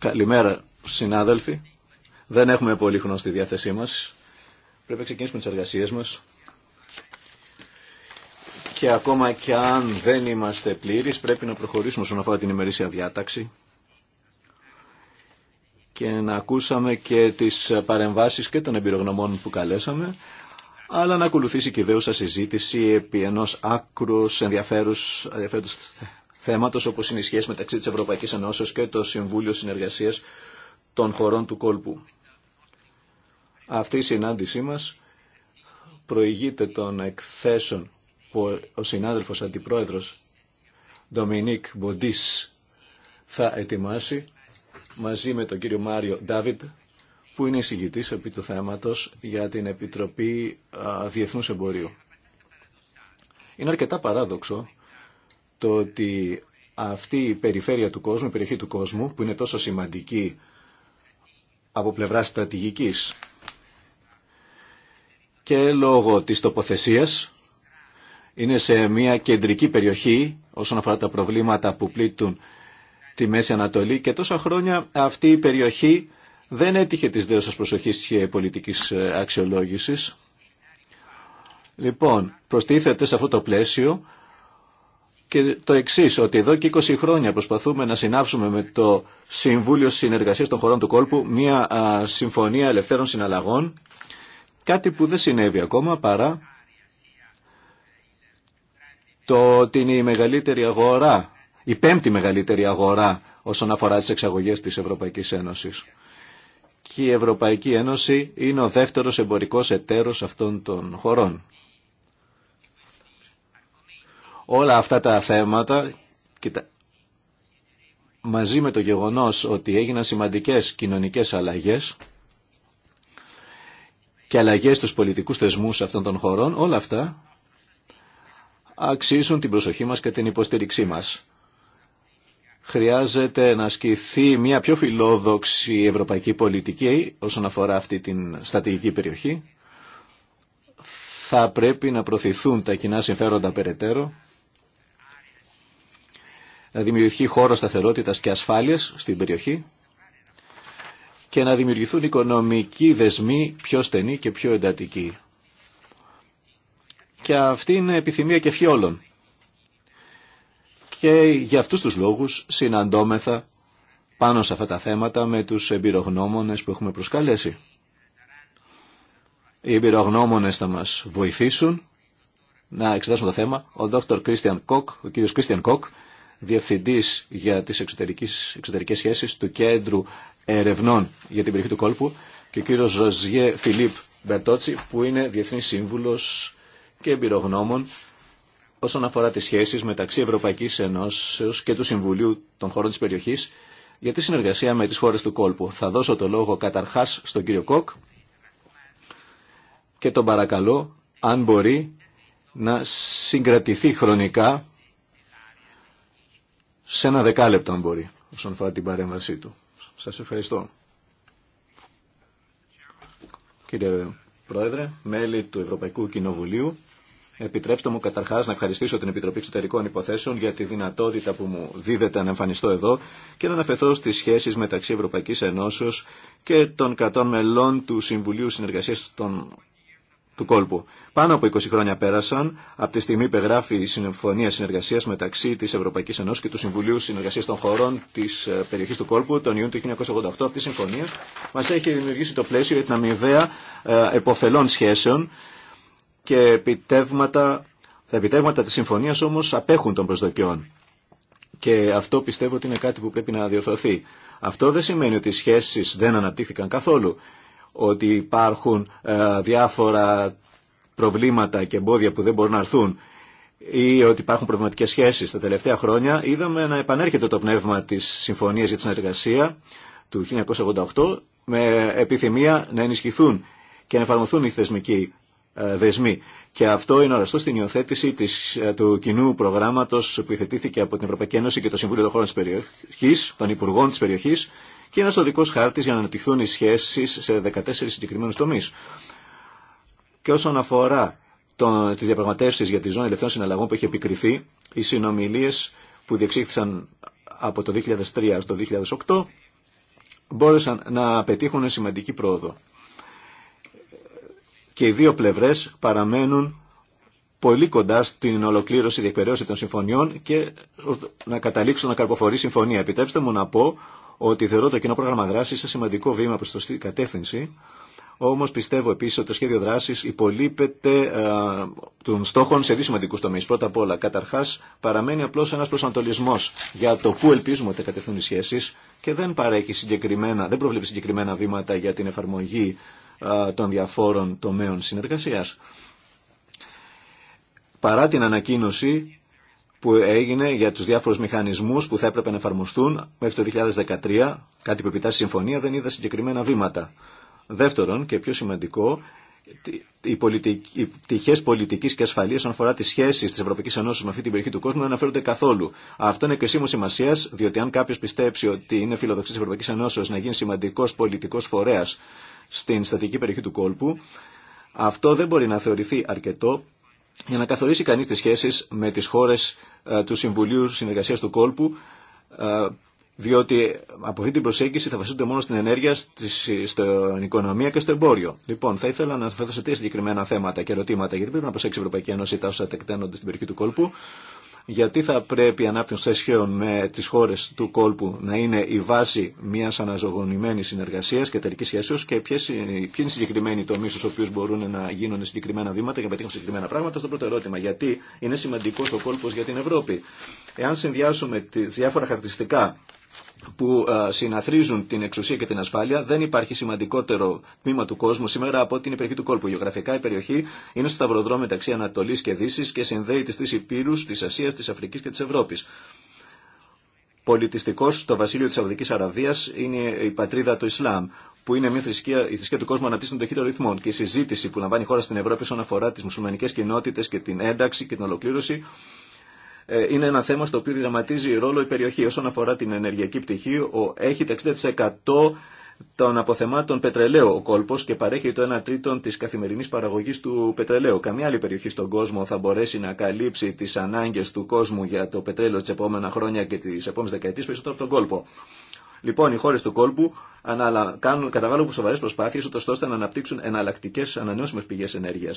Καλημέρα, συνάδελφοι. Δεν έχουμε πολύ χρόνο στη διάθεσή μα. Πρέπει να ξεκινήσουμε τι εργασίε μα. Και ακόμα και αν δεν είμαστε πλήρεις, πρέπει να προχωρήσουμε στον αφορά την ημερήσια διάταξη. Και να ακούσαμε και τις παρεμβάσεις και των εμπειρογνωμών που καλέσαμε αλλά να ακολουθήσει και δέουσα συζήτηση επί ενός άκρου ενδιαφέρου ενδιαφέροντος θέματος όπως είναι η σχέση μεταξύ της Ευρωπαϊκής Ενώσεως και το Συμβούλιο Συνεργασίας των χωρών του κόλπου. Αυτή η συνάντησή μας προηγείται των εκθέσεων που ο συνάδελφος αντιπρόεδρος Ντομινίκ Μποντής θα ετοιμάσει μαζί με τον κύριο Μάριο Ντάβιντ που είναι εισηγητή επί του θέματος για την Επιτροπή Διεθνούς Εμπορίου. Είναι αρκετά παράδοξο το ότι αυτή η περιφέρεια του κόσμου, η περιοχή του κόσμου, που είναι τόσο σημαντική από πλευρά στρατηγική και λόγω της τοποθεσίας, είναι σε μια κεντρική περιοχή όσον αφορά τα προβλήματα που πλήττουν τη Μέση Ανατολή και τόσα χρόνια αυτή η περιοχή δεν έτυχε της δέωσας προσοχής και πολιτικής ε, αξιολόγησης. Λοιπόν, προστίθεται σε αυτό το πλαίσιο και το εξή, ότι εδώ και 20 χρόνια προσπαθούμε να συνάψουμε με το Συμβούλιο Συνεργασίας των Χωρών του Κόλπου μια συμφωνία ελευθέρων συναλλαγών, κάτι που δεν συνέβη ακόμα παρά το ότι είναι η μεγαλύτερη αγορά, η πέμπτη μεγαλύτερη αγορά όσον αφορά τις εξαγωγές της Ευρωπαϊκής Ένωσης και η Ευρωπαϊκή Ένωση είναι ο δεύτερος εμπορικός εταίρος αυτών των χωρών. Όλα αυτά τα θέματα μαζί με το γεγονός ότι έγιναν σημαντικές κοινωνικές αλλαγές και αλλαγές στους πολιτικούς θεσμούς αυτών των χωρών, όλα αυτά αξίζουν την προσοχή μας και την υποστήριξή μας χρειάζεται να ασκηθεί μια πιο φιλόδοξη ευρωπαϊκή πολιτική όσον αφορά αυτή την στατηγική περιοχή. Θα πρέπει να προωθηθούν τα κοινά συμφέροντα περαιτέρω, να δημιουργηθεί χώρο σταθερότητας και ασφάλειας στην περιοχή και να δημιουργηθούν οικονομικοί δεσμοί πιο στενοί και πιο εντατικοί. Και αυτή είναι επιθυμία και ευχή και για αυτούς τους λόγους συναντώμεθα πάνω σε αυτά τα θέματα με τους εμπειρογνώμονες που έχουμε προσκαλέσει. Οι εμπειρογνώμονες θα μας βοηθήσουν να εξετάσουμε το θέμα. Ο Dr. Christian Koch, ο κύριος Christian Koch, διευθυντής για τις εξωτερικές, εξωτερικές σχέσεις του Κέντρου Ερευνών για την περιοχή του κόλπου και ο κύριος Ζωζιέ Φιλίπ Μπερτότσι που είναι διεθνής σύμβουλος και εμπειρογνώμων όσον αφορά τις σχέσεις μεταξύ Ευρωπαϊκής Ενώσεως και του Συμβουλίου των χωρών της περιοχής για τη συνεργασία με τις χώρες του κόλπου. Θα δώσω το λόγο καταρχάς στον κύριο Κοκ και τον παρακαλώ αν μπορεί να συγκρατηθεί χρονικά σε ένα δεκάλεπτο αν μπορεί όσον αφορά την παρέμβασή του. Σας ευχαριστώ. Κύριε Πρόεδρε, μέλη του Ευρωπαϊκού Κοινοβουλίου, Επιτρέψτε μου καταρχά να ευχαριστήσω την Επιτροπή Εξωτερικών Υποθέσεων για τη δυνατότητα που μου δίδεται να εμφανιστώ εδώ και να αναφερθώ στι σχέσει μεταξύ Ευρωπαϊκή Ενώσεω και των κρατών μελών του Συμβουλίου Συνεργασία των... του Κόλπου. Πάνω από 20 χρόνια πέρασαν από τη στιγμή που εγγράφει η Συμφωνία Συνεργασία μεταξύ τη Ευρωπαϊκή Ενώσεω και του Συμβουλίου Συνεργασία των Χωρών τη ε, περιοχή του Κόλπου τον Ιούνιο του 1988. Αυτή η συμφωνία μα έχει δημιουργήσει το πλαίσιο για την αμοιβαία ε, εποφελών σχέσεων και επιτεύγματα, τα επιτεύγματα της συμφωνίας όμως απέχουν των προσδοκιών. Και αυτό πιστεύω ότι είναι κάτι που πρέπει να διορθωθεί. Αυτό δεν σημαίνει ότι οι σχέσεις δεν αναπτύχθηκαν καθόλου, ότι υπάρχουν ε, διάφορα προβλήματα και εμπόδια που δεν μπορούν να έρθουν ή ότι υπάρχουν προβληματικές σχέσεις τα τελευταία χρόνια, είδαμε να επανέρχεται το πνεύμα της Συμφωνίας για τη Συνεργασία του 1988 με επιθυμία να ενισχυθούν και να εφαρμοθούν οι θεσμικοί ε, δεσμοί. Και αυτό είναι οραστό στην υιοθέτηση της, ε, του κοινού προγράμματο που υθετήθηκε από την Ευρωπαϊκή Ένωση και το Συμβούλιο των Χώρων τη Περιοχή, των Υπουργών τη Περιοχή, και είναι ο δικό χάρτη για να αναπτυχθούν οι σχέσει σε 14 συγκεκριμένου τομεί. Και όσον αφορά τι διαπραγματεύσει για τη ζώνη ελευθερών συναλλαγών που έχει επικριθεί, οι συνομιλίε που διεξήχθησαν από το 2003 στο 2008 μπόρεσαν να πετύχουν σημαντική πρόοδο και οι δύο πλευρές παραμένουν πολύ κοντά στην ολοκλήρωση, διεκπαιρέωση των συμφωνιών και να καταλήξουν να καρποφορεί συμφωνία. Επιτρέψτε μου να πω ότι θεωρώ το κοινό πρόγραμμα δράση σε σημαντικό βήμα προ την κατεύθυνση. Όμω πιστεύω επίση ότι το σχέδιο δράση υπολείπεται ε, των στόχων σε δύο σημαντικού τομεί. Πρώτα απ' όλα, καταρχά, παραμένει απλώ ένα προσανατολισμό για το πού ελπίζουμε ότι κατευθύνουν οι σχέσει και δεν παρέχει δεν προβλέπει συγκεκριμένα βήματα για την εφαρμογή των διαφόρων τομέων συνεργασίας. Παρά την ανακοίνωση που έγινε για τους διάφορους μηχανισμούς που θα έπρεπε να εφαρμοστούν μέχρι το 2013, κάτι που επιτάσσει συμφωνία, δεν είδα συγκεκριμένα βήματα. Δεύτερον και πιο σημαντικό, οι, πολιτικ... οι πτυχέ πολιτική και ασφαλεία όσον αφορά τι σχέσει τη Ευρωπαϊκή Ενώση με αυτή την περιοχή του κόσμου δεν αναφέρονται καθόλου. Αυτό είναι κρισίμου σημασία, διότι αν κάποιο πιστέψει ότι είναι φιλοδοξία τη Ευρωπαϊκή Ενώσεω να γίνει σημαντικό πολιτικό φορέα στην στατική περιοχή του κόλπου, αυτό δεν μπορεί να θεωρηθεί αρκετό για να καθορίσει κανείς τις σχέσεις με τις χώρες ε, του Συμβουλίου Συνεργασίας του Κόλπου, ε, διότι από αυτή την προσέγγιση θα βασίζονται μόνο στην ενέργεια, στην οικονομία και στο εμπόριο. Λοιπόν, θα ήθελα να αναφερθώ σε τρία συγκεκριμένα θέματα και ερωτήματα, γιατί πρέπει να προσέξει η Ευρωπαϊκή Ένωση τα όσα τεκταίνονται στην περιοχή του κόλπου γιατί θα πρέπει η ανάπτυξη σχέσεων με τις χώρες του κόλπου να είναι η βάση μία αναζωογονημένης συνεργασίας και εταιρική σχέσεω και ποιοι είναι οι συγκεκριμένοι τομεί στου όποιου μπορούν να γίνουν συγκεκριμένα βήματα και να πετύχουν συγκεκριμένα πράγματα. Στο πρώτο ερώτημα, γιατί είναι σημαντικό ο κόλπος για την Ευρώπη. Εάν συνδυάσουμε τις διάφορα χαρακτηριστικά που ε, συναθρίζουν την εξουσία και την ασφάλεια, δεν υπάρχει σημαντικότερο τμήμα του κόσμου σήμερα από την περιοχή του κόλπου. Γεωγραφικά η περιοχή είναι στο σταυροδρόμι μεταξύ Ανατολή και Δύση και συνδέει τι τρει υπήρου τη Ασία, τη Αφρική και τη Ευρώπη. Πολιτιστικό, το βασίλειο τη Σαουδική Αραβία είναι η πατρίδα του Ισλάμ, που είναι μια θρησκεία, η θρησκεία του κόσμου αναπτύσσεται των χείρο ρυθμών. Και η συζήτηση που λαμβάνει η χώρα στην Ευρώπη όσον αφορά τι μουσουλμανικέ κοινότητε και την ένταξη και την ολοκλήρωση ε, είναι ένα θέμα στο οποίο δραματίζει ρόλο η περιοχή. Όσον αφορά την ενεργειακή πτυχή, ο, έχει 60% των αποθεμάτων πετρελαίου ο κόλπος και παρέχει το 1 τρίτο της καθημερινής παραγωγής του πετρελαίου. Καμία άλλη περιοχή στον κόσμο θα μπορέσει να καλύψει τις ανάγκες του κόσμου για το πετρέλαιο τις επόμενα χρόνια και τις επόμενες δεκαετίες περισσότερο από τον κόλπο. Λοιπόν, οι χώρε του κόλπου καταβάλουν σοβαρέ προσπάθειε, ώστε να αναπτύξουν εναλλακτικέ ανανεώσιμε πηγέ ενέργεια.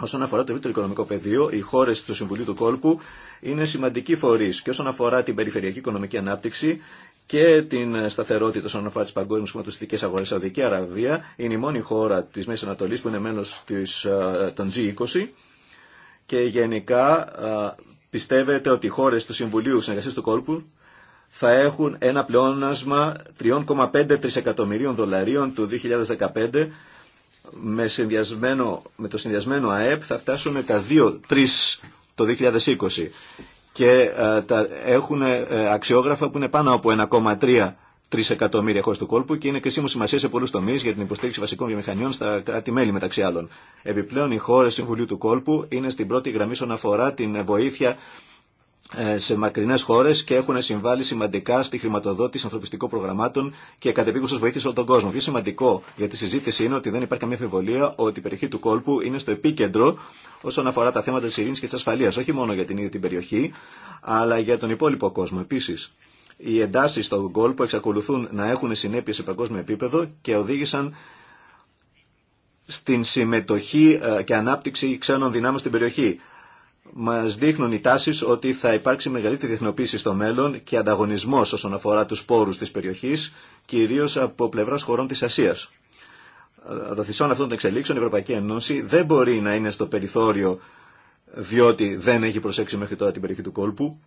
Όσον αφορά το ευρύτερο οικονομικό πεδίο, οι χώρε του Συμβουλίου του Κόλπου είναι σημαντικοί φορεί και όσον αφορά την περιφερειακή οικονομική ανάπτυξη και την σταθερότητα όσον αφορά τι παγκόσμιε χρηματοστικέ αγορέ. Σαουδική Αραβία είναι η μόνη χώρα τη Μέση Ανατολή που είναι μέλο ε, των G20 και γενικά ε, πιστεύετε ότι οι χώρε του Συμβουλίου Συνεργασία του Κόλπου θα έχουν ένα πλεόνασμα 3,5 τρισεκατομμυρίων δολαρίων του 2015 με, με το συνδυασμένο ΑΕΠ θα φτάσουν τα 2-3 το 2020 και ε, τα, έχουν ε, αξιόγραφα που είναι πάνω από 1,3 3 εκατομμύρια χώρε του κόλπου και είναι κρίσιμο σημασία σε πολλού τομεί για την υποστήριξη βασικών βιομηχανιών στα κράτη-μέλη μεταξύ άλλων. Επιπλέον, οι χώρε Συμβουλίου του Κόλπου είναι στην πρώτη γραμμή σχετικά αφορά την βοήθεια ε, σε μακρινέ χώρε και έχουν συμβάλει σημαντικά στη χρηματοδότηση ανθρωπιστικών προγραμμάτων και κατεπίκουσα βοήθεια σε όλο τον κόσμο. Πιο σημαντικό για τη συζήτηση είναι ότι δεν υπάρχει καμία αμφιβολία ότι η περιοχή του κόλπου είναι στο επίκεντρο όσον αφορά τα θέματα τη ειρήνη και τη ασφαλεία. Όχι μόνο για την ίδια την περιοχή, αλλά για τον υπόλοιπο κόσμο επίση. Οι εντάσει στον κόλπο εξακολουθούν να έχουν συνέπειε σε παγκόσμιο επίπεδο και οδήγησαν στην συμμετοχή ε, και ανάπτυξη ξένων δυνάμεων στην περιοχή μας δείχνουν οι τάσεις ότι θα υπάρξει μεγαλύτερη διεθνοποίηση στο μέλλον και ανταγωνισμός όσον αφορά τους πόρους της περιοχής, κυρίως από πλευράς χωρών της Ασίας. Δοθισών αυτών των εξελίξεων η Ευρωπαϊκή Ένωση δεν μπορεί να είναι στο περιθώριο διότι δεν έχει προσέξει μέχρι τώρα την περιοχή του κόλπου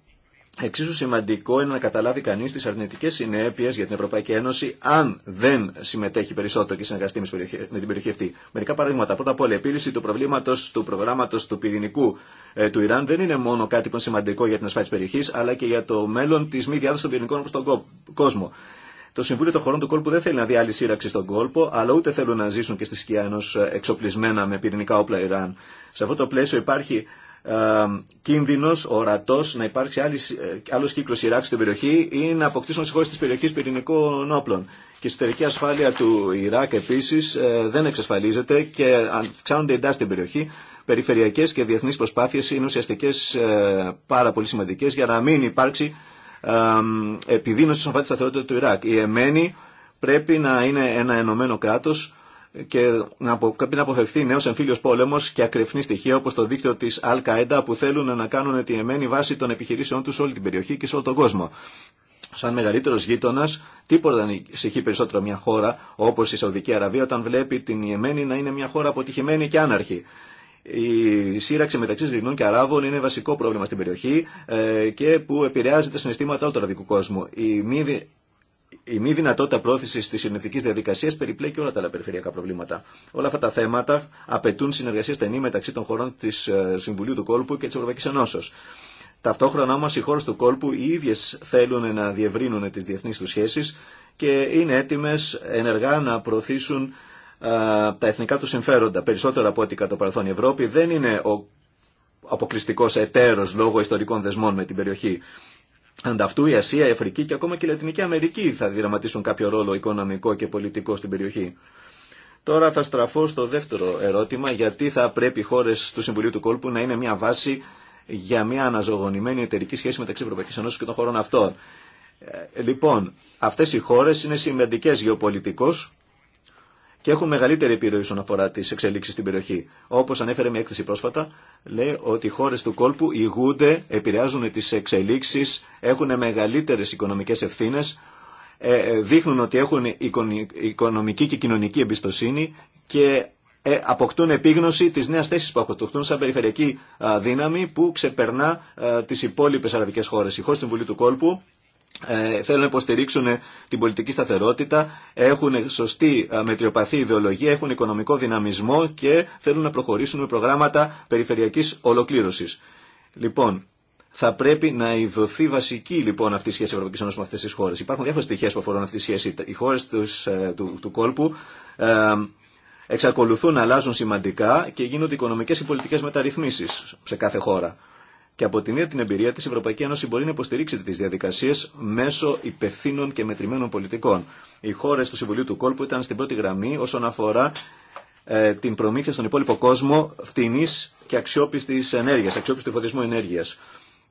Εξίσου σημαντικό είναι να καταλάβει κανεί τι αρνητικέ συνέπειε για την Ευρωπαϊκή Ένωση αν δεν συμμετέχει περισσότερο και συνεργαστεί με την περιοχή αυτή. Μερικά παραδείγματα. Πρώτα απ' όλα, η επίλυση του προβλήματο του προγράμματο του πυρηνικού ε, του Ιράν δεν είναι μόνο κάτι που είναι σημαντικό για την ασφάλεια τη περιοχή, αλλά και για το μέλλον τη μη διάδοση των πυρηνικών προ τον κόσμο. Το Συμβούλιο των Χωρών του Κόλπου δεν θέλει να δει άλλη σύραξη στον κόλπο, αλλά ούτε θέλουν να ζήσουν και στη σκιά ενό ε, εξοπλισμένα με πυρηνικά όπλα Ιράν. Σε αυτό το πλαίσιο υπάρχει κίνδυνο ορατό να υπάρξει ε, άλλο κύκλο Ιράκ στην περιοχή ή να αποκτήσουν τι χώρε τη περιοχή πυρηνικών όπλων. Και η εσωτερική ασφάλεια του Ιράκ επίση ε, δεν εξασφαλίζεται και αυξάνονται εντά στην περιοχή. Περιφερειακέ και διεθνεί προσπάθειε είναι ουσιαστικέ ε, πάρα πολύ σημαντικέ για να μην υπάρξει επιδείνωση στον φάτη σταθερότητα του Ιράκ. Η Εμένη πρέπει να είναι ένα ενωμένο κράτος και να αποφευθεί νέο εμφύλιο πόλεμο και ακρεφνή στοιχεία όπω το δίκτυο τη Al-Qaeda που θέλουν να κάνουν τη εμένη βάση των επιχειρήσεών του σε όλη την περιοχή και σε όλο τον κόσμο. Σαν μεγαλύτερο γείτονα, τίποτα δεν ησυχεί περισσότερο μια χώρα όπω η Σαουδική Αραβία όταν βλέπει την Ιεμένη να είναι μια χώρα αποτυχημένη και άναρχη. Η σύραξη μεταξύ Λιγνών και Αράβων είναι βασικό πρόβλημα στην περιοχή ε, και που επηρεάζει τα συναισθήματα όλου του αραβικού κόσμου. Η μη η μη δυνατότητα πρόθεση τη συνευτική διαδικασία περιπλέκει όλα τα άλλα περιφερειακά προβλήματα. Όλα αυτά τα θέματα απαιτούν συνεργασία στενή μεταξύ των χωρών τη ε, Συμβουλίου του Κόλπου και τη Ευρωπαϊκή Ενώσεω. Ταυτόχρονα όμω οι χώρε του κόλπου οι ίδιε θέλουν να διευρύνουν τι διεθνεί του σχέσει και είναι έτοιμε ενεργά να προωθήσουν ε, τα εθνικά του συμφέροντα. Περισσότερο από ό,τι κατά παρελθόν η Ευρώπη δεν είναι ο αποκλειστικό εταίρο λόγω ιστορικών δεσμών με την περιοχή. Ανταυτού η Ασία, η Αφρική και ακόμα και η Λατινική Αμερική θα διδραματίσουν κάποιο ρόλο οικονομικό και πολιτικό στην περιοχή. Τώρα θα στραφώ στο δεύτερο ερώτημα, γιατί θα πρέπει οι χώρε του Συμβουλίου του Κόλπου να είναι μια βάση για μια αναζωογονημένη εταιρική σχέση μεταξύ Ευρωπαϊκή Ενώση και των χωρών αυτών. Ε, λοιπόν, αυτέ οι χώρε είναι σημαντικέ γεωπολιτικώ και έχουν μεγαλύτερη επιρροή στον αφορά τι εξελίξει στην περιοχή. Όπω ανέφερε μια έκθεση πρόσφατα, λέει ότι οι χώρες του κόλπου ηγούνται, επηρεάζουν τις εξελίξεις, έχουν μεγαλύτερες οικονομικές ευθύνες, ε, ε, δείχνουν ότι έχουν οικονομική και κοινωνική εμπιστοσύνη και ε, αποκτούν επίγνωση της νέας θέσης που αποκτούν σαν περιφερειακή δύναμη που ξεπερνά τις υπόλοιπες αραβικές χώρες. Η στην Βουλή του Κόλπου ε, θέλουν να υποστηρίξουν την πολιτική σταθερότητα, έχουν σωστή ε, μετριοπαθή ιδεολογία, έχουν οικονομικό δυναμισμό και θέλουν να προχωρήσουν με προγράμματα περιφερειακής ολοκλήρωσης. Λοιπόν, θα πρέπει να ειδωθεί βασική λοιπόν αυτή η σχέση Ευρωπαϊκή Ένωση με αυτέ τι χώρε. Υπάρχουν διάφορε στοιχεία που αφορούν αυτή τη σχέση. Οι χώρε ε, του, του, κόλπου ε, εξακολουθούν να αλλάζουν σημαντικά και γίνονται οικονομικέ και πολιτικέ μεταρρυθμίσει σε κάθε χώρα και από την ίδια την εμπειρία τη η Ευρωπαϊκή Ένωση μπορεί να υποστηρίξει τι διαδικασίε μέσω υπευθύνων και μετρημένων πολιτικών. Οι χώρε του Συμβουλίου του Κόλπου ήταν στην πρώτη γραμμή όσον αφορά ε, την προμήθεια στον υπόλοιπο κόσμο φτηνής και αξιόπιστης ενέργειας, αξιόπιστη φωτισμού ενέργεια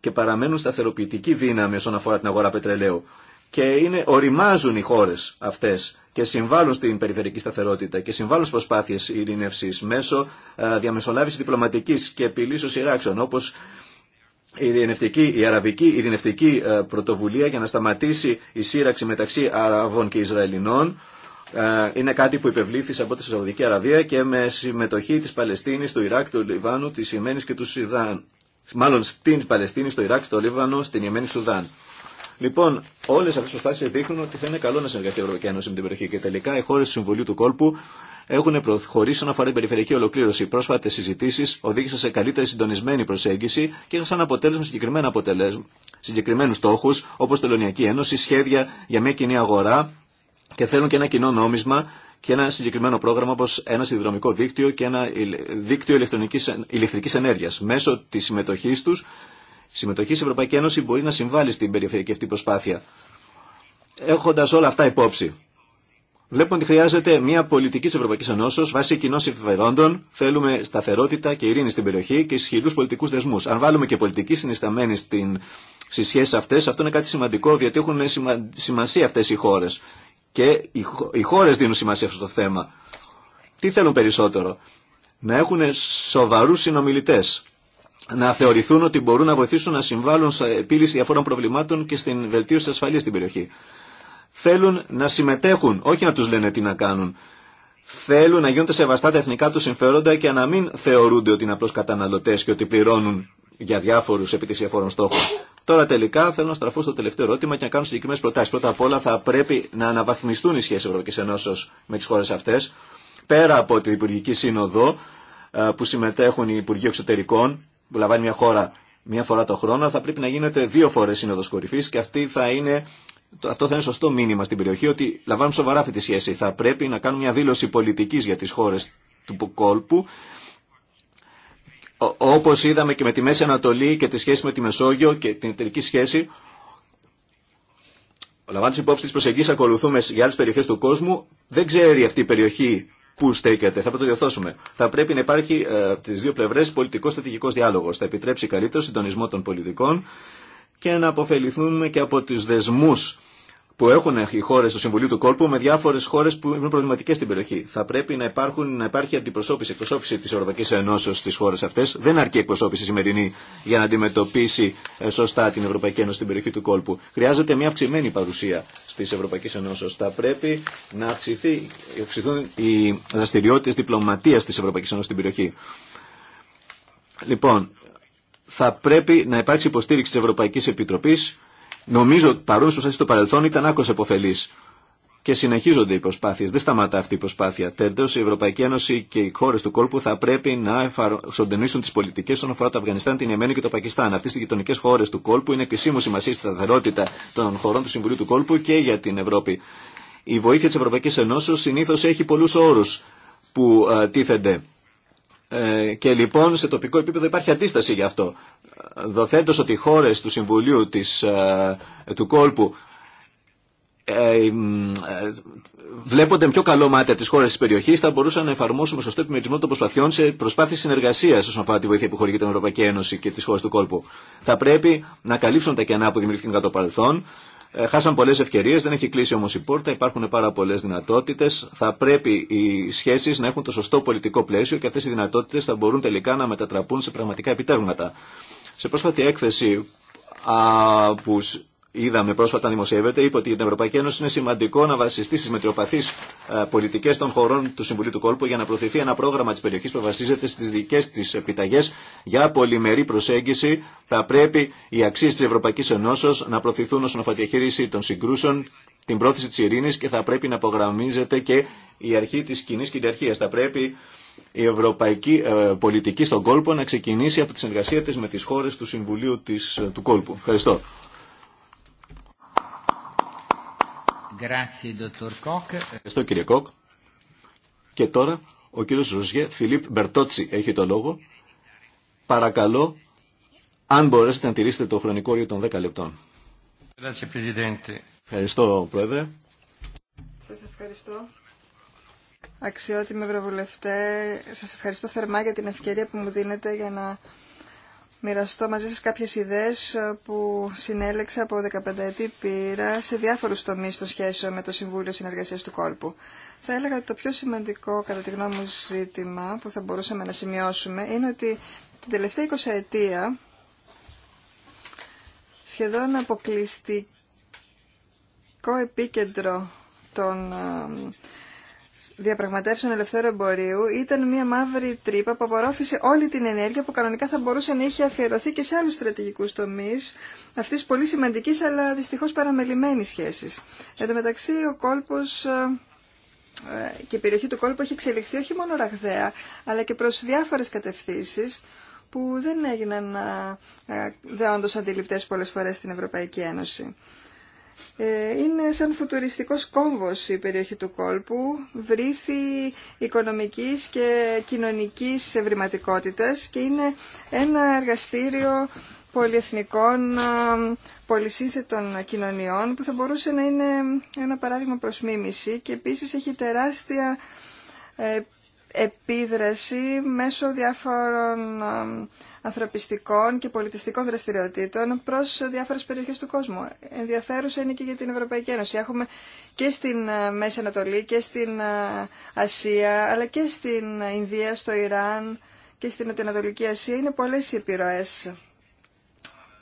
και παραμένουν σταθεροποιητική δύναμη όσον αφορά την αγορά πετρελαίου. Και είναι, οριμάζουν οι χώρε αυτέ και συμβάλλουν στην περιφερειακή σταθερότητα και συμβάλλουν στι προσπάθειε ειρήνευση μέσω ε, διαμεσολάβηση διπλωματική και επιλύσεω σειράξεων, όπω ειρηνευτική, η αραβική ειρηνευτική ε, πρωτοβουλία για να σταματήσει η σύραξη μεταξύ Αραβών και Ισραηλινών ε, είναι κάτι που υπευλήθη από τη Σαουδική Αραβία και με συμμετοχή της Παλαιστίνης, του Ιράκ, του Λιβάνου, της Ιεμένης και του Σουδάν. Μάλλον στην Παλαιστίνη, στο Ιράκ, στο Λίβανο, στην Ιεμένη Σουδάν. Λοιπόν, όλε αυτέ τι προσπάθειε δείχνουν ότι θα είναι καλό να συνεργαστεί η Ευρωπαϊκή Ένωση με την περιοχή και τελικά οι χώρε του Συμβουλίου του Κόλπου έχουν προχωρήσει όσον αφορά την περιφερειακή ολοκλήρωση. Οι πρόσφατε συζητήσει οδήγησαν σε καλύτερη συντονισμένη προσέγγιση και είχαν σαν αποτέλεσμα συγκεκριμένα συγκεκριμένου στόχου όπω Τελωνιακή Ένωση, σχέδια για μια κοινή αγορά και θέλουν και ένα κοινό νόμισμα και ένα συγκεκριμένο πρόγραμμα όπω ένα συνδρομικό δίκτυο και ένα δίκτυο ηλεκτρική ενέργεια. Μέσω τη συμμετοχή του, η συμμετοχή στην Ευρωπαϊκή Ένωση μπορεί να συμβάλλει στην περιφερειακή αυτή προσπάθεια. Έχοντα όλα αυτά υπόψη, Βλέπουμε ότι χρειάζεται μια πολιτική τη Ευρωπαϊκή Ενώσεω βάσει κοινών συμφερόντων. Θέλουμε σταθερότητα και ειρήνη στην περιοχή και ισχυρού πολιτικού δεσμού. Αν βάλουμε και πολιτική συνισταμένη στην... στι σχέσει αυτέ, αυτό είναι κάτι σημαντικό, διότι έχουν σημασία αυτέ οι χώρε. Και οι, οι χώρε δίνουν σημασία σε αυτό το θέμα. Τι θέλουν περισσότερο, να έχουν σοβαρού συνομιλητέ. Να θεωρηθούν ότι μπορούν να βοηθήσουν να συμβάλλουν σε επίλυση διαφόρων προβλημάτων και στην βελτίωση τη ασφαλεία στην περιοχή θέλουν να συμμετέχουν, όχι να τους λένε τι να κάνουν. Θέλουν να γίνονται σεβαστά τα εθνικά τους συμφέροντα και να μην θεωρούνται ότι είναι απλώς καταναλωτές και ότι πληρώνουν για διάφορους επιτυχιαφόρων στόχους. Τώρα τελικά θέλω να στραφώ στο τελευταίο ερώτημα και να κάνω συγκεκριμένε προτάσει. Πρώτα απ' όλα θα πρέπει να αναβαθμιστούν οι σχέσει Ευρωπαϊκή Ενώσεω με τι χώρε αυτέ. Πέρα από την Υπουργική Σύνοδο ε, που συμμετέχουν οι Υπουργοί Εξωτερικών, που λαμβάνει μια χώρα μία φορά το χρόνο, θα πρέπει να γίνεται δύο φορέ Σύνοδο Κορυφή και αυτή θα είναι αυτό θα είναι σωστό μήνυμα στην περιοχή ότι λαμβάνουμε σοβαρά αυτή τη σχέση. Θα πρέπει να κάνουμε μια δήλωση πολιτική για τι χώρε του κόλπου Όπω είδαμε και με τη Μέση Ανατολή και τη σχέση με τη Μεσόγειο και την εταιρική σχέση λαμβάνοντα υπόψη τη προσεγγίσει ακολουθούμε για άλλε περιοχέ του κόσμου δεν ξέρει αυτή η περιοχή Πού στέκεται, θα το διορθώσουμε. Θα πρέπει να υπάρχει ε, από ε, τι δύο πλευρέ πολιτικό-στρατηγικό διάλογο. Θα επιτρέψει καλύτερο συντονισμό των πολιτικών και να αποφεληθούμε και από τις δεσμούς που έχουν οι χώρε στο Συμβουλίου του Κόλπου με διάφορες χώρες που είναι προβληματικές στην περιοχή. Θα πρέπει να, υπάρχουν, να υπάρχει αντιπροσώπηση, εκπροσώπηση τη Ευρωπαϊκή Ενώσεω στι χώρε αυτέ. Δεν αρκεί η εκπροσώπηση σημερινή για να αντιμετωπίσει ε, σωστά την Ευρωπαϊκή Ένωση στην περιοχή του Κόλπου. Χρειάζεται μια αυξημένη παρουσία στις Ευρωπαϊκές Ενώσεω. Θα πρέπει να αυξηθεί, αυξηθούν οι δραστηριότητε διπλωματία τη Ευρωπαϊκής Ενώσης στην περιοχή. Λοιπόν, θα πρέπει να υπάρξει υποστήριξη τη Ευρωπαϊκή Επιτροπή, Νομίζω ότι παρόμοιε στο στο παρελθόν ήταν άκρο επωφελή. Και συνεχίζονται οι προσπάθειε. Δεν σταματά αυτή η προσπάθεια. Τέλο, η Ευρωπαϊκή Ένωση και οι χώρε του κόλπου θα πρέπει να εξοντενήσουν τι πολιτικέ όσον αφορά το Αφγανιστάν, την Ιεμένη και το Πακιστάν. Αυτέ οι γειτονικέ χώρε του κόλπου είναι κρισίμου σημασία στη σταθερότητα των χωρών του Συμβουλίου του κόλπου και για την Ευρώπη. Η βοήθεια τη Ευρωπαϊκή Ενώσεω συνήθω έχει πολλού όρου που ε, τίθενται ε, και λοιπόν σε τοπικό επίπεδο υπάρχει αντίσταση γι' αυτό. Δοθέντως ότι οι χώρες του Συμβουλίου της, ε, του κόλπου ε, ε, βλέπονται πιο καλό μάτι τι χώρε τη περιοχή, θα μπορούσαν να εφαρμόσουμε σωστό επιμερισμό των προσπαθειών σε προσπάθειε συνεργασία όσον αφορά τη βοήθεια που χορηγεί την Ευρωπαϊκή Ένωση και τι χώρε του κόλπου. Θα πρέπει να καλύψουν τα κενά που δημιουργήθηκαν κατά το παρελθόν ε, χάσαν πολλές ευκαιρίες, δεν έχει κλείσει όμως η πόρτα, υπάρχουν πάρα πολλές δυνατότητες. Θα πρέπει οι σχέσεις να έχουν το σωστό πολιτικό πλαίσιο και αυτές οι δυνατότητες θα μπορούν τελικά να μετατραπούν σε πραγματικά επιτεύγματα. Σε πρόσφατη έκθεση που είδαμε πρόσφατα δημοσιεύεται, είπε ότι για την Ευρωπαϊκή Ένωση είναι σημαντικό να βασιστεί στι μετριοπαθεί ε, πολιτικέ των χωρών του Συμβουλίου του Κόλπου για να προωθηθεί ένα πρόγραμμα τη περιοχή που βασίζεται στι δικέ τη επιταγέ για πολυμερή προσέγγιση. Θα πρέπει οι αξίε τη Ευρωπαϊκή Ενώσεω να προωθηθούν όσον αφορά διαχείριση των συγκρούσεων, την πρόθεση τη ειρήνη και θα πρέπει να απογραμμίζεται και η αρχή τη κοινή κυριαρχία. Θα πρέπει η ευρωπαϊκή ε, πολιτική στον κόλπο να ξεκινήσει από τη συνεργασία της με τις χώρες του Συμβουλίου της, ε, του κόλπου. Ευχαριστώ. Ευχαριστώ κύριε Κόκ. Και τώρα ο κύριος Ρουζιέ Φιλίπ Μπερτότσι έχει το λόγο. Παρακαλώ, αν μπορέσετε να τηρήσετε το χρονικό όριο των 10 λεπτών. Ευχαριστώ, Πρόεδρε. Σας ευχαριστώ. Αξιότιμοι Ευρωβουλευτέ, σας ευχαριστώ θερμά για την ευκαιρία που μου δίνετε για να μοιραστώ μαζί σας κάποιες ιδέες ε, που συνέλεξα από 15 ετή πείρα σε διάφορους τομείς των σχέσεων με το Συμβούλιο Συνεργασίας του Κόλπου. Θα έλεγα ότι το πιο σημαντικό κατά τη γνώμη μου ζήτημα που θα μπορούσαμε να σημειώσουμε είναι ότι την τελευταία 20 ετία σχεδόν αποκλειστικό επίκεντρο των ε, διαπραγματεύσεων ελευθέρου εμπορίου ήταν μια μαύρη τρύπα που απορρόφησε όλη την ενέργεια που κανονικά θα μπορούσε να είχε αφιερωθεί και σε άλλους στρατηγικούς τομείς αυτής πολύ σημαντικής αλλά δυστυχώς παραμελημένης σχέσης. Εν τω μεταξύ ο κόλπος ε, ε, και η περιοχή του κόλπου έχει εξελιχθεί όχι μόνο ραγδαία αλλά και προς διάφορες κατευθύνσεις που δεν έγιναν ε, δεόντως αντιληπτές πολλές φορές στην Ευρωπαϊκή Ένωση. Ε, είναι σαν φουτουριστικός κόμβος η περιοχή του κόλπου, βρήθη οικονομικής και κοινωνικής ευρηματικότητας και είναι ένα εργαστήριο πολυεθνικών, πολυσύνθετων κοινωνιών που θα μπορούσε να είναι ένα παράδειγμα προς μίμηση και επίσης έχει τεράστια ε, επίδραση μέσω διάφορων ανθρωπιστικών και πολιτιστικών δραστηριοτήτων προ διάφορε περιοχέ του κόσμου. Ενδιαφέρουσα είναι και για την Ευρωπαϊκή Ένωση. Έχουμε και στην ε, Μέση Ανατολή και στην ε, Ασία, αλλά και στην Ινδία, στο Ιράν και στην Ανατολική Ασία. Είναι πολλέ οι επιρροέ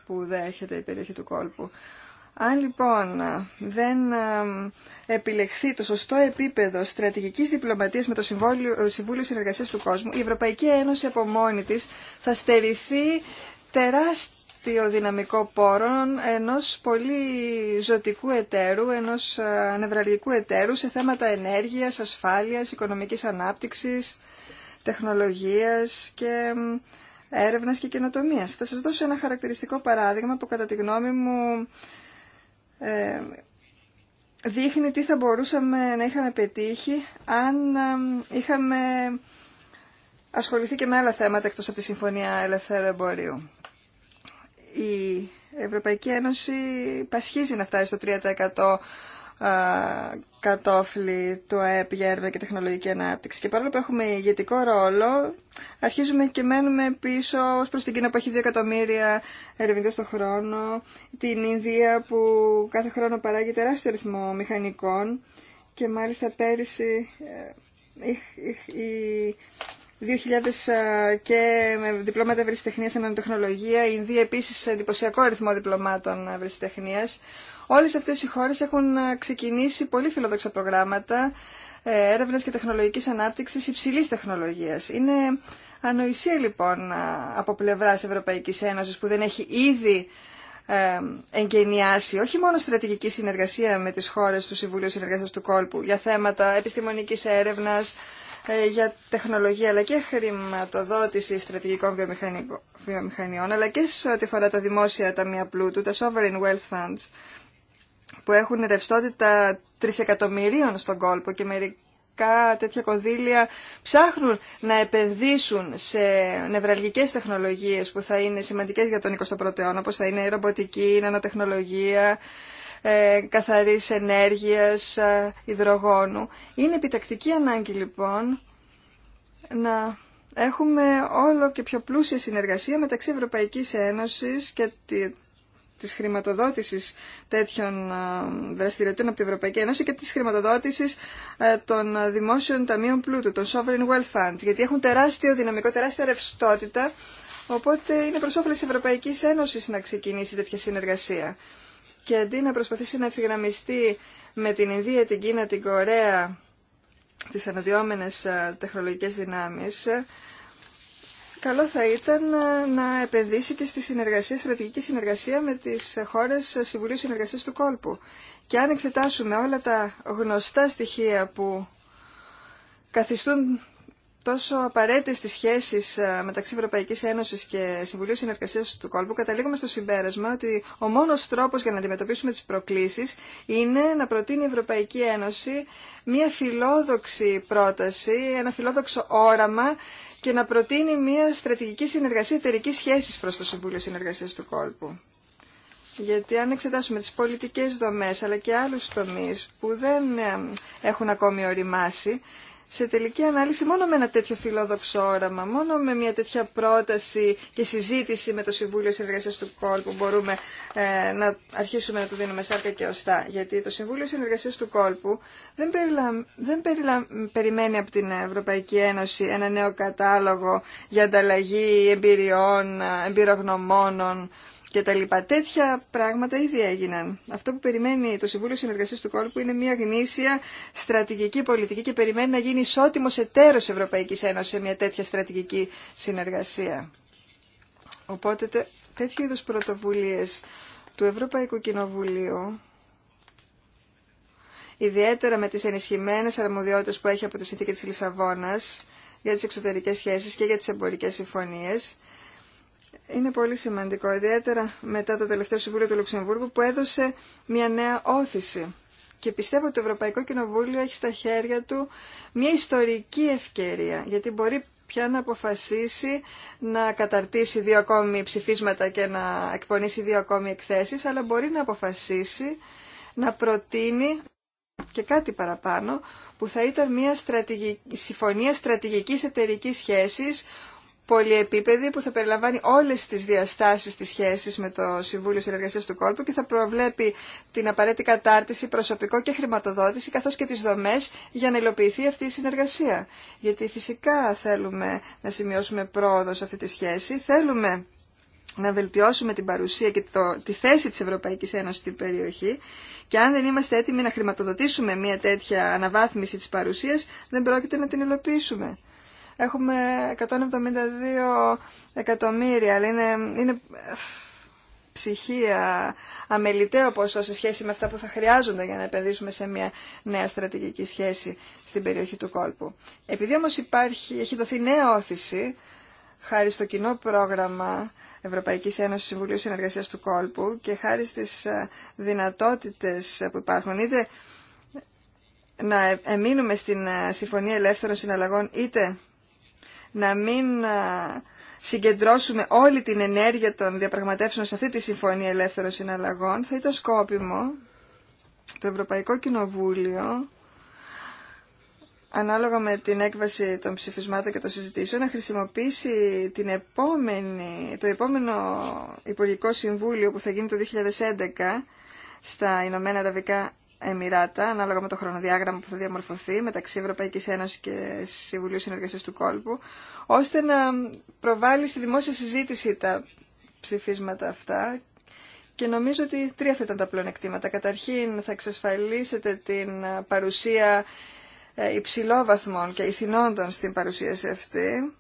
που δέχεται η περιοχή του κόλπου. Αν λοιπόν ε, δεν ε, επιλεχθεί το σωστό επίπεδο στρατηγικής διπλωματίας με το ε, Συμβούλιο Συνεργασίας του Κόσμου, η Ευρωπαϊκή Ένωση από μόνη της θα στερηθεί τεράστιο δυναμικό πόρο ενός πολύ ζωτικού εταίρου, ενός νευραλγικού εταίρου σε θέματα ενέργειας, ασφάλειας, οικονομικής ανάπτυξης, τεχνολογίας και έρευνας και καινοτομίας. Θα σας δώσω ένα χαρακτηριστικό παράδειγμα που κατά τη γνώμη μου ε, δείχνει τι θα μπορούσαμε να είχαμε πετύχει αν είχαμε ασχοληθεί και με άλλα θέματα εκτός από τη Συμφωνία Ελευθέρου Εμπορίου. Η Ευρωπαϊκή Ένωση πασχίζει να φτάσει στο 3% κατόφλι του ΑΕΠ για έρευνα και τεχνολογική ανάπτυξη. Και παρόλο που έχουμε ηγετικό ρόλο, αρχίζουμε και μένουμε πίσω ως προς την Κίνα που έχει δύο εκατομμύρια ερευνητές το χρόνο, την Ινδία που κάθε χρόνο παράγει τεράστιο ρυθμό μηχανικών και μάλιστα πέρυσι ε, οι 2.000 ε, και με διπλώματα ευρεσιτεχνίας ανανοτεχνολογία, η Ινδία επίσης εντυπωσιακό αριθμό διπλωμάτων ευρεσιτεχνία. Όλες αυτές οι χώρες έχουν ε, ξεκινήσει πολύ φιλόδοξα προγράμματα ε, έρευνας και τεχνολογικής ανάπτυξης υψηλής τεχνολογίας. Είναι ανοησία λοιπόν ε, από πλευράς Ευρωπαϊκής Ένωσης που δεν έχει ήδη εγκαινιάσει όχι μόνο στρατηγική συνεργασία με τις χώρες του Συμβουλίου συνεργασία του Κόλπου για θέματα επιστημονικής έρευνας, για τεχνολογία αλλά και χρηματοδότηση στρατηγικών βιομηχανιών αλλά και σε ό,τι αφορά τα δημόσια ταμεία πλούτου, τα sovereign wealth funds που έχουν ρευστότητα τρισεκατομμυρίων στον κόλπο και μερικά τέτοια κονδύλια ψάχνουν να επενδύσουν σε νευραλγικές τεχνολογίες που θα είναι σημαντικές για τον 21ο αιώνα, όπως θα είναι η ρομποτική, η νανοτεχνολογία, ε, καθαρής ενέργειας, ε, υδρογόνου. Είναι επιτακτική ανάγκη λοιπόν να έχουμε όλο και πιο πλούσια συνεργασία μεταξύ Ευρωπαϊκής Ένωσης και της χρηματοδότησης τέτοιων ε, δραστηριοτήτων από την Ευρωπαϊκή Ένωση και της χρηματοδότησης ε, των δημόσιων ταμείων πλούτου, των sovereign wealth funds, γιατί έχουν τεράστιο δυναμικό, τεράστια ρευστότητα, οπότε είναι προ όφελο τη Ευρωπαϊκής Ένωση να ξεκινήσει τέτοια συνεργασία. Και αντί να προσπαθήσει να ευθυγραμμιστεί με την Ινδία, την Κίνα, την Κορέα, τις αναδυόμενες ε, τεχνολογικές δυνάμεις, καλό θα ήταν ε, να επενδύσει και στη συνεργασία, στρατηγική συνεργασία με τις χώρες ε, Συμβουλίου Συνεργασίας του Κόλπου. Και αν εξετάσουμε όλα τα γνωστά στοιχεία που καθιστούν τόσο απαραίτητες τις σχέσεις ε, μεταξύ Ευρωπαϊκής Ένωσης και Συμβουλίου Συνεργασίας του Κόλπου, καταλήγουμε στο συμπέρασμα ότι ο μόνος τρόπος για να αντιμετωπίσουμε τις προκλήσεις είναι να προτείνει η Ευρωπαϊκή Ένωση μια φιλόδοξη πρόταση, ένα φιλόδοξο όραμα και να προτείνει μια στρατηγική συνεργασία εταιρική σχέση προς το Συμβούλιο Συνεργασίας του Κόλπου. Γιατί αν εξετάσουμε τις πολιτικές δομές αλλά και άλλους τομεί που δεν ε, έχουν ακόμη οριμάσει, σε τελική ανάλυση μόνο με ένα τέτοιο φιλόδοξο όραμα, μόνο με μια τέτοια πρόταση και συζήτηση με το Συμβούλιο Συνεργασίας του Κόλπου μπορούμε ε, να αρχίσουμε να του δίνουμε σάρκα και ωστά. Γιατί το Συμβούλιο Συνεργασίας του Κόλπου δεν, περιλα... δεν περιμένει από την Ευρωπαϊκή Ένωση ένα νέο κατάλογο για ανταλλαγή εμπειριών, ε, εμπειρογνωμόνων, και τα λοιπά. Τέτοια πράγματα ήδη έγιναν. Αυτό που περιμένει το Συμβούλιο Συνεργασία του Κόλπου είναι μια γνήσια στρατηγική πολιτική και περιμένει να γίνει ισότιμο εταίρο Ευρωπαϊκή Ένωση σε μια τέτοια στρατηγική συνεργασία. Οπότε τέτοιου είδου πρωτοβουλίε του Ευρωπαϊκού Κοινοβουλίου ιδιαίτερα με τις ενισχυμένες αρμοδιότητες που έχει από τη συνθήκη της Λισαβόνας για τις εξωτερικές σχέσεις και για τις εμπορικές συμφωνίες, είναι πολύ σημαντικό, ιδιαίτερα μετά το τελευταίο Συμβούλιο του Λουξεμβούργου που έδωσε μια νέα όθηση. Και πιστεύω ότι το Ευρωπαϊκό Κοινοβούλιο έχει στα χέρια του μια ιστορική ευκαιρία, γιατί μπορεί πια να αποφασίσει να καταρτήσει δύο ακόμη ψηφίσματα και να εκπονήσει δύο ακόμη εκθέσεις, αλλά μπορεί να αποφασίσει να προτείνει και κάτι παραπάνω, που θα ήταν μια στρατηγική, συμφωνία στρατηγικής εταιρικής σχέσης πολυεπίπεδη που θα περιλαμβάνει όλε τι διαστάσει τη σχέση με το Συμβούλιο συνεργασία του Κόλπου και θα προβλέπει την απαραίτητη κατάρτιση, προσωπικό και χρηματοδότηση καθώ και τι δομέ για να υλοποιηθεί αυτή η συνεργασία. Γιατί φυσικά θέλουμε να σημειώσουμε πρόοδο σε αυτή τη σχέση, θέλουμε να βελτιώσουμε την παρουσία και τη θέση της Ευρωπαϊκής Ένωσης στην περιοχή και αν δεν είμαστε έτοιμοι να χρηματοδοτήσουμε μια τέτοια αναβάθμιση της παρουσίας δεν πρόκειται να την υλοποιήσουμε. Έχουμε 172 εκατομμύρια, αλλά είναι, είναι ψυχία, αμεληταίο ποσό σε σχέση με αυτά που θα χρειάζονται για να επενδύσουμε σε μια νέα στρατηγική σχέση στην περιοχή του κόλπου. Επειδή όμως υπάρχει, έχει δοθεί νέα όθηση, χάρη στο κοινό πρόγραμμα Ευρωπαϊκής Ένωσης Συμβουλίου Συνεργασίας του Κόλπου και χάρη στις ε, δυνατότητες που υπάρχουν είτε να εμείνουμε στην ε, Συμφωνία Ελεύθερων Συναλλαγών είτε να μην ε, συγκεντρώσουμε όλη την ενέργεια των διαπραγματεύσεων σε αυτή τη Συμφωνία Ελεύθερων Συναλλαγών, θα ήταν σκόπιμο το Ευρωπαϊκό Κοινοβούλιο, ανάλογα με την έκβαση των ψηφισμάτων και των συζητήσεων, να χρησιμοποιήσει την επόμενη, το επόμενο Υπουργικό Συμβούλιο που θα γίνει το 2011 στα Ηνωμένα Αραβικά Εμμυράτα, ανάλογα με το χρονοδιάγραμμα που θα διαμορφωθεί μεταξύ Ευρωπαϊκή Ένωση και Συμβουλίου Συνεργασία του Κόλπου, ώστε να προβάλλει στη δημόσια συζήτηση τα ψηφίσματα αυτά. Και νομίζω ότι τρία θα ήταν τα πλεονεκτήματα. Καταρχήν, θα εξασφαλίσετε την ε, παρουσία ε, υψηλόβαθμων και ηθινόντων στην παρουσίαση αυτή.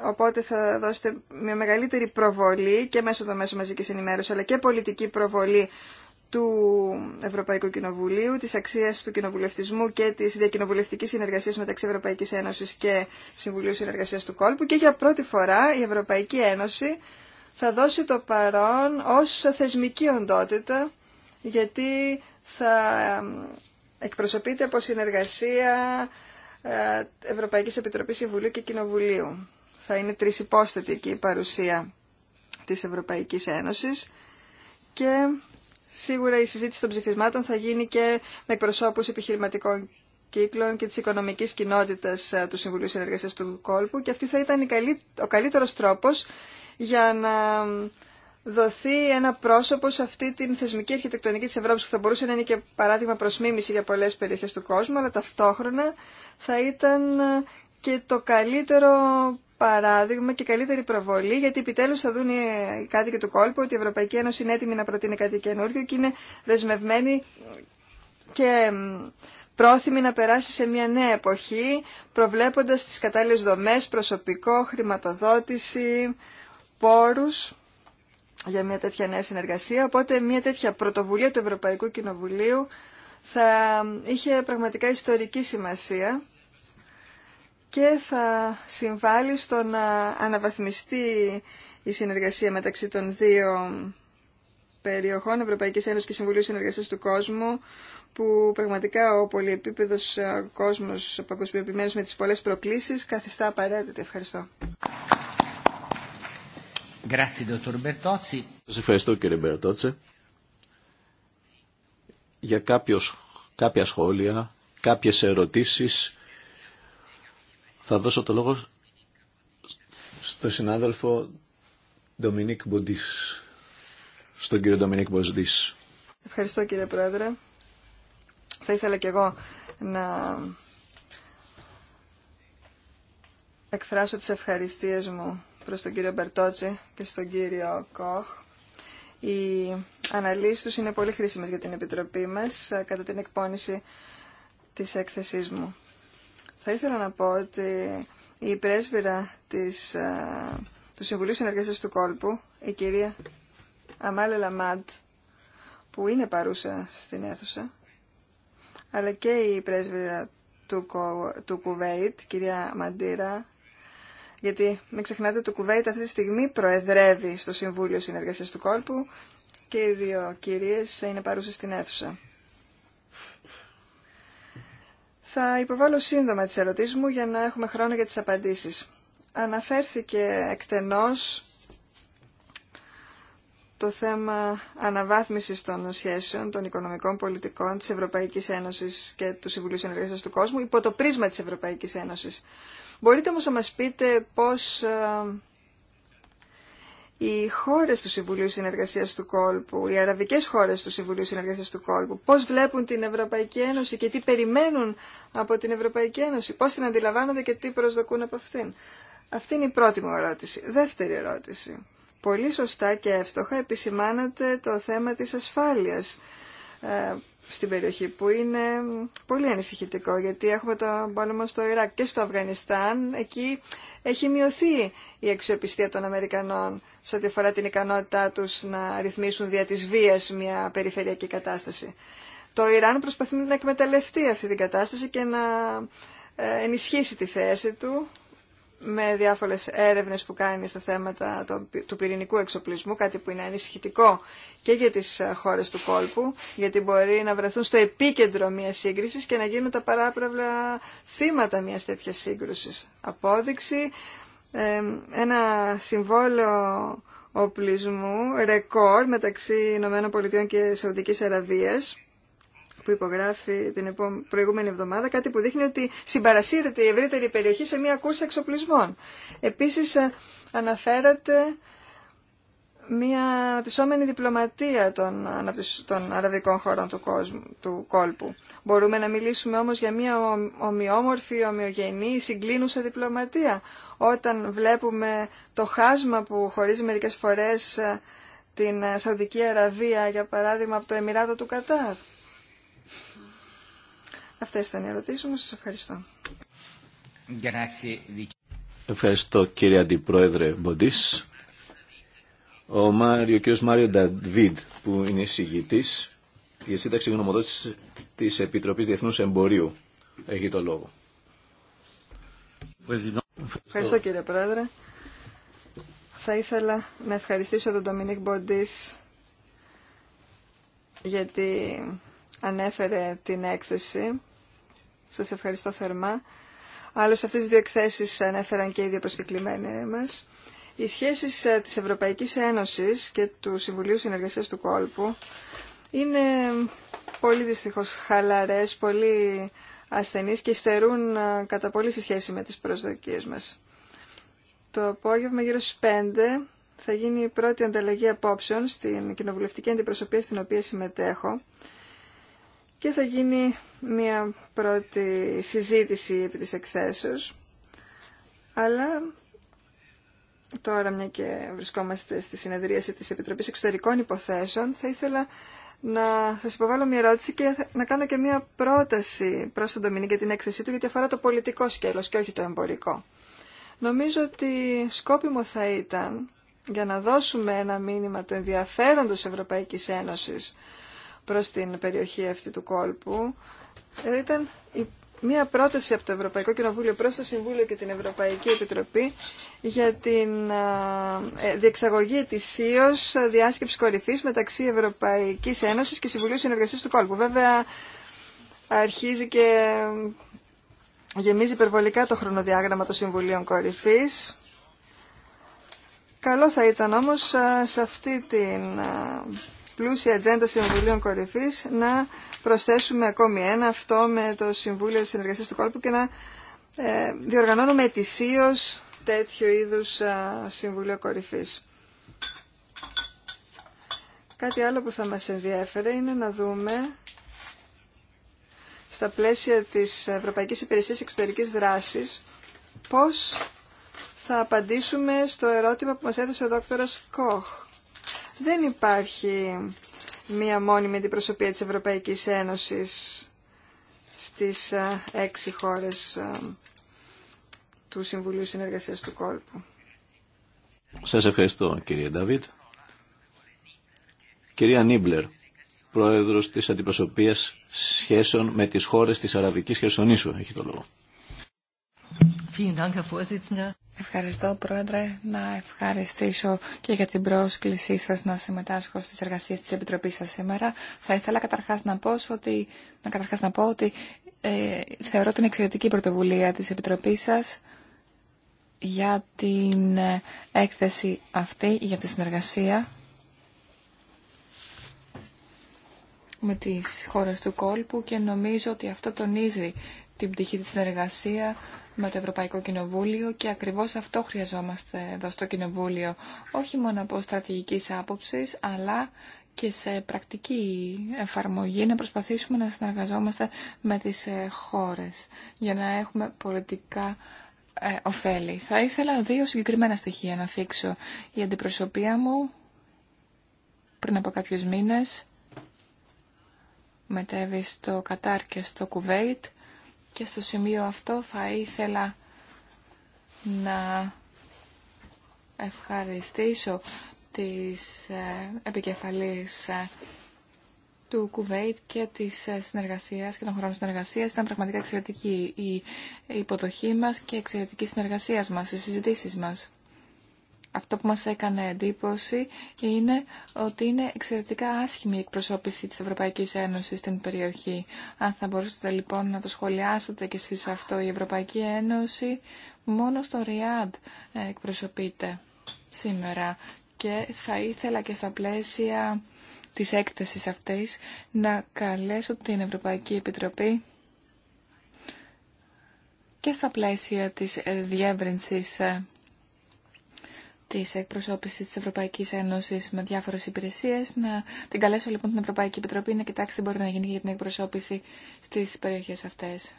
Οπότε θα δώσετε μια μεγαλύτερη προβολή και μέσω των μέσων μαζικής ενημέρωσης αλλά και πολιτική προβολή του Ευρωπαϊκού Κοινοβουλίου, της αξίας του κοινοβουλευτισμού και της διακοινοβουλευτικής συνεργασίας μεταξύ Ευρωπαϊκής Ένωσης και Συμβουλίου Συνεργασίας του Κόλπου και για πρώτη φορά η Ευρωπαϊκή Ένωση θα δώσει το παρόν ως θεσμική οντότητα γιατί θα εκπροσωπείται από συνεργασία ε, Ευρωπαϊκής Επιτροπής Συμβουλίου και Κοινοβουλίου. Θα είναι τρισυπόστατη εκεί η παρουσία της Ευρωπαϊκής Ένωσης και Σίγουρα η συζήτηση των ψηφισμάτων θα γίνει και με προσώπους επιχειρηματικών κύκλων και της οικονομικής κοινότητα ε, του Συμβουλίου Συνεργασία του Κόλπου και αυτή θα ήταν ο καλύτερος τρόπος για να δοθεί ένα πρόσωπο σε αυτή την θεσμική αρχιτεκτονική της Ευρώπης που θα μπορούσε να είναι και παράδειγμα προς μίμηση για πολλές περιοχές του κόσμου αλλά ταυτόχρονα θα ήταν ε, και το καλύτερο παράδειγμα και καλύτερη προβολή, γιατί επιτέλου θα δουν οι κάτοικοι του κόλπου ότι η Ευρωπαϊκή Ένωση είναι έτοιμη να προτείνει κάτι καινούργιο και είναι δεσμευμένη και πρόθυμη να περάσει σε μια νέα εποχή, προβλέποντας τι κατάλληλε δομές, προσωπικό, χρηματοδότηση, πόρους για μια τέτοια νέα συνεργασία. Οπότε μια τέτοια πρωτοβουλία του Ευρωπαϊκού Κοινοβουλίου θα είχε πραγματικά ιστορική σημασία και θα συμβάλλει στο να αναβαθμιστεί η συνεργασία μεταξύ των δύο περιοχών Ευρωπαϊκής Ένωσης και Συμβουλίου Συνεργασίας του Κόσμου που πραγματικά ο πολυεπίπεδος ε, κόσμος παγκοσμιοποιημένος με τις πολλές προκλήσεις καθιστά απαραίτητη. Ευχαριστώ. Σας ευχαριστώ κύριε Μπερτότσε για κάποιος, κάποια σχόλια, κάποιες ερωτήσεις θα δώσω το λόγο στο συνάδελφο Ντομινίκ Μποντής. Στον κύριο Ντομινίκ Μποντής. Ευχαριστώ κύριε Πρόεδρε. Θα ήθελα κι εγώ να εκφράσω τις ευχαριστίες μου προς τον κύριο Μπερτότσι και στον κύριο Κοχ. Οι αναλύσεις τους είναι πολύ χρήσιμες για την Επιτροπή μας ε, κατά την εκπόνηση της έκθεσής μου. Θα ήθελα να πω ότι η πρέσβυρα της, ε, του Συμβουλίου Συνεργασίας του Κόλπου, η κυρία Αμάλε Λαμάντ, που είναι παρούσα στην αίθουσα, αλλά και η πρέσβυρα του, του Κουβέιτ, κυρία Μαντήρα, γιατί μην ξεχνάτε ότι το Κουβέιτ αυτή τη στιγμή προεδρεύει στο Συμβούλιο Συνεργασίας του Κόλπου και οι δύο κυρίες είναι παρούσες στην αίθουσα. Θα υποβάλω σύντομα τις ερωτήσεις μου για να έχουμε χρόνο για τις απαντήσεις. Αναφέρθηκε εκτενώς το θέμα αναβάθμισης των σχέσεων των οικονομικών πολιτικών της Ευρωπαϊκής Ένωσης και του Συμβουλίου Συνεργασίας του Κόσμου υπό το πρίσμα της Ευρωπαϊκής Ένωσης. Μπορείτε όμως να μας πείτε πώς ε, οι χώρες του Συμβουλίου Συνεργασίας του Κόλπου, οι Αραβικέ χώρες του Συμβουλίου Συνεργασίας του Κόλπου, πώς βλέπουν την Ευρωπαϊκή Ένωση και τι περιμένουν από την Ευρωπαϊκή Ένωση, πώς την αντιλαμβάνονται και τι προσδοκούν από αυτήν. Αυτή είναι η πρώτη μου ερώτηση. Δεύτερη ερώτηση. Πολύ σωστά και εύστοχα επισημάνατε το θέμα της ασφάλειας ε, στην περιοχή που είναι πολύ ανησυχητικό γιατί έχουμε τον πόλεμο στο Ιράκ και στο Αφγανιστάν. Εκεί έχει μειωθεί η αξιοπιστία των Αμερικανών σε ό,τι αφορά την ικανότητά τους να ρυθμίσουν δια της βίας μια περιφερειακή κατάσταση. Το Ιράν προσπαθεί να εκμεταλλευτεί αυτή την κατάσταση και να ε, ενισχύσει τη θέση του με διάφορες έρευνες που κάνει στα θέματα του πυρηνικού εξοπλισμού, κάτι που είναι ανησυχητικό και για τις ε, χώρες του κόλπου, γιατί μπορεί να βρεθούν στο επίκεντρο μιας σύγκρισης και να γίνουν τα παράπλευρα θύματα μιας τέτοιας σύγκρουσης. Απόδειξη, ένα συμβόλαιο οπλισμού, ρεκόρ μεταξύ ΗΠΑ και Σαουδικής Αραβίας, που υπογράφει την προηγούμενη εβδομάδα, κάτι που δείχνει ότι συμπαρασύρεται η ευρύτερη περιοχή σε μια κούρσα εξοπλισμών. Επίσης ε, αναφέρατε μια αναπτυσσόμενη διπλωματία των, των αραβικών χωρών του, κόσμου, του κόλπου. Μπορούμε να μιλήσουμε όμως για μια ομοιόμορφη, ομοιογενή, συγκλίνουσα διπλωματία. Όταν βλέπουμε το χάσμα που χωρίζει μερικές φορές ε, την ε, Σαουδική Αραβία, για παράδειγμα, από το Εμμυράτο του Κατάρ. Αυτές ήταν οι ερωτήσεις μου. Σας ευχαριστώ. Ευχαριστώ κύριε Αντιπρόεδρε Μποντής. Ο, Μάριο, ο κύριος Μάριο Νταβίδ που είναι εισηγητής για σύνταξη γνωμοδότησης της Επιτροπής Διεθνούς Εμπορίου. Έχει το λόγο. Ευχαριστώ, Ευχαριστώ κύριε Πρόεδρε. Θα ήθελα να ευχαριστήσω τον Ντομινίκ Μποντής γιατί ανέφερε την έκθεση σας ευχαριστώ θερμά. Άλλωστε αυτές τις δύο εκθέσεις ανέφεραν και οι δύο προσκεκλημένοι μας. Οι σχέσεις ε, της Ευρωπαϊκής Ένωσης και του Συμβουλίου Συνεργασίας του Κόλπου είναι πολύ δυστυχώς χαλαρές, πολύ ασθενείς και στερούν ε, κατά πολύ σε σχέση με τις προσδοκίες μας. Το απόγευμα γύρω στις 5 θα γίνει η πρώτη ανταλλαγή απόψεων στην κοινοβουλευτική αντιπροσωπεία στην οποία συμμετέχω και θα γίνει μια πρώτη συζήτηση επί της εκθέσεως. Αλλά τώρα μια και βρισκόμαστε στη συνεδρίαση της Επιτροπής Εξωτερικών Υποθέσεων θα ήθελα να σας υποβάλω μια ερώτηση και να κάνω και μια πρόταση προς τον Ντομινί για την έκθεσή του γιατί αφορά το πολιτικό σκέλος και όχι το εμπορικό. Νομίζω ότι σκόπιμο θα ήταν για να δώσουμε ένα μήνυμα του ενδιαφέροντος Ευρωπαϊκής Ένωσης προς την περιοχή αυτή του κόλπου. Ε, ήταν μία πρόταση από το Ευρωπαϊκό Κοινοβούλιο προς το Συμβούλιο και την Ευρωπαϊκή Επιτροπή για την ε, διεξαγωγή της διάσκεψη κορυφής μεταξύ Ευρωπαϊκής Ένωσης και Συμβουλίου Συνεργασίας του Κόλπου. Βέβαια αρχίζει και γεμίζει υπερβολικά το χρονοδιάγραμμα των Συμβουλίων Κορυφής. Καλό θα ήταν όμως σε αυτή την πλούσια ατζέντα συμβουλίων κορυφής να προσθέσουμε ακόμη ένα αυτό με το Συμβούλιο Συνεργασία του Κόλπου και να ε, διοργανώνουμε ετησίω τέτοιο είδου Συμβουλίο κορυφή. Κάτι άλλο που θα μας ενδιέφερε είναι να δούμε στα πλαίσια της Ευρωπαϊκής Υπηρεσίας Εξωτερικής Δράσης πώς θα απαντήσουμε στο ερώτημα που μας έδωσε ο δόκτωρας Κοχ δεν υπάρχει μία μόνιμη αντιπροσωπεία της Ευρωπαϊκής Ένωσης στις ε, έξι χώρες ε, του Συμβουλίου Συνεργασίας του Κόλπου. Σας ευχαριστώ κύριε Νταβίτ. Κυρία Νίμπλερ, πρόεδρος της αντιπροσωπείας σχέσεων με τις χώρες της Αραβικής Χερσονήσου, έχει το λόγο. Ευχαριστώ, Πρόεδρε. Να ευχαριστήσω και για την πρόσκλησή σας να συμμετάσχω στις εργασίες της Επιτροπής σας σήμερα. Θα ήθελα καταρχάς να πω ότι, να καταρχάς να πω ότι ε, θεωρώ την εξαιρετική πρωτοβουλία της Επιτροπής σας για την ε, έκθεση αυτή, για τη συνεργασία με τις χώρες του κόλπου και νομίζω ότι αυτό τονίζει την πτυχή της συνεργασία με το Ευρωπαϊκό Κοινοβούλιο και ακριβώς αυτό χρειαζόμαστε εδώ στο Κοινοβούλιο, όχι μόνο από στρατηγικής άποψης, αλλά και σε πρακτική εφαρμογή να προσπαθήσουμε να συνεργαζόμαστε με τις ε, χώρες για να έχουμε πολιτικά ε, ωφέλη. Θα ήθελα δύο συγκεκριμένα στοιχεία να θίξω. Η αντιπροσωπεία μου πριν από κάποιους μήνες μετέβη στο Κατάρ και στο Κουβέιτ και στο σημείο αυτό θα ήθελα να ευχαριστήσω τις ε, επικεφαλής ε, του Κουβέιτ και της ε, συνεργασίας και των χρόνων συνεργασίας. Ήταν πραγματικά εξαιρετική η υποδοχή μας και εξαιρετική συνεργασία μας, οι συζητήσεις μας. Αυτό που μας έκανε εντύπωση είναι ότι είναι εξαιρετικά άσχημη η εκπροσώπηση της Ευρωπαϊκής Ένωσης στην περιοχή. Αν θα μπορούσατε λοιπόν να το σχολιάσετε και εσείς αυτό, η Ευρωπαϊκή Ένωση μόνο στο ΡΙΑΔ ε, εκπροσωπείται σήμερα. Και θα ήθελα και στα πλαίσια της έκθεσης αυτής να καλέσω την Ευρωπαϊκή Επιτροπή και στα πλαίσια της διεύρυνσης ε, της εκπροσώπησης της Ευρωπαϊκής Ένωσης με διάφορες υπηρεσίες. Να την καλέσω λοιπόν την Ευρωπαϊκή Επιτροπή να κοιτάξει τι μπορεί να γίνει για την εκπροσώπηση στις περιοχές αυτές.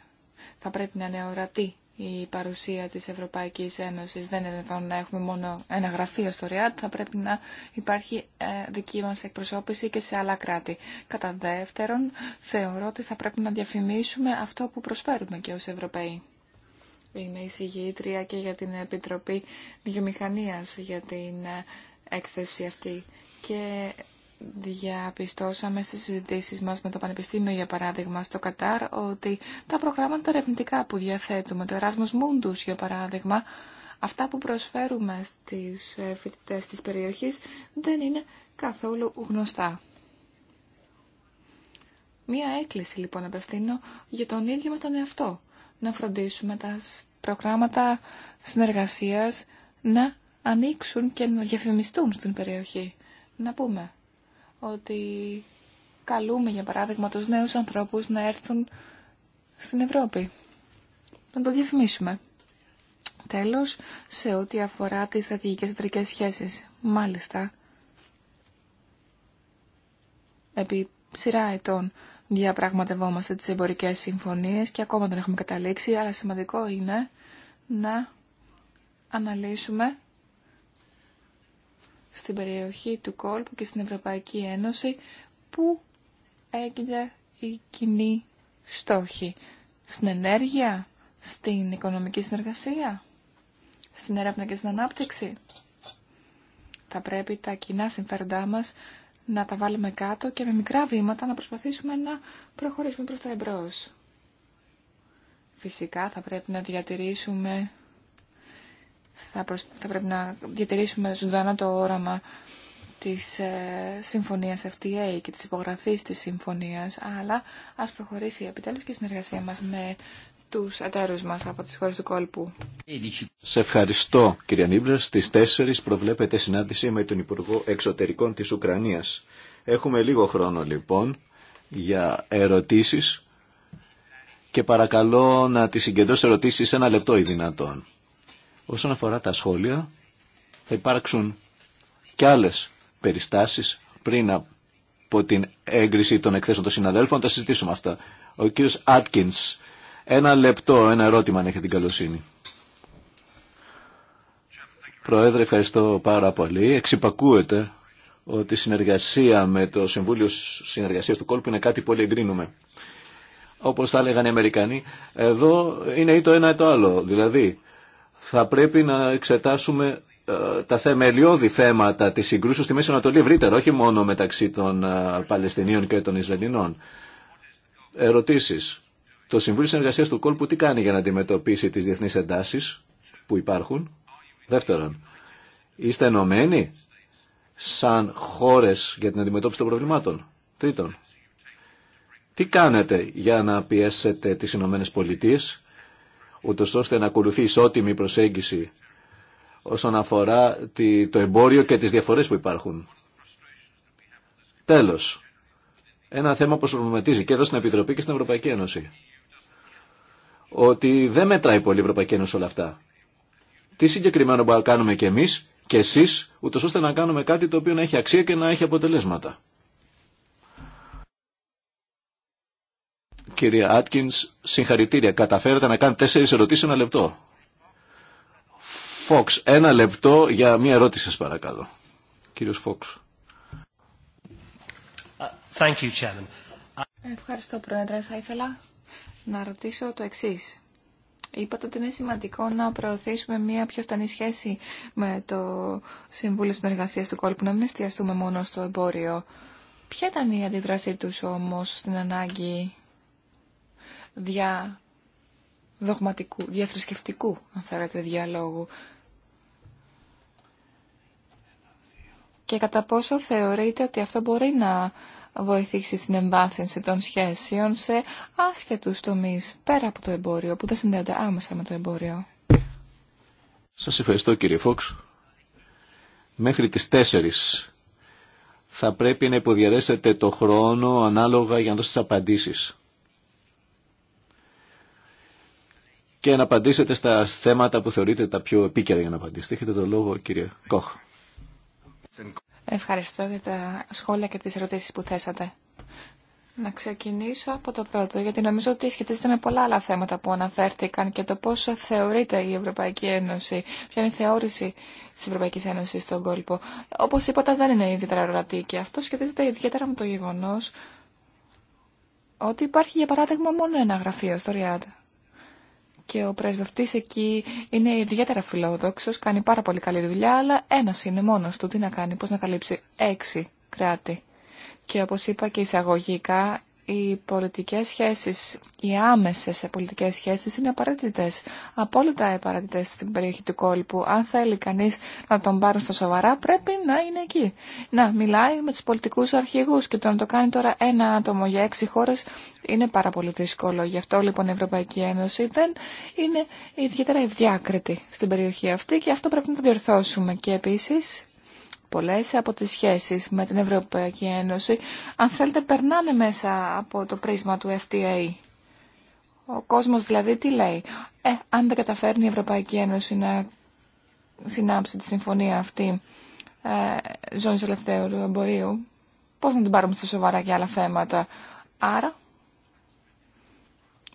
Θα πρέπει να είναι ορατή η παρουσία της Ευρωπαϊκής Ένωσης. Δεν είναι δυνατόν να έχουμε μόνο ένα γραφείο στο ΡΙΑΤ, θα πρέπει να υπάρχει ε, δική μας εκπροσώπηση και σε άλλα κράτη. Κατά δεύτερον, θεωρώ ότι θα πρέπει να διαφημίσουμε αυτό που προσφέρουμε και ως Ευρωπαίοι. Είμαι εισηγήτρια και για την Επιτροπή Βιομηχανίας για την ε, έκθεση αυτή. Και διαπιστώσαμε στις συζητήσεις μας με το Πανεπιστήμιο, για παράδειγμα, στο Κατάρ, ότι τα προγράμματα ερευνητικά που διαθέτουμε, το Erasmus Mundus, για παράδειγμα, αυτά που προσφέρουμε στις φοιτητέ της περιοχής δεν είναι καθόλου γνωστά. Μία έκκληση λοιπόν απευθύνω για τον ίδιο μας τον εαυτό να φροντίσουμε τα προγράμματα συνεργασίας να ανοίξουν και να διαφημιστούν στην περιοχή. Να πούμε ότι καλούμε για παράδειγμα τους νέους ανθρώπους να έρθουν στην Ευρώπη. Να το διαφημίσουμε. Τέλος, σε ό,τι αφορά τις στρατηγικές εταιρικές σχέσεις. Μάλιστα, επί σειρά ετών διαπραγματευόμαστε τις εμπορικές συμφωνίες και ακόμα δεν έχουμε καταλήξει, αλλά σημαντικό είναι να αναλύσουμε στην περιοχή του κόλπου και στην Ευρωπαϊκή Ένωση που έγινε η κοινή στόχη. Στην ενέργεια, στην οικονομική συνεργασία, στην έρευνα και στην ανάπτυξη. Θα πρέπει τα κοινά συμφέροντά μας να τα βάλουμε κάτω και με μικρά βήματα να προσπαθήσουμε να προχωρήσουμε προς τα εμπρός. Φυσικά θα πρέπει να διατηρήσουμε θα, πρέπει να διατηρήσουμε ζωντανά το όραμα της ε, συμφωνίας FTA και της υπογραφής της συμφωνίας, αλλά ας προχωρήσει η επιτέλους και η συνεργασία μας με τους εταίρους μας από τις χώρες του κόλπου. Σε ευχαριστώ κυρία Νίμπλερ. Στις 4 προβλέπεται συνάντηση με τον Υπουργό Εξωτερικών της Ουκρανίας. Έχουμε λίγο χρόνο λοιπόν για ερωτήσεις και παρακαλώ να τις συγκεντρώσετε ερωτήσεις σε ένα λεπτό ή δυνατόν. Όσον αφορά τα σχόλια θα υπάρξουν και άλλες περιστάσεις πριν από την έγκριση των εκθέσεων των συναδέλφων. Θα συζητήσουμε αυτά. Ο κύριος Άτκινς ένα λεπτό, ένα ερώτημα αν έχετε την καλοσύνη. Πρόεδρε, ευχαριστώ πάρα πολύ. Εξυπακούεται ότι η συνεργασία με το Συμβούλιο Συνεργασίας του Κόλπου είναι κάτι που όλοι εγκρίνουμε. Όπως θα έλεγαν οι Αμερικανοί, εδώ είναι ή το ένα ή το άλλο. Δηλαδή, θα πρέπει να εξετάσουμε ε, τα θεμελιώδη θέματα της συγκρούσεως στη Μέση Ανατολή ευρύτερα, όχι μόνο μεταξύ των ε, Παλαιστινίων και των Ισραηλινών. Ερωτήσεις. Το Συμβούλιο συνεργασία του Κόλπου τι κάνει για να αντιμετωπίσει τι διεθνεί εντάσει που υπάρχουν. Δεύτερον, είστε ενωμένοι σαν χώρε για την αντιμετώπιση των προβλημάτων. Τρίτον, τι κάνετε για να πιέσετε τι Ηνωμένε Πολιτείε, ούτω ώστε να ακολουθεί ισότιμη προσέγγιση όσον αφορά το εμπόριο και τις διαφορές που υπάρχουν. Τέλος, ένα θέμα που προβληματίζει και εδώ στην Επιτροπή και στην Ευρωπαϊκή Ένωση ότι δεν μετράει πολύ η Ευρωπαϊκή Ένωση όλα αυτά. Τι συγκεκριμένο μπορούμε να κάνουμε και εμείς και εσείς, ούτω ώστε να κάνουμε κάτι το οποίο να έχει αξία και να έχει αποτελέσματα. Κυρία Άτκιν, συγχαρητήρια. Καταφέρατε να κάνετε τέσσερις ερωτήσεις ένα λεπτό. Φόξ, ένα λεπτό για μία ερώτηση σας παρακαλώ. Κύριος Φόξ. Ευχαριστώ, Πρόεδρε. Θα ήθελα να ρωτήσω το εξή. Είπατε ότι είναι σημαντικό να προωθήσουμε μια πιο στενή σχέση με το Συμβούλιο Συνεργασίας του Κόλπου, να μην εστιαστούμε μόνο στο εμπόριο. Ποια ήταν η αντίδρασή τους όμως στην ανάγκη δια δογματικού, διαθρησκευτικού, αν θέλετε, διαλόγου. Και κατά πόσο θεωρείτε ότι αυτό μπορεί να βοηθήσει στην εμβάθυνση των σχέσεων σε άσχετου τομεί πέρα από το εμπόριο, που δεν συνδέονται άμεσα με το εμπόριο. Σα ευχαριστώ κύριε Φόξ. Μέχρι τι 4 θα πρέπει να υποδιαρέσετε το χρόνο ανάλογα για να δώσετε απαντήσει. Και να απαντήσετε στα θέματα που θεωρείτε τα πιο επίκαιρα για να απαντήσετε. Έχετε το λόγο κύριε Κόχ. Ευχαριστώ για τα σχόλια και τις ερωτήσεις που θέσατε. Να ξεκινήσω από το πρώτο, γιατί νομίζω ότι σχετίζεται με πολλά άλλα θέματα που αναφέρθηκαν και το πώς θεωρείται η Ευρωπαϊκή Ένωση, ποια είναι η θεώρηση της Ευρωπαϊκής Ένωσης στον κόλπο. Όπως είπατε δεν είναι ιδιαίτερα ορατή και αυτό σχετίζεται ιδιαίτερα με το γεγονός ότι υπάρχει για παράδειγμα μόνο ένα γραφείο στο Ριάντα και ο πρεσβευτής εκεί είναι ιδιαίτερα φιλόδοξος, κάνει πάρα πολύ καλή δουλειά, αλλά ένας είναι μόνος του. Τι να κάνει, πώς να καλύψει έξι κράτη. Και όπως είπα και εισαγωγικά, οι πολιτικές σχέσεις, οι άμεσες πολιτικές σχέσεις είναι απαραίτητες, απόλυτα απαραίτητες στην περιοχή του κόλπου. Αν θέλει κανείς να τον πάρουν στα σοβαρά πρέπει να είναι εκεί. Να μιλάει με τους πολιτικούς αρχηγούς και το να το κάνει τώρα ένα άτομο για έξι χώρες είναι πάρα πολύ δύσκολο. Γι' αυτό λοιπόν η Ευρωπαϊκή Ένωση δεν είναι ιδιαίτερα ευδιάκριτη στην περιοχή αυτή και αυτό πρέπει να το διορθώσουμε. Και επίσης Πολλές από τις σχέσεις με την Ευρωπαϊκή Ένωση, αν θέλετε, περνάνε μέσα από το πρίσμα του FTA. Ο κόσμος δηλαδή τι λέει. Ε, αν δεν καταφέρνει η Ευρωπαϊκή Ένωση να συνάψει τη συμφωνία αυτή ε, ζώνης ελευθερίου εμπορίου, πώς να την πάρουμε στα σοβαρά και άλλα θέματα. Άρα,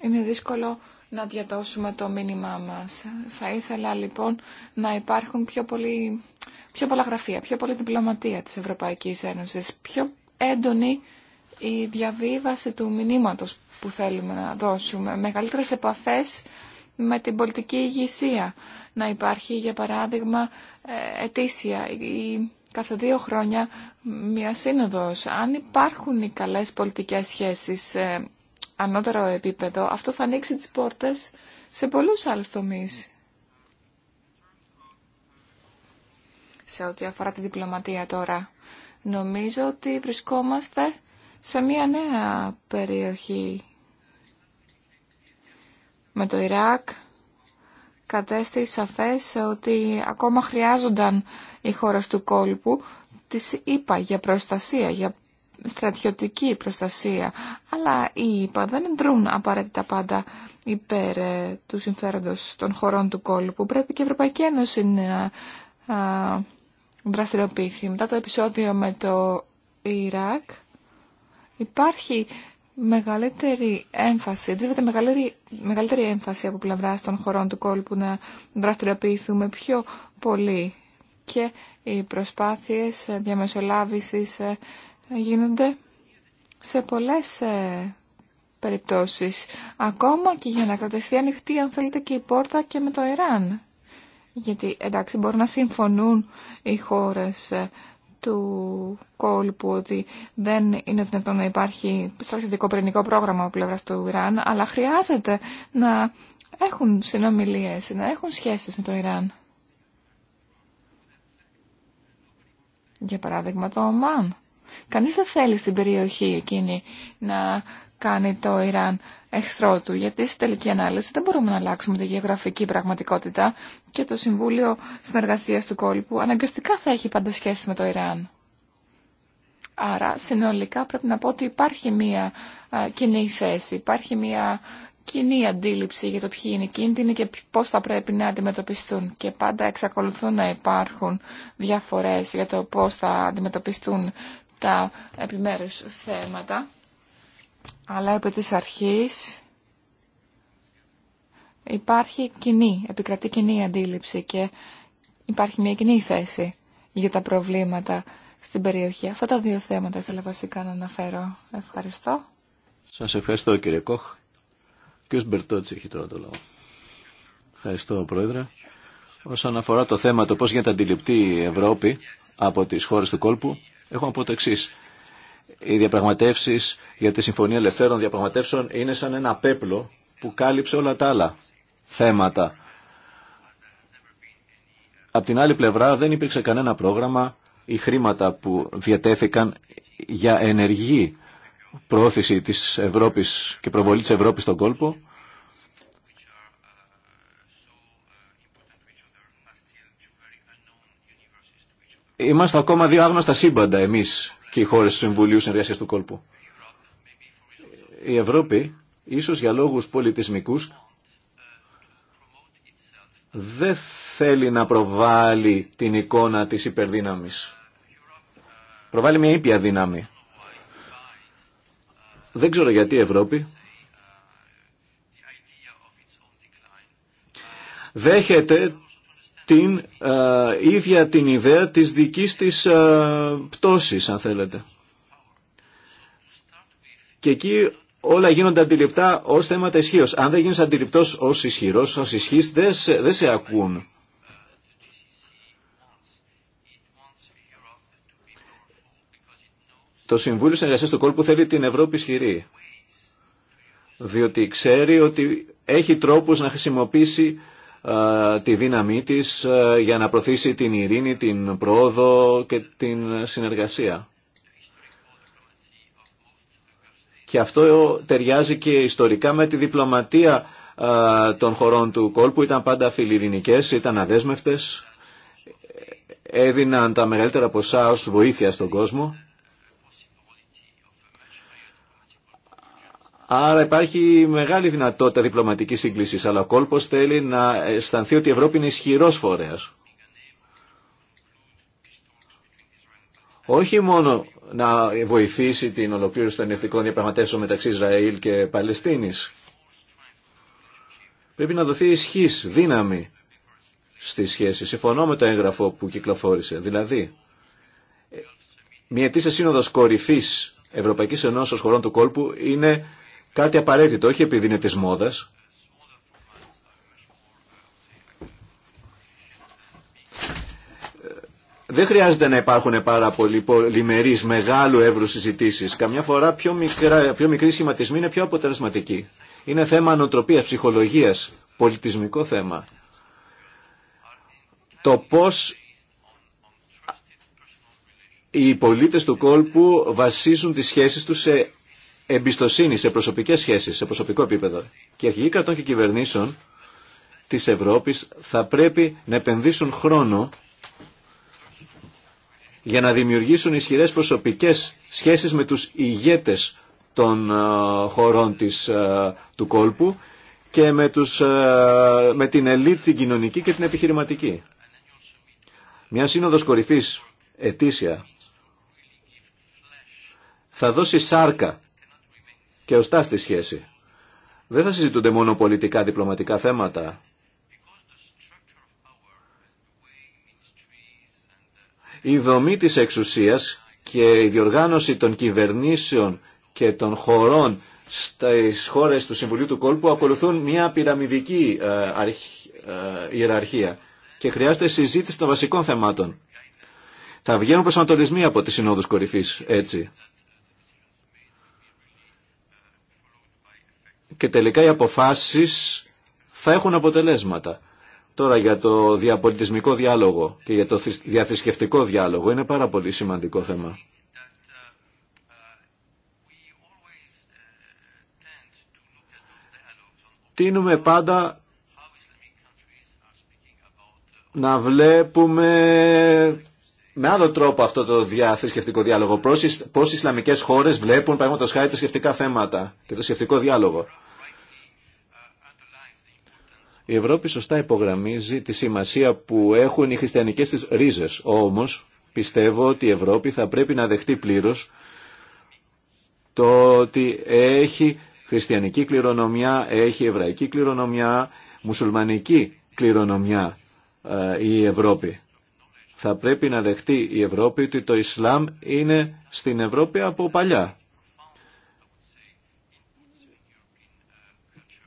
είναι δύσκολο να διαδώσουμε το μήνυμά μας. Θα ήθελα λοιπόν να υπάρχουν πιο πολλοί πιο πολλά πιο πολλή διπλωματία της Ευρωπαϊκής Ένωσης, πιο έντονη η διαβίβαση του μηνύματος που θέλουμε να δώσουμε, μεγαλύτερες επαφές με την πολιτική ηγεσία. Να υπάρχει, για παράδειγμα, ε, ετήσια ή κάθε δύο χρόνια μια σύνοδος. Αν υπάρχουν οι καλές πολιτικές σχέσεις σε ανώτερο επίπεδο, αυτό θα ανοίξει τις πόρτες σε πολλούς άλλους τομείς σε ό,τι αφορά τη διπλωματία τώρα. Νομίζω ότι βρισκόμαστε σε μια νέα περιοχή. Με το Ιράκ κατέστη σαφές ότι ακόμα χρειάζονταν οι χώρες του κόλπου της είπα για προστασία, για στρατιωτική προστασία. Αλλά οι είπα δεν εντρούν απαραίτητα πάντα υπέρ ε, του συμφέροντος των χωρών του κόλπου. Πρέπει και η Ευρωπαϊκή Ένωση να δραστηριοποιηθεί. Μετά το επεισόδιο με το Ιράκ υπάρχει μεγαλύτερη έμφαση, δίδεται μεγαλύτερη, έμφαση από πλευρά των χωρών του κόλπου να δραστηριοποιηθούμε πιο πολύ και οι προσπάθειες διαμεσολάβησης ε, γίνονται σε πολλές ε, περιπτώσεις. Ακόμα και για να κρατηθεί ανοιχτή, αν θέλετε, και η πόρτα και με το Ιράν. Γιατί εντάξει μπορούν να συμφωνούν οι χώρες ε, του κόλπου ότι δεν είναι δυνατόν να υπάρχει στρατιωτικό πυρηνικό πρόγραμμα από πλευρά του Ιράν, αλλά χρειάζεται να έχουν συνομιλίες, να έχουν σχέσεις με το Ιράν. Για παράδειγμα το Ομάν. Κανείς δεν θέλει στην περιοχή εκείνη να κάνει το Ιράν εχθρό του, γιατί στη τελική ανάλυση δεν μπορούμε να αλλάξουμε τη γεωγραφική πραγματικότητα και το Συμβούλιο συνεργασία του Κόλπου αναγκαστικά θα έχει πάντα σχέση με το Ιράν. Άρα συνολικά πρέπει να πω ότι υπάρχει μία α, κοινή θέση, υπάρχει μία κοινή αντίληψη για το ποιοι είναι οι κίνδυνοι και πώ θα πρέπει να αντιμετωπιστούν και πάντα εξακολουθούν να υπάρχουν διαφορές για το πώς θα αντιμετωπιστούν τα επιμέρους θέματα αλλά επί της αρχής υπάρχει κοινή, επικρατεί κοινή αντίληψη και υπάρχει μια κοινή θέση για τα προβλήματα στην περιοχή. Αυτά τα δύο θέματα ήθελα βασικά να αναφέρω. Ευχαριστώ. Σας ευχαριστώ κύριε Κόχ. Κύριο Μπερτότσι έχει τώρα το λόγο. Ευχαριστώ πρόεδρε. Όσον αφορά το θέμα το πώς γίνεται αντιληπτή η Ευρώπη από τις χώρες του κόλπου, έχω να το εξής. Οι διαπραγματεύσει για τη Συμφωνία Ελευθέρων Διαπραγματεύσεων είναι σαν ένα πέπλο που κάλυψε όλα τα άλλα θέματα. Απ' την άλλη πλευρά δεν υπήρξε κανένα πρόγραμμα ή χρήματα που διατέθηκαν για ενεργή πρόθεση της Ευρώπης και προβολή της Ευρώπης στον κόλπο. Είμαστε ακόμα δύο άγνωστα σύμπαντα εμείς και οι χώρες του Συμβουλίου Συνεργασίας του Κόλπου. Η Ευρώπη, ίσως για λόγους πολιτισμικούς, δεν θέλει να προβάλλει την εικόνα της υπερδύναμης. Προβάλλει μια ήπια δύναμη. Δεν ξέρω γιατί η Ευρώπη δέχεται την ε, ίδια την ιδέα της δικής της ε, πτώσης, αν θέλετε. Και εκεί όλα γίνονται αντιληπτά ως θέματα ισχύω. Αν δεν γίνεις αντιληπτός ως ισχυρός, ως ισχύς, δεν σε, δεν σε ακούν. Το Συμβούλιο Συνεργασίας του Κόλπου θέλει την Ευρώπη ισχυρή. Διότι ξέρει ότι έχει τρόπους να χρησιμοποιήσει ε, τη δύναμή της ε, για να προωθήσει την ειρήνη, την πρόοδο και την συνεργασία. Και αυτό ταιριάζει και ιστορικά με τη διπλωματία ε, των χωρών του κόλπου. Ήταν πάντα φιλιρινικές, ήταν αδέσμευτες, έδιναν τα μεγαλύτερα ποσά ως βοήθεια στον κόσμο Άρα υπάρχει μεγάλη δυνατότητα διπλωματικής σύγκλησης, αλλά ο κόλπος θέλει να αισθανθεί ότι η Ευρώπη είναι ισχυρός φορέας. Όχι μόνο να βοηθήσει την ολοκλήρωση των ενευτικών διαπραγματεύσεων μεταξύ Ισραήλ και Παλαιστίνης. Πρέπει να δοθεί ισχύς, δύναμη στη σχέση. Συμφωνώ με το έγγραφο που κυκλοφόρησε. Δηλαδή, μια ετήσια σύνοδος κορυφής Ευρωπαϊκής Ενώσεως χωρών του κόλπου είναι κάτι απαραίτητο, όχι επειδή είναι της μόδας. Δεν χρειάζεται να υπάρχουν πάρα πολλοί πολυμερείς μεγάλου εύρου συζητήσεις. Καμιά φορά πιο, μικρά, πιο μικροί σχηματισμοί είναι πιο αποτελεσματική. Είναι θέμα ανοτροπίας, ψυχολογίας, πολιτισμικό θέμα. Το πώς οι πολίτες του κόλπου βασίζουν τις σχέσεις τους σε εμπιστοσύνη σε προσωπικές σχέσεις, σε προσωπικό επίπεδο. Και αρχηγοί κρατών και κυβερνήσεων της Ευρώπης θα πρέπει να επενδύσουν χρόνο για να δημιουργήσουν ισχυρές προσωπικές σχέσεις με τους ηγέτες των ε, χωρών της, ε, του κόλπου και με, τους, ε, με την ελίτ την κοινωνική και την επιχειρηματική. Μια σύνοδος κορυφής ετήσια θα δώσει σάρκα και οστά στη σχέση. Δεν θα συζητούνται μόνο πολιτικά διπλωματικά θέματα. Η δομή της εξουσίας και η διοργάνωση των κυβερνήσεων και των χωρών στις χώρες του Συμβουλίου του Κόλπου ακολουθούν μια πυραμιδική ε, ε, ιεραρχία και χρειάζεται συζήτηση των βασικών θεμάτων. Θα βγαίνουν προσανατολισμοί από τις συνόδους κορυφής έτσι. και τελικά οι αποφάσεις θα έχουν αποτελέσματα. Τώρα για το διαπολιτισμικό διάλογο και για το διαθρησκευτικό διάλογο είναι πάρα πολύ σημαντικό θέμα. Τίνουμε πάντα να βλέπουμε με άλλο τρόπο αυτό το διαθρησκευτικό διάλογο. Πώς οι Ισλαμικές χώρες βλέπουν, παραδείγματος χάρη, τα σκεφτικά θέματα και το σκεφτικό διάλογο. Η Ευρώπη σωστά υπογραμμίζει τη σημασία που έχουν οι χριστιανικές της ρίζες. Όμως, πιστεύω ότι η Ευρώπη θα πρέπει να δεχτεί πλήρως το ότι έχει χριστιανική κληρονομιά, έχει εβραϊκή κληρονομιά, μουσουλμανική κληρονομιά ε, η Ευρώπη. Θα πρέπει να δεχτεί η Ευρώπη ότι το Ισλάμ είναι στην Ευρώπη από παλιά.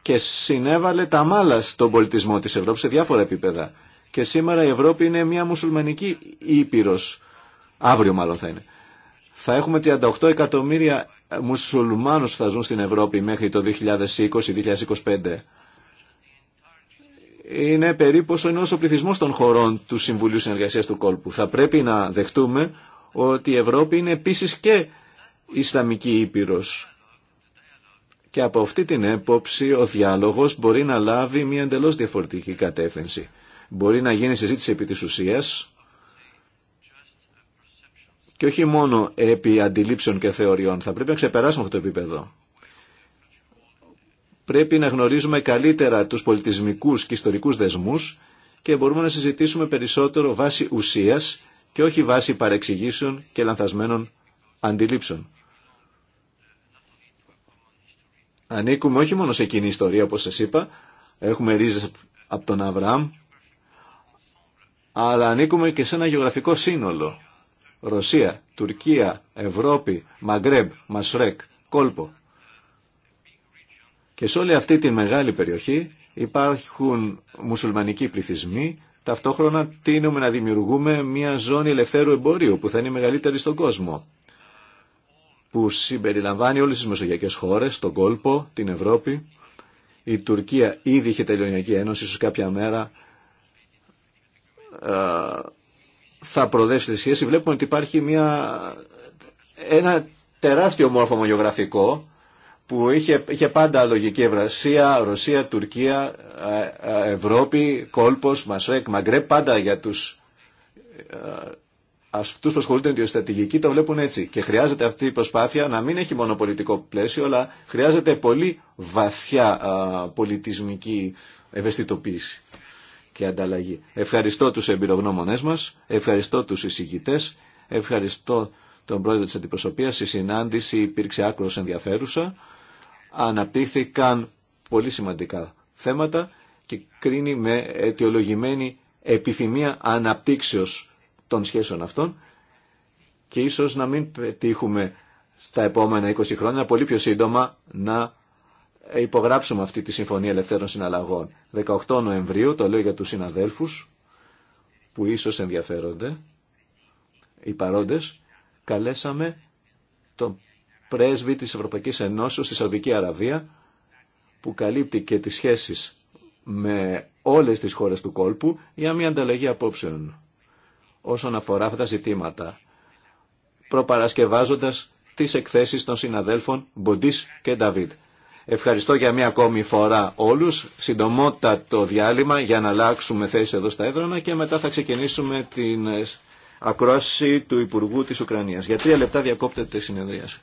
και συνέβαλε τα μάλα στον πολιτισμό της Ευρώπης σε διάφορα επίπεδα. Και σήμερα η Ευρώπη είναι μια μουσουλμανική ήπειρος. Αύριο μάλλον θα είναι. Θα έχουμε 38 εκατομμύρια μουσουλμάνους που θα ζουν στην Ευρώπη μέχρι το 2020-2025. Είναι περίπου όσο είναι ο πληθυσμό των χωρών του Συμβουλίου Συνεργασίας του Κόλπου. Θα πρέπει να δεχτούμε ότι η Ευρώπη είναι επίσης και Ισλαμική Ήπειρος και από αυτή την έποψη ο διάλογος μπορεί να λάβει μια εντελώς διαφορετική κατεύθυνση. Μπορεί να γίνει συζήτηση επί της ουσίας και όχι μόνο επί αντιλήψεων και θεωριών. Θα πρέπει να ξεπεράσουμε αυτό το επίπεδο. Πρέπει να γνωρίζουμε καλύτερα τους πολιτισμικούς και ιστορικούς δεσμούς και μπορούμε να συζητήσουμε περισσότερο βάσει ουσίας και όχι βάσει παρεξηγήσεων και λανθασμένων αντιλήψεων. ανήκουμε όχι μόνο σε κοινή ιστορία όπως σας είπα, έχουμε ρίζες από τον Αβραάμ, αλλά ανήκουμε και σε ένα γεωγραφικό σύνολο. Ρωσία, Τουρκία, Ευρώπη, Μαγκρέμπ, Μασρέκ, Κόλπο. Και σε όλη αυτή τη μεγάλη περιοχή υπάρχουν μουσουλμανικοί πληθυσμοί, ταυτόχρονα τίνουμε να δημιουργούμε μια ζώνη ελευθέρου εμπορίου που θα είναι μεγαλύτερη στον κόσμο που συμπεριλαμβάνει όλες τις μεσογειακές χώρες, τον κόλπο, την Ευρώπη. Η Τουρκία ήδη είχε τελειωνιακή ένωση, ίσως κάποια μέρα ε, θα προδέσει τη σχέση. Βλέπουμε ότι υπάρχει μια, ένα τεράστιο μόρφωμα γεωγραφικό που είχε, είχε πάντα λογική Ευρασία, Ρωσία, Τουρκία, ε, ε, Ευρώπη, κόλπος, Μασρέκ, Μαγκρέπ, πάντα για τους αυτού που ασχολούνται με τη στρατηγική το βλέπουν έτσι. Και χρειάζεται αυτή η προσπάθεια να μην έχει μόνο πολιτικό πλαίσιο, αλλά χρειάζεται πολύ βαθιά πολιτισμική ευαισθητοποίηση και ανταλλαγή. Ευχαριστώ του εμπειρογνώμονε μα, ευχαριστώ του εισηγητέ, ευχαριστώ τον πρόεδρο τη αντιπροσωπείας. Η συνάντηση υπήρξε άκρο ενδιαφέρουσα, αναπτύχθηκαν πολύ σημαντικά θέματα και κρίνει με αιτιολογημένη επιθυμία αναπτύξεως των σχέσεων αυτών και ίσως να μην πετύχουμε στα επόμενα 20 χρόνια πολύ πιο σύντομα να υπογράψουμε αυτή τη Συμφωνία Ελευθέρων Συναλλαγών. 18 Νοεμβρίου, το λέω για τους συναδέλφους που ίσως ενδιαφέρονται, οι παρόντες, καλέσαμε τον πρέσβη της Ευρωπαϊκής Ενώσεως στη Σαουδική Αραβία που καλύπτει και τις σχέσεις με όλες τις χώρες του κόλπου για μια ανταλλαγή απόψεων όσον αφορά αυτά τα ζητήματα, προπαρασκευάζοντας τις εκθέσεις των συναδέλφων Μποντής και Νταβίτ. Ευχαριστώ για μια ακόμη φορά όλους. το διάλειμμα για να αλλάξουμε θέση εδώ στα έδρανα και μετά θα ξεκινήσουμε την ακρόαση του Υπουργού της Ουκρανίας. Για τρία λεπτά διακόπτεται η συνεδρίαση.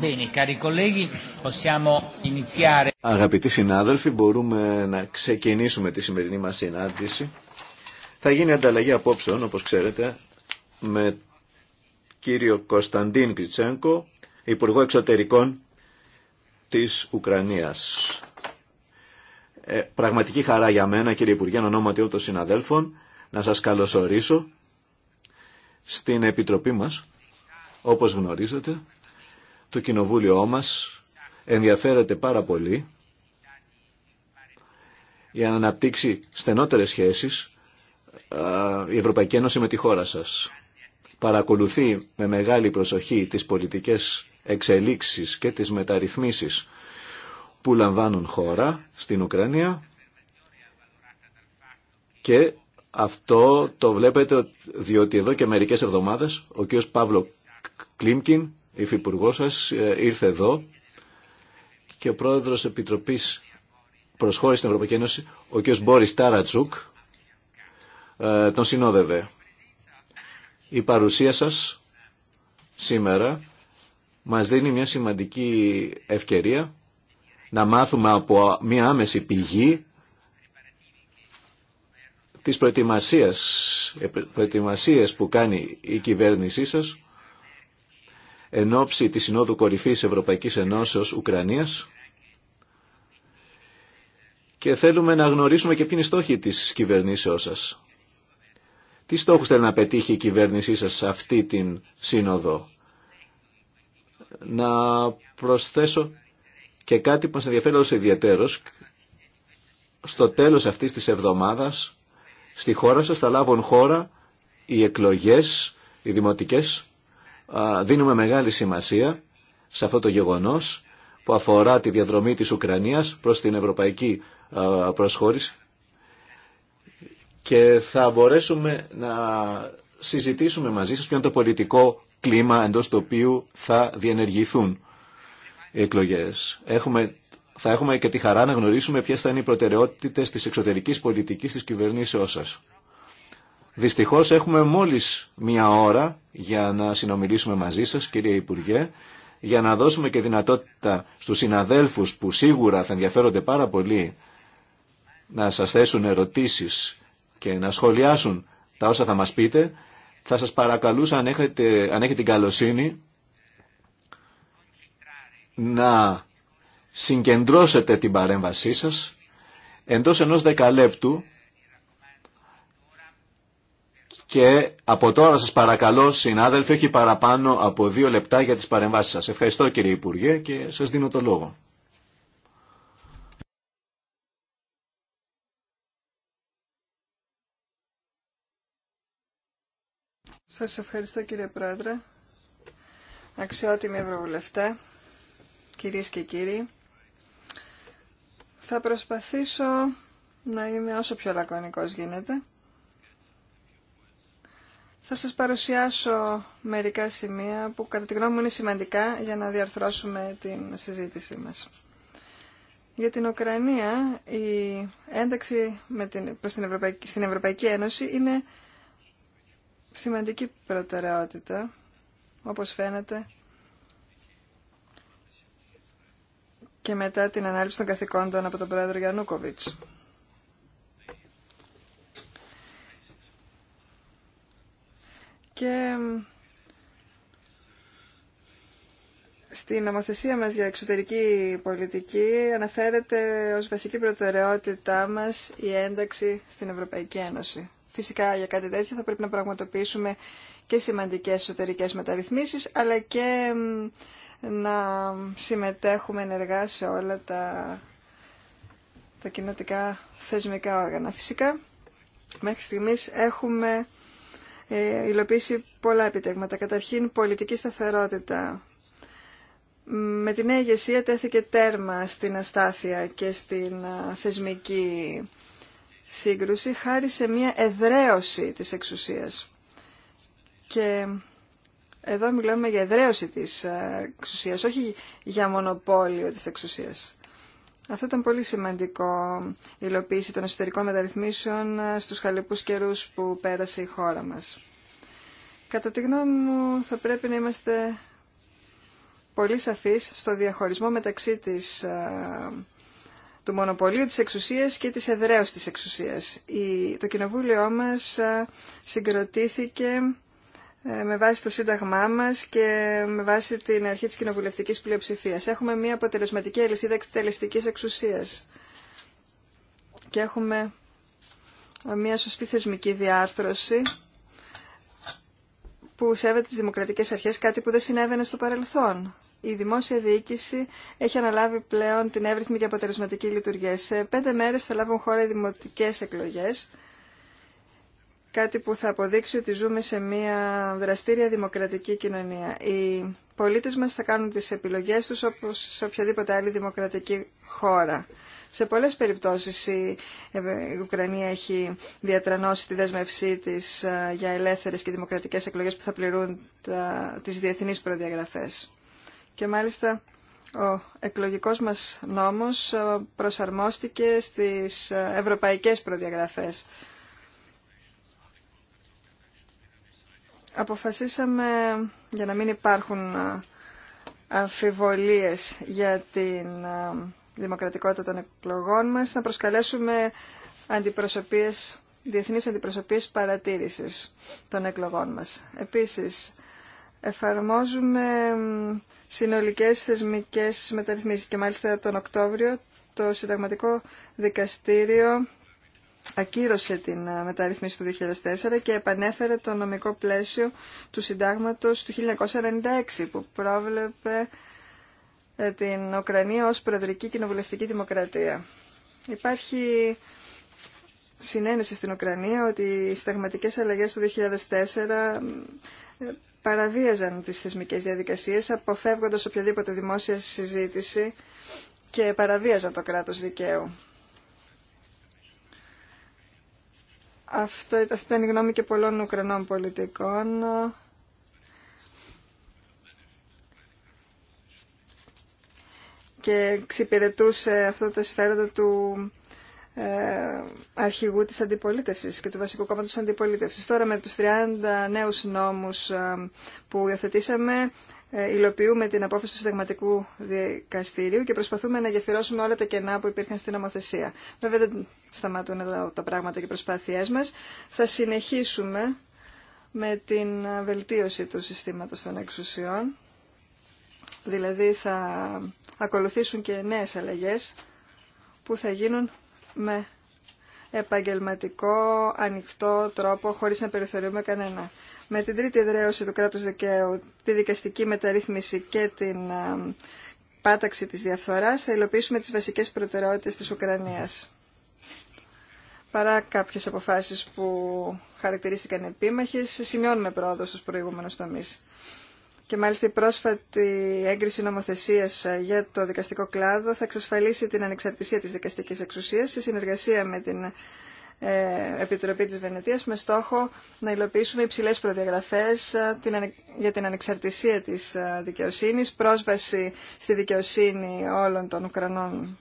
Bene, cari Αγαπητοί συνάδελφοι, μπορούμε να ξεκινήσουμε τη σημερινή μας συνάντηση. Θα γίνει ανταλλαγή απόψεων, όπως ξέρετε, με κύριο Κωνσταντίν Κριτσένκο, Υπουργό Εξωτερικών της Ουκρανίας. Ε, πραγματική χαρά για μένα, κύριε Υπουργέ, ονόματι όλων των συναδέλφων, να σας καλωσορίσω στην Επιτροπή μας, όπως γνωρίζετε το κοινοβούλιο μας ενδιαφέρεται πάρα πολύ για να αναπτύξει στενότερες σχέσεις η Ευρωπαϊκή Ένωση με τη χώρα σας. Παρακολουθεί με μεγάλη προσοχή τις πολιτικές εξελίξεις και τις μεταρρυθμίσεις που λαμβάνουν χώρα στην Ουκρανία και αυτό το βλέπετε διότι εδώ και μερικές εβδομάδες ο κ. Παύλο Κλίμκιν η υφυπουργός σας ε, ήρθε εδώ και ο πρόεδρος Επιτροπής Προσχώρησης στην Ευρωπαϊκή Ένωση, ο κ. Μπόρις Τάρατσουκ, ε, τον συνόδευε. Η παρουσία σας σήμερα μας δίνει μια σημαντική ευκαιρία να μάθουμε από μια άμεση πηγή της προετοιμασίας, ε, προετοιμασίες που κάνει η κυβέρνησή σας εν ώψη της Συνόδου Κορυφής Ευρωπαϊκής Ενώσεως Ουκρανίας και θέλουμε να γνωρίσουμε και ποιοι είναι οι στόχοι της κυβερνήσεώς σας. Τι στόχους θέλει να πετύχει η κυβέρνησή σας σε αυτή την σύνοδο. Να προσθέσω και κάτι που μας ενδιαφέρει ως ιδιαίτερος. Στο τέλος αυτής της εβδομάδας στη χώρα σας θα λάβουν χώρα οι εκλογές, οι δημοτικές δίνουμε μεγάλη σημασία σε αυτό το γεγονός που αφορά τη διαδρομή της Ουκρανίας προς την ευρωπαϊκή προσχώρηση και θα μπορέσουμε να συζητήσουμε μαζί σας ποιο είναι το πολιτικό κλίμα εντός του οποίου θα διενεργηθούν οι εκλογές. Έχουμε, θα έχουμε και τη χαρά να γνωρίσουμε ποιες θα είναι οι προτεραιότητες της εξωτερικής πολιτικής της κυβερνήσεώς σας. Δυστυχώς έχουμε μόλις μία ώρα για να συνομιλήσουμε μαζί σας, κύριε Υπουργέ, για να δώσουμε και δυνατότητα στους συναδέλφους που σίγουρα θα ενδιαφέρονται πάρα πολύ να σας θέσουν ερωτήσεις και να σχολιάσουν τα όσα θα μας πείτε. Θα σας παρακαλούσα αν έχετε, αν έχετε την καλοσύνη να συγκεντρώσετε την παρέμβασή σας εντός ενός δεκαλέπτου και από τώρα σας παρακαλώ συνάδελφοι, έχει παραπάνω από δύο λεπτά για τις παρεμβάσεις σας. Ευχαριστώ κύριε Υπουργέ και σας δίνω το λόγο. Σας ευχαριστώ κύριε Πρόεδρε, αξιότιμοι Ευρωβουλευτέ, κυρίες και κύριοι. Θα προσπαθήσω να είμαι όσο πιο λακωνικός γίνεται θα σας παρουσιάσω μερικά σημεία που κατά τη γνώμη μου είναι σημαντικά για να διαρθρώσουμε την συζήτησή μας. Για την Ουκρανία, η ένταξη με την, προς την Ευρωπαϊκή, στην Ευρωπαϊκή Ένωση είναι σημαντική προτεραιότητα, όπως φαίνεται, και μετά την ανάληψη των καθηκόντων από τον πρόεδρο Γιαννούκοβιτς. Και στην νομοθεσία μας για εξωτερική πολιτική αναφέρεται ως βασική προτεραιότητά μας η ένταξη στην Ευρωπαϊκή Ένωση. Φυσικά για κάτι τέτοιο θα πρέπει να πραγματοποιήσουμε και σημαντικές εσωτερικές μεταρρυθμίσεις, αλλά και να συμμετέχουμε ενεργά σε όλα τα, τα κοινωτικά θεσμικά όργανα. Φυσικά, μέχρι στιγμής έχουμε ε, υλοποιήσει πολλά επιτέγματα. Καταρχήν πολιτική σταθερότητα. Με την νέα ηγεσία τέθηκε τέρμα στην αστάθεια και στην θεσμική σύγκρουση χάρη σε μια εδραίωση της εξουσίας. Και εδώ μιλάμε για εδραίωση της εξουσίας, όχι για μονοπόλιο της εξουσίας. Αυτό ήταν πολύ σημαντικό η υλοποίηση των εσωτερικών μεταρρυθμίσεων στους χαλεπούς καιρούς που πέρασε η χώρα μας. Κατά τη γνώμη μου θα πρέπει να είμαστε πολύ σαφείς στο διαχωρισμό μεταξύ της, ε, του μονοπωλίου της εξουσίας και της εδραίωσης της εξουσίας. το κοινοβούλιο μας ε, συγκροτήθηκε ε, με βάση το Σύνταγμά μας και με βάση την αρχή της κοινοβουλευτικής πλειοψηφίας. Έχουμε μια αποτελεσματική αλυσίδα εξτελεστική εξουσίας και έχουμε μια σωστή θεσμική διάρθρωση που σέβεται τις δημοκρατικές αρχές, κάτι που δεν συνέβαινε στο παρελθόν. Η δημόσια διοίκηση έχει αναλάβει πλέον την εύρυθμη και αποτελεσματική λειτουργία. Σε πέντε μέρες θα λάβουν χώρα οι δημοτικές εκλογές κάτι που θα αποδείξει ότι ζούμε σε μια δραστήρια δημοκρατική κοινωνία. Οι πολίτες μας θα κάνουν τις επιλογές τους όπως σε οποιαδήποτε άλλη δημοκρατική χώρα. Σε πολλές περιπτώσεις η ε, Ουκρανία έχει διατρανώσει τη δέσμευσή της ε, για ελεύθερες και δημοκρατικές εκλογές που θα πληρούν τα, τις διεθνείς προδιαγραφές. Και μάλιστα ο εκλογικός μας νόμος ε, προσαρμόστηκε στις ευρωπαϊκές προδιαγραφές αποφασίσαμε για να μην υπάρχουν αμφιβολίες για την δημοκρατικότητα των εκλογών μας να προσκαλέσουμε αντιπροσωπείες, διεθνείς αντιπροσωπείες παρατήρησης των εκλογών μας. Επίσης, εφαρμόζουμε συνολικές θεσμικές μεταρρυθμίσεις και μάλιστα τον Οκτώβριο το Συνταγματικό Δικαστήριο ακύρωσε την ε, μεταρρύθμιση του 2004 και επανέφερε το νομικό πλαίσιο του συντάγματος του 1996 που πρόβλεπε ε, την Ουκρανία ως προεδρική κοινοβουλευτική δημοκρατία. Υπάρχει συνένεση στην Ουκρανία ότι οι συνταγματικές αλλαγές του 2004 ε, παραβίαζαν τις θεσμικές διαδικασίες αποφεύγοντας οποιαδήποτε δημόσια συζήτηση και παραβίαζαν το κράτος δικαίου. Αυτό ήταν η γνώμη και πολλών Ουκρανών πολιτικών. Και εξυπηρετούσε αυτό το εσφαίρετο του ε, αρχηγού της αντιπολίτευσης και του βασικού κόμματος αντιπολίτευσης. Τώρα με τους 30 νέους νόμους ε, που υιοθετήσαμε ε, υλοποιούμε την απόφαση του συνταγματικού δικαστηρίου και προσπαθούμε να γεφυρώσουμε όλα τα κενά που υπήρχαν στην νομοθεσία. Βέβαια δεν σταματούν εδώ τα πράγματα και οι προσπάθειές μας. Θα συνεχίσουμε με την βελτίωση του συστήματος των εξουσιών. Δηλαδή θα ακολουθήσουν και νέες αλλαγές που θα γίνουν με επαγγελματικό, ανοιχτό τρόπο, χωρίς να περιθωριούμε κανένα με την τρίτη εδραίωση του κράτους δικαίου, τη δικαστική μεταρρύθμιση και την πάταξη της διαφθοράς, θα υλοποιήσουμε τις βασικές προτεραιότητες της Ουκρανίας. Παρά κάποιες αποφάσεις που χαρακτηρίστηκαν επίμαχες, σημειώνουμε πρόοδο στους προηγούμενους τομείς. Και μάλιστα η πρόσφατη έγκριση νομοθεσίας για το δικαστικό κλάδο θα εξασφαλίσει την ανεξαρτησία της δικαστικής εξουσίας σε συνεργασία με την ε, Επιτροπή της Βενετίας με στόχο να υλοποιήσουμε υψηλές προδιαγραφές ε, για την ανεξαρτησία της ε, δικαιοσύνης, πρόσβαση στη δικαιοσύνη όλων των Ουκρανών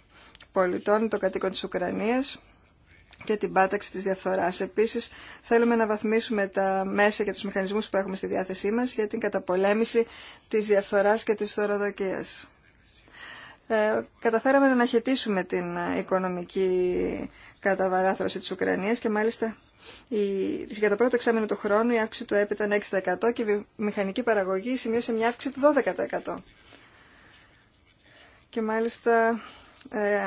πολιτών, των κατοίκων της Ουκρανίας και την πάταξη της διαφθοράς. Επίσης, θέλουμε να βαθμίσουμε τα μέσα και τους μηχανισμούς που έχουμε στη διάθεσή μας για την καταπολέμηση της διαφθοράς και της θωροδοκίας. καταφέραμε να αναχαιτήσουμε την οικονομική κατά βαράθρωση της Ουκρανίας και μάλιστα για το πρώτο εξάμεινο του χρόνου η αύξηση του έπειτα ήταν 6% και η μηχανική παραγωγή σημείωσε μια αύξηση του 12%. Και μάλιστα ε,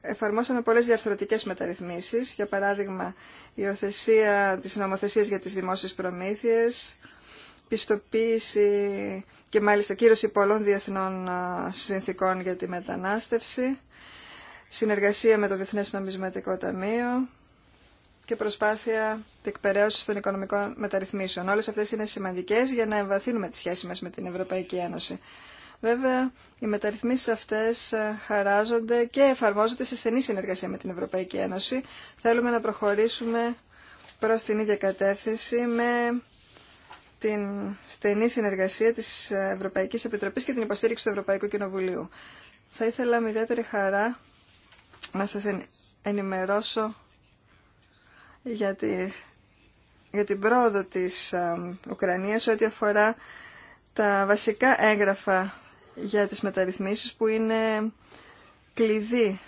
εφαρμόσαμε πολλές διαρθρωτικές μεταρρυθμίσεις, για παράδειγμα η οθεσία της νομοθεσίας για τις δημόσιες προμήθειες, πιστοποίηση και μάλιστα κύρωση πολλών διεθνών ε, συνθήκων για τη μετανάστευση συνεργασία με το Διεθνές Νομισματικό Ταμείο και προσπάθεια διεκπαιρέωσης των οικονομικών μεταρρυθμίσεων. Όλες αυτές είναι σημαντικές για να εμβαθύνουμε τη σχέση μας με την Ευρωπαϊκή Ένωση. Βέβαια, οι μεταρρυθμίσεις αυτές ε, χαράζονται και εφαρμόζονται σε στενή συνεργασία με την Ευρωπαϊκή Ένωση. Θέλουμε να προχωρήσουμε προς την ίδια κατεύθυνση με την στενή συνεργασία τη Ευρωπαϊκή Επιτροπή και την υποστήριξη του Ευρωπαϊκού Κοινοβουλίου. Θα ήθελα με ιδιαίτερη χαρά να σας ενημερώσω για, για την πρόοδο της Ουκρανίας ό,τι αφορά τα βασικά έγγραφα για τις μεταρρυθμίσεις που είναι κλειδί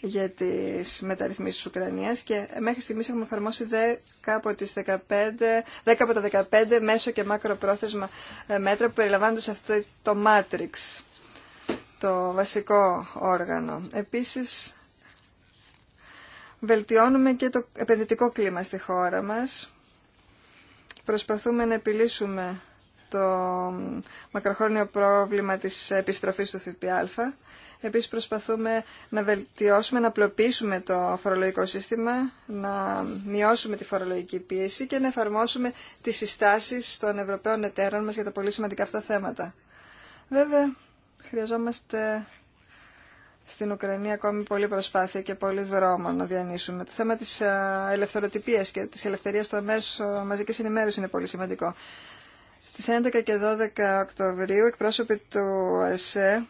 για τις μεταρρυθμίσεις της Ουκρανίας και μέχρι στιγμής έχουμε εφαρμόσει 10 από, τις 15, 10 από τα 15 μέσο και πρόθεσμα ε, μέτρα που περιλαμβάνονται σε αυτό το Matrix, το βασικό όργανο. Επίσης, βελτιώνουμε και το επενδυτικό κλίμα στη χώρα μας. Προσπαθούμε να επιλύσουμε το μακροχρόνιο πρόβλημα της επιστροφής του ΦΠΑ. Επίσης προσπαθούμε να βελτιώσουμε, να απλοποιήσουμε το φορολογικό σύστημα, να μειώσουμε τη φορολογική πίεση και να εφαρμόσουμε τις συστάσεις των Ευρωπαίων εταίρων μας για τα πολύ σημαντικά αυτά θέματα. Βέβαια, χρειαζόμαστε στην Ουκρανία ακόμη πολλή προσπάθεια και πολύ δρόμο να διανύσουμε. Το θέμα της ε, ελευθεροτυπίας και της ελευθερίας στο μέσο μαζικής ενημέρωσης είναι πολύ σημαντικό. Στις 11 και 12 Οκτωβρίου εκπρόσωποι του ΕΣΕ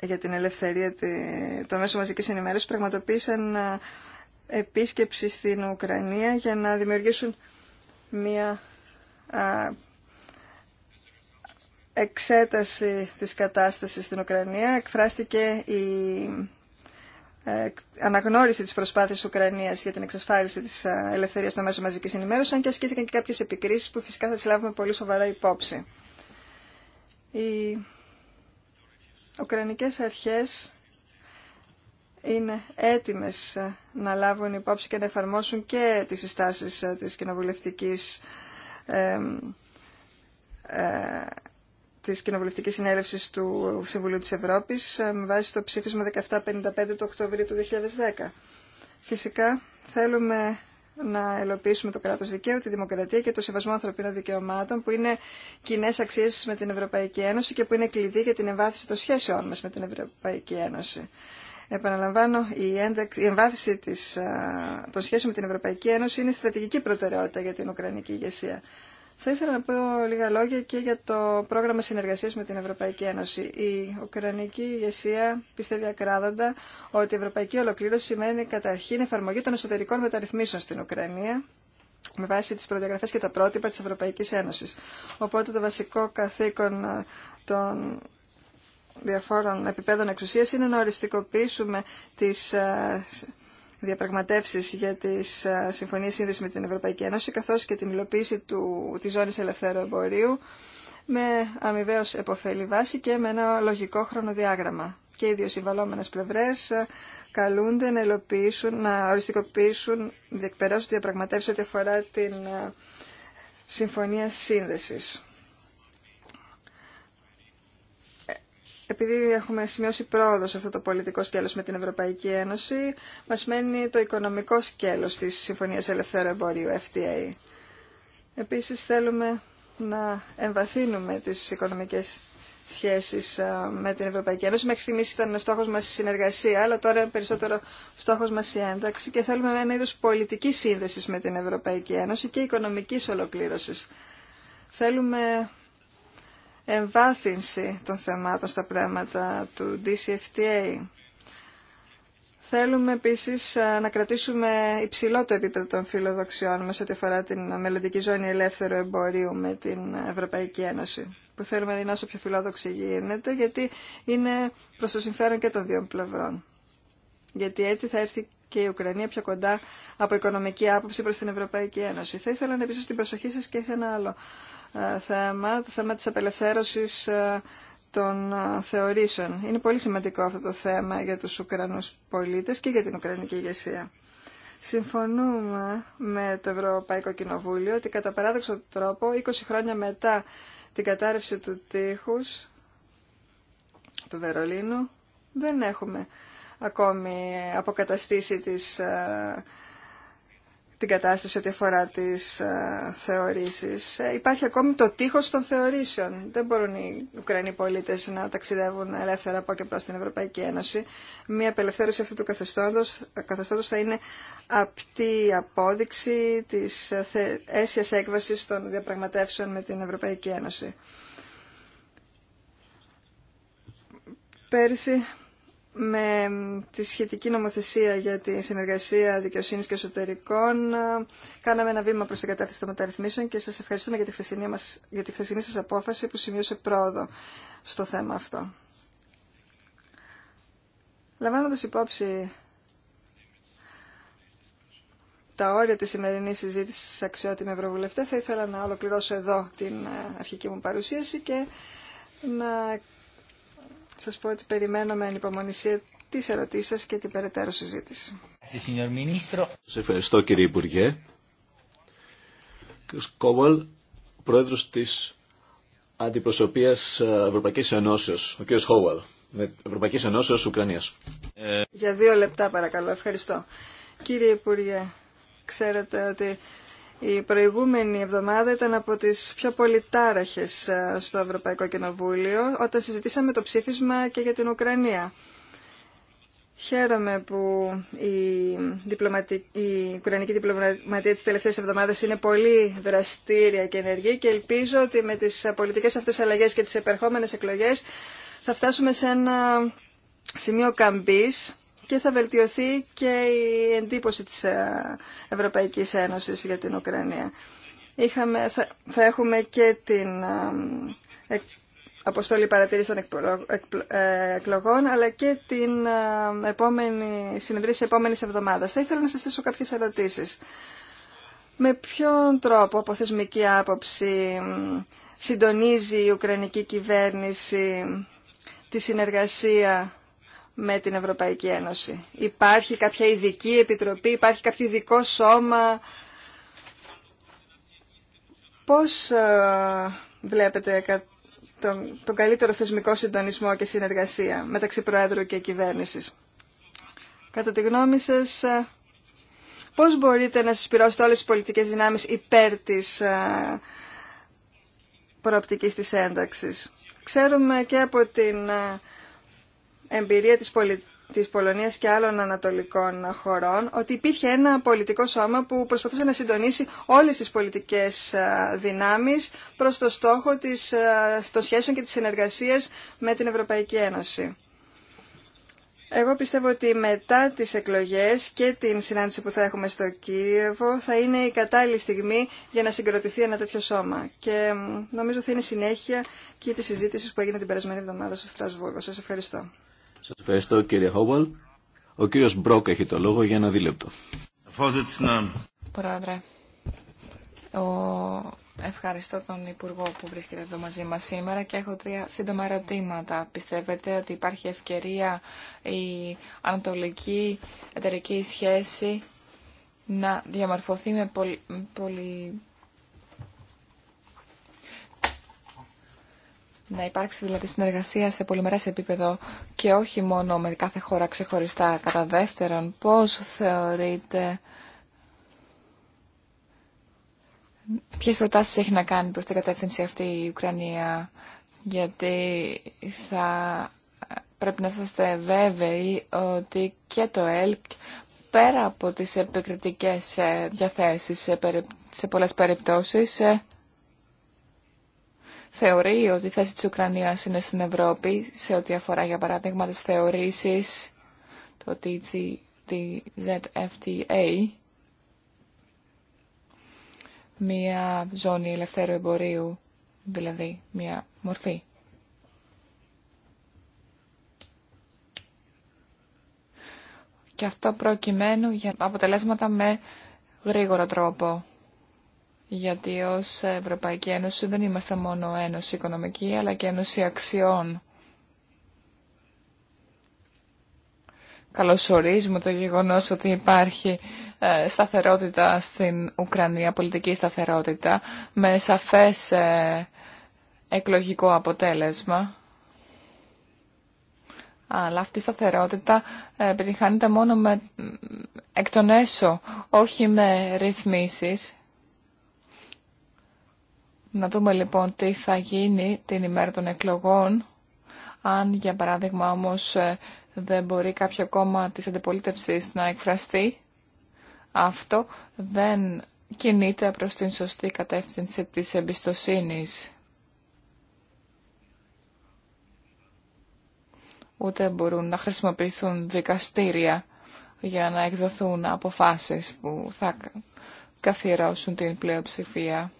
για την ελευθερία των μέσων μαζικής ενημέρωσης πραγματοποίησαν ε, επίσκεψη στην Ουκρανία για να δημιουργήσουν μια ε, εξέταση της κατάστασης στην Ουκρανία εκφράστηκε η ε, αναγνώριση της προσπάθειας της Ουκρανίας για την εξασφάλιση της ε, ελευθερίας των μέσων μαζικής ενημέρωσης, αν και ασκήθηκαν και κάποιες επικρίσεις που φυσικά θα τις λάβουμε πολύ σοβαρά υπόψη. Οι Ουκρανικές αρχές είναι έτοιμες ε, να λάβουν υπόψη και να εφαρμόσουν και τις συστάσεις της κοινοβουλευτικής τη κοινοβουλευτική συνέλευση του Συμβουλίου τη Ευρώπη ε, με βάση το ψήφισμα 1755 του Οκτωβρίου του 2010. Φυσικά θέλουμε να ελοπίσουμε το κράτο δικαίου, τη δημοκρατία και το σεβασμό ανθρωπίνων δικαιωμάτων που είναι κοινέ αξίε με την Ευρωπαϊκή Ένωση και που είναι κλειδί για την εμβάθυνση των σχέσεών μα με την Ευρωπαϊκή Ένωση. Επαναλαμβάνω, η, ένταξη, η εμβάθυνση της, ε, των σχέσεων με την Ευρωπαϊκή Ένωση είναι στρατηγική προτεραιότητα για την Ουκρανική ηγεσία. Θα ήθελα να πω λίγα λόγια και για το πρόγραμμα συνεργασίας με την Ευρωπαϊκή Ένωση. Η Ουκρανική ηγεσία πιστεύει ακράδαντα ότι η Ευρωπαϊκή Ολοκλήρωση σημαίνει καταρχήν εφαρμογή των εσωτερικών μεταρρυθμίσεων στην Ουκρανία με βάση τις προδιαγραφές και τα πρότυπα της Ευρωπαϊκής Ένωσης. Οπότε το βασικό καθήκον ε, των διαφόρων επιπέδων εξουσίας είναι να οριστικοποιήσουμε τις ε, διαπραγματεύσεις για τι συμφωνίε σύνδεση με την Ευρωπαϊκή Ένωση καθώς και την υλοποίηση του, της ζώνης ελευθέρου εμπορίου με αμοιβαίω επωφέλη βάση και με ένα λογικό χρονοδιάγραμμα. Και οι δύο συμβαλόμενε πλευρές καλούνται να, υλοποιήσουν, να οριστικοποιήσουν, διεκπαιρέσουν διαπραγματεύσει ό,τι αφορά την Συμφωνία Σύνδεσης. επειδή έχουμε σημειώσει πρόοδο σε αυτό το πολιτικό σκέλος με την Ευρωπαϊκή Ένωση, μας μένει το οικονομικό σκέλος της Συμφωνίας Ελευθέρω Εμπόριου, FTA. Επίσης θέλουμε να εμβαθύνουμε τις οικονομικές σχέσεις με την Ευρωπαϊκή Ένωση. Μέχρι στιγμής ήταν στόχος μας η συνεργασία, αλλά τώρα είναι περισσότερο στόχος μας η ένταξη και θέλουμε ένα είδος πολιτικής σύνδεσης με την Ευρωπαϊκή Ένωση και οικονομικής ολοκλήρωσης. Θέλουμε εμβάθυνση των θεμάτων στα πράγματα του DCFTA. Θέλουμε επίσης να κρατήσουμε υψηλό το επίπεδο των φιλοδοξιών μας ό,τι αφορά την μελλοντική ζώνη ελεύθερου εμπορίου με την Ευρωπαϊκή Ένωση που θέλουμε να είναι όσο πιο φιλόδοξη γίνεται, γιατί είναι προς το συμφέρον και των δύο πλευρών. Γιατί έτσι θα έρθει και η Ουκρανία πιο κοντά από οικονομική άποψη προς την Ευρωπαϊκή Ένωση. Θα ήθελα να επίσης την προσοχή σας και σε ένα άλλο ε, θέμα, το θέμα της απελευθέρωσης ε, των ε, θεωρήσεων. Είναι πολύ σημαντικό αυτό το θέμα για τους Ουκρανούς πολίτες και για την Ουκρανική ηγεσία. Συμφωνούμε με το Ευρωπαϊκό Κοινοβούλιο ότι κατά παράδοξο τρόπο 20 χρόνια μετά την κατάρρευση του τείχους του Βερολίνου δεν έχουμε ακόμη αποκαταστήσει τις την κατάσταση ό,τι αφορά τις ε, θεωρήσεις. Ε, υπάρχει ακόμη το τείχος των θεωρήσεων. Δεν μπορούν οι Ουκρανοί πολίτες να ταξιδεύουν ελεύθερα από και προς την Ευρωπαϊκή Ένωση. Μία απελευθέρωση αυτού του καθεστώτος, ε, καθεστώτος θα είναι απτή απόδειξη της αίσιας έκβασης των διαπραγματεύσεων με την Ευρωπαϊκή Ένωση. Πέρυσι με τη σχετική νομοθεσία για τη συνεργασία δικαιοσύνης και εσωτερικών ε, κάναμε ένα βήμα προς την κατάθεση των μεταρρυθμίσεων και σας ευχαριστούμε για τη χθεσινή, μας, για τη σας απόφαση που σημείωσε πρόοδο στο θέμα αυτό. Λαμβάνοντας υπόψη τα όρια της σημερινής συζήτησης αξιότιμη Ευρωβουλευτέ θα ήθελα να ολοκληρώσω εδώ την ε, αρχική μου παρουσίαση και να σας πω ότι περιμένω με ανυπομονησία τις ερωτήσεις σας και την περαιτέρω συζήτηση. Σας ευχαριστώ κύριε Υπουργέ. Κόβολ, πρόεδρος της Αντιπροσωπείας Ευρωπαϊκής Ενώσεως, ο κ. Χόβαλ, Ευρωπαϊκής Ενώσεως Ουκρανίας. Για δύο λεπτά παρακαλώ, ευχαριστώ. Κύριε Υπουργέ, ξέρετε ότι η προηγούμενη εβδομάδα ήταν από τις πιο πολυτάραχες ε, στο Ευρωπαϊκό Κοινοβούλιο όταν συζητήσαμε το ψήφισμα και για την Ουκρανία. Χαίρομαι που η, η Ουκρανική διπλωματία τις τελευταίες εβδομάδες είναι πολύ δραστήρια και ενεργή και ελπίζω ότι με τις πολιτικές αυτές αλλαγές και τις επερχόμενες εκλογές θα φτάσουμε σε ένα σημείο καμπής και θα βελτιωθεί και η εντύπωση της ε, Ευρωπαϊκής Ένωσης για την Ουκρανία. Είχαμε, θα, έχουμε και την ε, αποστολή παρατήρηση των ε, εκλογών, αλλά και την επόμενη, συνεδρίαση επόμενης εβδομάδας. Θα ήθελα να σας θέσω κάποιες ερωτήσεις. Με ποιον τρόπο, από θεσμική άποψη, συντονίζει η Ουκρανική κυβέρνηση τη συνεργασία με την Ευρωπαϊκή Ένωση. Υπάρχει κάποια ειδική επιτροπή, υπάρχει κάποιο ειδικό σώμα. Πώς ε, βλέπετε τον, καλύτερο θεσμικό συντονισμό και συνεργασία μεταξύ Προέδρου και Κυβέρνησης. Κατά τη γνώμη σας, ε, πώς μπορείτε να συσπηρώσετε όλες τις πολιτικές δυνάμεις υπέρ της ε, προοπτικής της ένταξης. Ξέρουμε και από την εμπειρία της, πολι... της Πολωνίας και άλλων ανατολικών χωρών ότι υπήρχε ένα πολιτικό σώμα που προσπαθούσε να συντονίσει όλες τις πολιτικές ε, δυνάμεις προς το στόχο της... Ε, των σχέσεων και της συνεργασίας με την Ευρωπαϊκή Ένωση. Εγώ πιστεύω ότι μετά τις εκλογές και την συνάντηση που θα έχουμε στο Κίεβο θα είναι η κατάλληλη στιγμή για να συγκροτηθεί ένα τέτοιο σώμα. Και νομίζω θα είναι συνέχεια και τη συζήτηση που έγινε την περασμένη εβδομάδα στο Στρασβούργο. Σας ευχαριστώ. Σας ευχαριστώ κύριε Χόβαλ. Ο κύριος Μπρόκ έχει το λόγο για ένα δίλεπτο. Πρόεδρε, ο... ευχαριστώ τον Υπουργό που βρίσκεται εδώ μαζί μας σήμερα και έχω τρία σύντομα ερωτήματα. Πιστεύετε ότι υπάρχει ευκαιρία η ανατολική εταιρική σχέση να διαμορφωθεί με πολυ... πολυ Να υπάρξει δηλαδή συνεργασία σε πολυμερές επίπεδο και όχι μόνο με κάθε χώρα ξεχωριστά. Κατά δεύτερον, πώς θεωρείτε... Ποιες προτάσεις έχει να κάνει προς την κατεύθυνση αυτή η Ουκρανία, γιατί θα πρέπει να είστε βέβαιοι ότι και το ΕΛΚ πέρα από τις επικριτικές ε, διαθέσεις σε πολλές περιπτώσεις ε, θεωρεί ότι η θέση της Ουκρανίας είναι στην Ευρώπη σε ό,τι αφορά για παράδειγμα τις θεωρήσεις το TGZFTA μια ζώνη ελευθέρου εμπορίου δηλαδή μια μορφή και αυτό προκειμένου για αποτελέσματα με γρήγορο τρόπο γιατί ως Ευρωπαϊκή Ένωση δεν είμαστε μόνο Ένωση Οικονομική, αλλά και Ένωση Αξιών. Καλωσορίζουμε το γεγονός ότι υπάρχει ε, σταθερότητα στην Ουκρανία, πολιτική σταθερότητα, με σαφές ε, εκλογικό αποτέλεσμα. Αλλά αυτή η σταθερότητα ε, επιτυχάνεται μόνο με εκ των έσω, όχι με ρυθμίσεις. Να δούμε λοιπόν τι θα γίνει την ημέρα των εκλογών, αν για παράδειγμα όμως ε, δεν μπορεί κάποιο κόμμα της αντιπολίτευσης να εκφραστεί. Αυτό δεν κινείται προς την σωστή κατεύθυνση της εμπιστοσύνης. Ούτε μπορούν να χρησιμοποιηθούν δικαστήρια για να εκδοθούν αποφάσεις που θα καθιερώσουν την πλειοψηφία.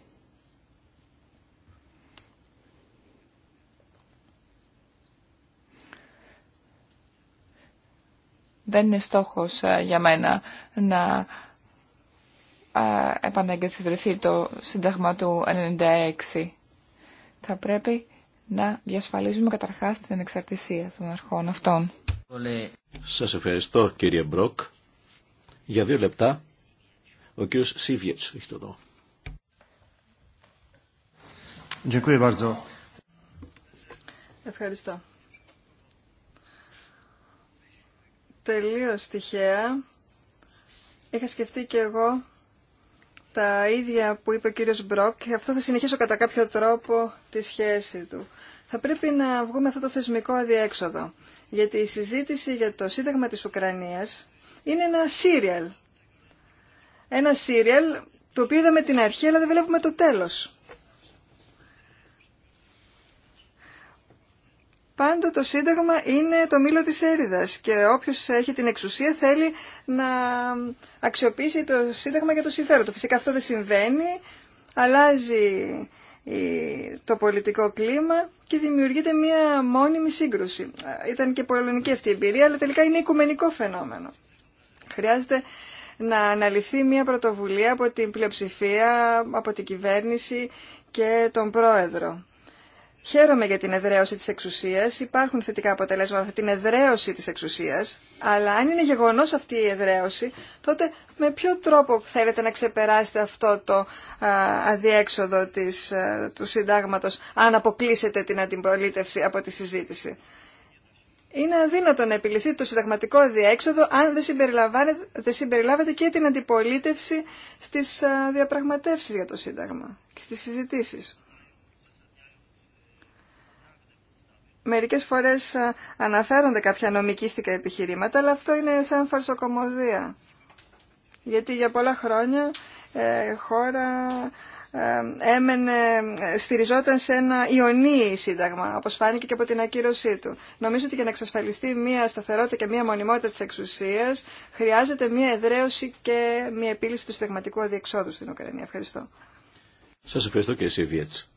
Δεν είναι στόχος ε, για μένα να ε, επαναγκαθιδρυθεί το Σύνταγμα του 96. Θα πρέπει να διασφαλίζουμε καταρχάς την εξαρτησία των αρχών αυτών. Σας ευχαριστώ κύριε Μπροκ. Για δύο λεπτά ο κύριος Σίβιετς έχει το λόγο. Ευχαριστώ. τελείως τυχαία είχα σκεφτεί και εγώ τα ίδια που είπε ο κύριος Μπροκ και αυτό θα συνεχίσω κατά κάποιο τρόπο τη σχέση του. Θα πρέπει να βγούμε αυτό το θεσμικό αδιέξοδο, γιατί η συζήτηση για το Σύνταγμα της Ουκρανίας είναι ένα σύριαλ. Ένα σύριαλ το οποίο είδαμε την αρχή αλλά δεν βλέπουμε το τέλος. Πάντα το Σύνταγμα είναι το μήλο της έριδας και όποιος έχει την εξουσία θέλει να αξιοποιήσει το Σύνταγμα για το συμφέρον του. Φυσικά αυτό δεν συμβαίνει, αλλάζει το πολιτικό κλίμα και δημιουργείται μία μόνιμη σύγκρουση. Ήταν και πολωνική αυτή η εμπειρία, αλλά τελικά είναι οικουμενικό φαινόμενο. Χρειάζεται να αναλυθεί μία πρωτοβουλία από την πλειοψηφία, από την κυβέρνηση και τον πρόεδρο Χαίρομαι για την εδραίωση της εξουσίας, υπάρχουν θετικά αποτελέσματα αυτή την εδραίωση της εξουσίας, αλλά αν είναι γεγονός αυτή η εδραίωση, τότε με ποιο τρόπο θέλετε να ξεπεράσετε αυτό το αδιέξοδο της, του συντάγματος, αν αποκλείσετε την αντιπολίτευση από τη συζήτηση. Είναι αδύνατο να επιληθεί το συνταγματικό διέξοδο αν δεν συμπεριλάβατε και την αντιπολίτευση στις διαπραγματεύσεις για το Σύνταγμα και στις συζητήσεις. μερικές φορές αναφέρονται κάποια νομικίστικα επιχειρήματα, αλλά αυτό είναι σαν φαρσοκομωδία. Γιατί για πολλά χρόνια ε, χώρα ε, έμενε, ε, στηριζόταν σε ένα ιονί σύνταγμα, όπως φάνηκε και από την ακύρωσή του. Νομίζω ότι για να εξασφαλιστεί μια σταθερότητα και μια μονιμότητα της εξουσίας, χρειάζεται μια εδραίωση και μια επίλυση του στεγματικού αδιεξόδου στην Ουκρανία. Ευχαριστώ. Σας ευχαριστώ κύριε Βιέτς.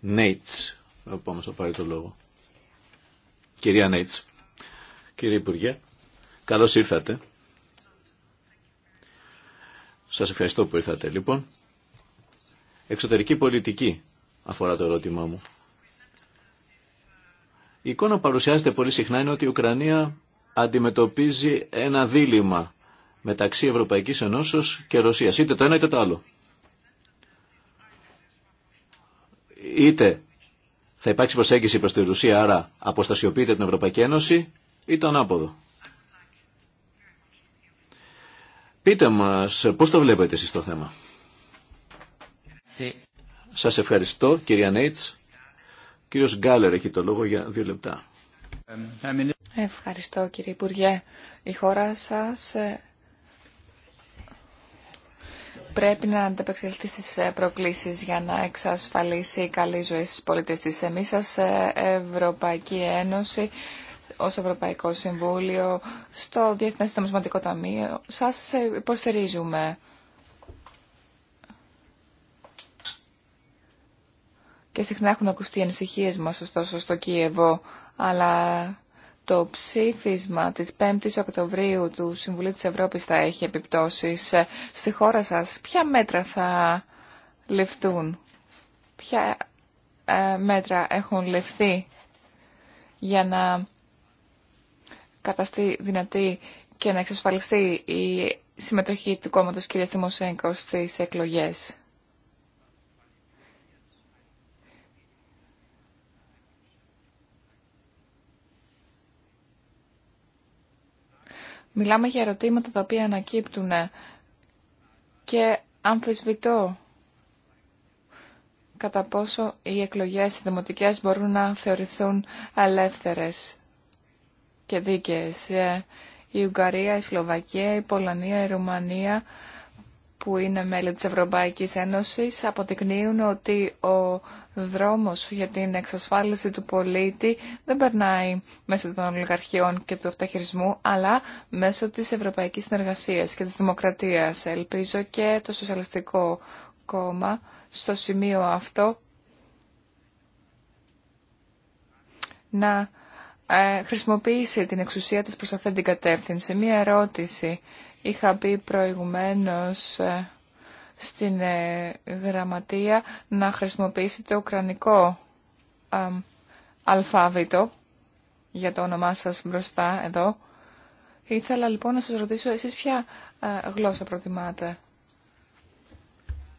Νέιτς. Θα θα πάρει το λόγο. Κυρία Νέιτς, κύριε Υπουργέ, καλώς ήρθατε. Σας ευχαριστώ που ήρθατε λοιπόν. Εξωτερική πολιτική αφορά το ερώτημά μου. Η εικόνα που παρουσιάζεται πολύ συχνά είναι ότι η Ουκρανία αντιμετωπίζει ένα δίλημα μεταξύ Ευρωπαϊκής Ενώσεως και Ρωσία. Είτε το ένα είτε το άλλο. Είτε θα υπάρξει προσέγγιση προς τη Ρουσία, άρα αποστασιοποιείται την Ευρωπαϊκή Ένωση ή το ανάποδο. Πείτε μας πώς το βλέπετε εσείς το θέμα. Sí. Σας ευχαριστώ κυρία Νέιτς. Κύριος Γκάλερ έχει το λόγο για δύο λεπτά. Ευχαριστώ κύριε Υπουργέ. Η χώρα σας ε, πρέπει να ανταπεξελθεί στις ε, προκλήσεις για να εξασφαλίσει η καλή ζωή στις πολίτες της. Εμείς σας ε, Ευρωπαϊκή Ένωση ως Ευρωπαϊκό Συμβούλιο στο Διεθνές Νομισματικό Ταμείο σας ε, υποστηρίζουμε. Και συχνά έχουν ακουστεί ανησυχίε μας ωστόσο στο Κίεβο, αλλά το ψήφισμα της 5ης Οκτωβρίου του Συμβουλίου της Ευρώπης θα έχει επιπτώσεις ε, στη χώρα σας. Ποια μέτρα θα ληφθούν, ποια ε, μέτρα έχουν ληφθεί για να καταστεί δυνατή και να εξασφαλιστεί η συμμετοχή του κόμματος κ. Τιμοσέγκο στις εκλογές. Μιλάμε για ερωτήματα τα οποία ανακύπτουν και αμφισβητώ κατά πόσο οι εκλογές οι δημοτικές μπορούν να θεωρηθούν ελεύθερες και δίκαιες. Ε, η Ουγγαρία, η Σλοβακία, η Πολωνία, η Ρουμανία που είναι μέλη της Ευρωπαϊκής Ένωσης αποδεικνύουν ότι ο δρόμος για την εξασφάλιση του πολίτη δεν περνάει μέσω των ολιγαρχιών και του αυταχειρισμού, αλλά μέσω της ευρωπαϊκής συνεργασίας και της δημοκρατίας. Ελπίζω και το Σοσιαλιστικό Κόμμα στο σημείο αυτό να ε, χρησιμοποιήσει την εξουσία της προς αυτήν την κατεύθυνση. Μία ερώτηση Είχα πει προηγουμένως ε, στην ε, γραμματεία να χρησιμοποιήσει το ουκρανικό αλφάβητο για το όνομά σας μπροστά εδώ. Ήθελα λοιπόν να σας ρωτήσω εσείς ποια ε, γλώσσα προτιμάτε.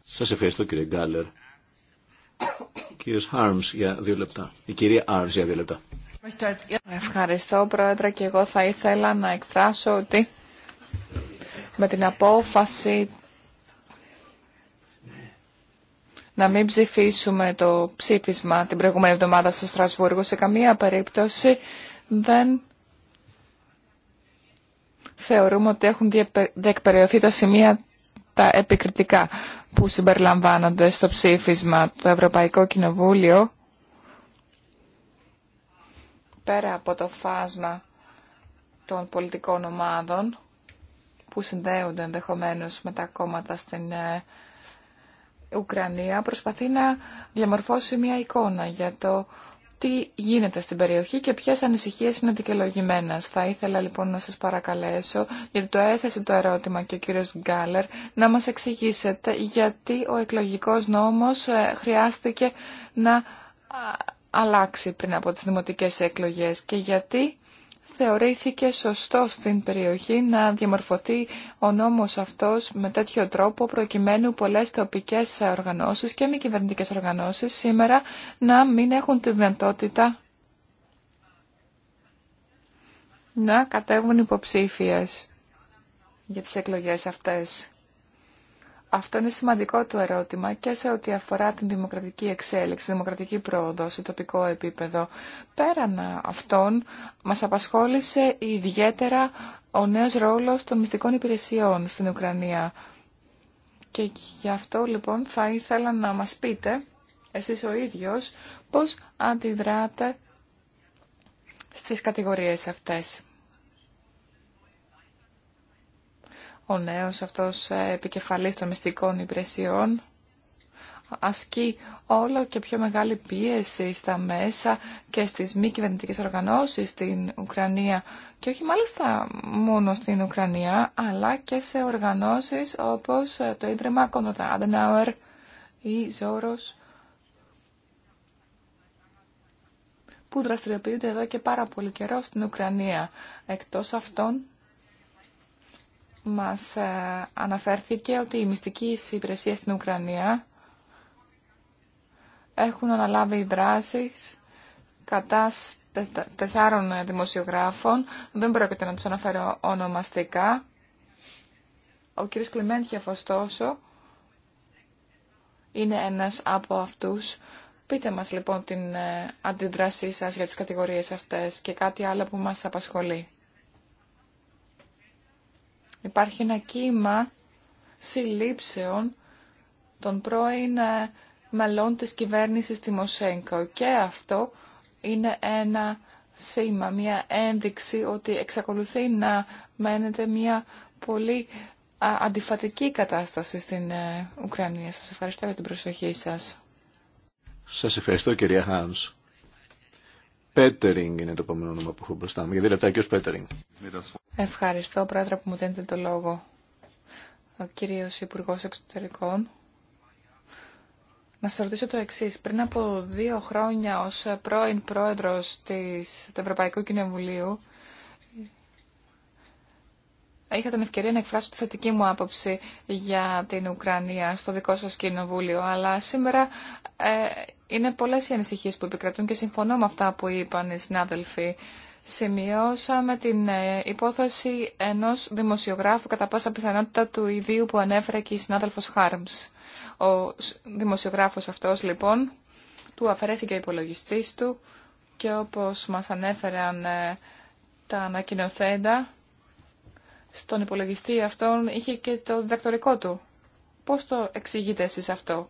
Σας ευχαριστώ κύριε Γκάλερ. Κύριος Χάρμς για δύο λεπτά. Η κυρία Άρμς για δύο λεπτά. Ευχαριστώ πρόεδρε και εγώ θα ήθελα να εκφράσω ότι με την απόφαση να μην ψηφίσουμε το ψήφισμα την προηγούμενη εβδομάδα στο Στρασβούργο. Σε καμία περίπτωση δεν θεωρούμε ότι έχουν διεκπεραιωθεί τα σημεία τα επικριτικά που συμπεριλαμβάνονται στο ψήφισμα το Ευρωπαϊκό Κοινοβούλιο πέρα από το φάσμα των πολιτικών ομάδων που συνδέονται ενδεχομένω με τα κόμματα στην ε, Ουκρανία προσπαθεί να διαμορφώσει μια εικόνα για το τι γίνεται στην περιοχή και ποιε ανησυχίες είναι δικαιολογημένε. Θα ήθελα λοιπόν να σας παρακαλέσω, γιατί το έθεσε το ερώτημα και ο κύριος Γκάλερ, να μας εξηγήσετε γιατί ο εκλογικός νόμος ε, χρειάστηκε να αλλάξει πριν από τι δημοτικέ εκλογέ και γιατί θεωρήθηκε σωστό στην περιοχή να διαμορφωθεί ο νόμος αυτός με τέτοιο τρόπο προκειμένου πολλές τοπικές οργανώσεις και μη κυβερνητικέ οργανώσεις σήμερα να μην έχουν τη δυνατότητα να κατέβουν υποψήφιες για τις εκλογές αυτές. Αυτό είναι σημαντικό το ερώτημα και σε ό,τι αφορά την δημοκρατική εξέλιξη, δημοκρατική πρόοδο σε τοπικό επίπεδο. Πέραν αυτών, μας απασχόλησε ιδιαίτερα ο νέος ρόλος των μυστικών υπηρεσιών στην Ουκρανία. Και γι' αυτό λοιπόν θα ήθελα να μας πείτε, εσείς ο ίδιος, πώς αντιδράτε στις κατηγορίες αυτές. Ο νέος αυτός ε, επικεφαλής των μυστικών υπηρεσιών ασκεί όλο και πιο μεγάλη πίεση στα μέσα και στις μη κυβερνητικέ οργανώσεις στην Ουκρανία και όχι μάλιστα μόνο στην Ουκρανία αλλά και σε οργανώσεις όπως ε, το Ίδρυμα Κόνοντα Αντενάουερ ή Ζόρος που δραστηριοποιούνται εδώ και πάρα πολύ καιρό στην Ουκρανία. Εκτός αυτών μας ε, αναφέρθηκε ότι οι μυστικοί υπηρεσίε στην Ουκρανία έχουν αναλάβει δράσεις κατά τεσσάρων ε, δημοσιογράφων. Δεν πρόκειται να τους αναφέρω ονομαστικά. Ο κ. Κλιμέντια, είναι ένας από αυτούς. Πείτε μας λοιπόν την ε, αντίδρασή σας για τις κατηγορίες αυτές και κάτι άλλο που μας απασχολεί. Υπάρχει ένα κύμα συλλήψεων των πρώην ε, μελών της κυβέρνησης Τιμοσέγκο και αυτό είναι ένα σήμα, μια ένδειξη ότι εξακολουθεί να μένεται μια πολύ αντιφατική κατάσταση στην ε, Ουκρανία. Σας ευχαριστώ για την προσοχή σας. Σας ευχαριστώ κυρία Χάνς. Πέτερινγκ είναι το επόμενο όνομα που έχω μπροστά μου. Για δύο λεπτά και ως Πέτερινγκ. Ευχαριστώ, Πρόεδρε, που μου δίνετε το λόγο. Ο κύριος Υπουργός Εξωτερικών. Να σας ρωτήσω το εξής. Πριν από δύο χρόνια ως πρώην πρόεδρος της, του Ευρωπαϊκού Κοινοβουλίου, είχα την ευκαιρία να εκφράσω τη θετική μου άποψη για την Ουκρανία στο δικό σας κοινοβούλιο, αλλά σήμερα ε, είναι πολλές οι ανησυχίες που επικρατούν και συμφωνώ με αυτά που είπαν οι συνάδελφοι. Σημειώσαμε την ε, υπόθεση ενός δημοσιογράφου κατά πάσα πιθανότητα του ιδίου που ανέφερε και η συνάδελφος Χάρμς. Ο δημοσιογράφος αυτός λοιπόν του αφαιρέθηκε ο υπολογιστής του και όπως μας ανέφεραν ε, τα ανακοινοθέντα, στον υπολογιστή αυτόν είχε και το διδακτορικό του. Πώς το εξηγείτε εσείς αυτό.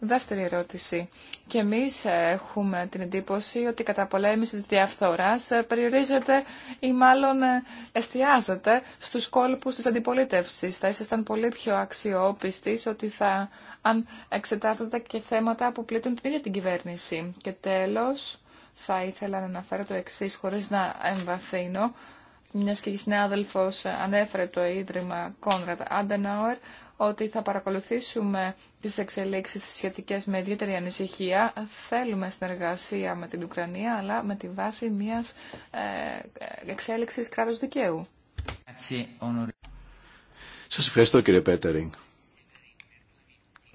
Δεύτερη ερώτηση. Και εμείς ε, έχουμε την εντύπωση ότι η καταπολέμηση της διαφθοράς ε, περιορίζεται ή μάλλον ε, εστιάζεται στους κόλπους της αντιπολίτευση. Θα ήσασταν πολύ πιο αξιόπιστοι ότι θα αν εξετάζονται και θέματα που πλήττουν την ίδια την κυβέρνηση. Και τέλος, θα ήθελα να αναφέρω το εξή χωρί να εμβαθύνω, Μια και η συνάδελφο ανέφερε το Ίδρυμα Κόνραντ Άντεναουερ, ότι θα παρακολουθήσουμε τις εξελίξεις σχετικές με ιδιαίτερη ανησυχία. Θέλουμε συνεργασία με την Ουκρανία, αλλά με τη βάση μιας ε, εξέλιξης κράτους δικαίου. Σας ευχαριστώ κύριε Πέτερινγκ.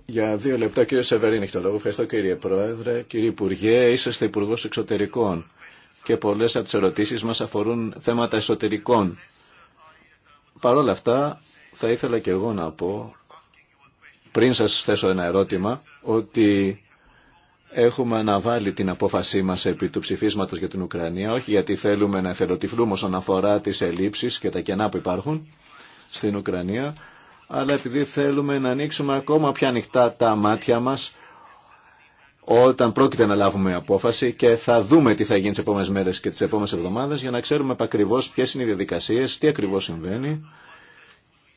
Για δύο λεπτά κύριε Σεβερίν έχει το λόγο. Ευχαριστώ κύριε Πρόεδρε, κύριε Υπουργέ, είσαστε υπουργό Εξωτερικών και πολλές από τις ερωτήσεις μας αφορούν θέματα εσωτερικών. Παρ' όλα αυτά, θα ήθελα και εγώ να πω, πριν σας θέσω ένα ερώτημα, ότι έχουμε αναβάλει την απόφασή μας επί του ψηφίσματος για την Ουκρανία, όχι γιατί θέλουμε να εθελοτυφλούμε όσον αφορά τις ελλείψεις και τα κενά που υπάρχουν στην Ουκρανία, αλλά επειδή θέλουμε να ανοίξουμε ακόμα πιο ανοιχτά τα μάτια μας όταν πρόκειται να λάβουμε απόφαση και θα δούμε τι θα γίνει τις επόμενες μέρες και τις επόμενες εβδομάδες για να ξέρουμε ακριβώ ποιες είναι οι διαδικασίες, τι ακριβώς συμβαίνει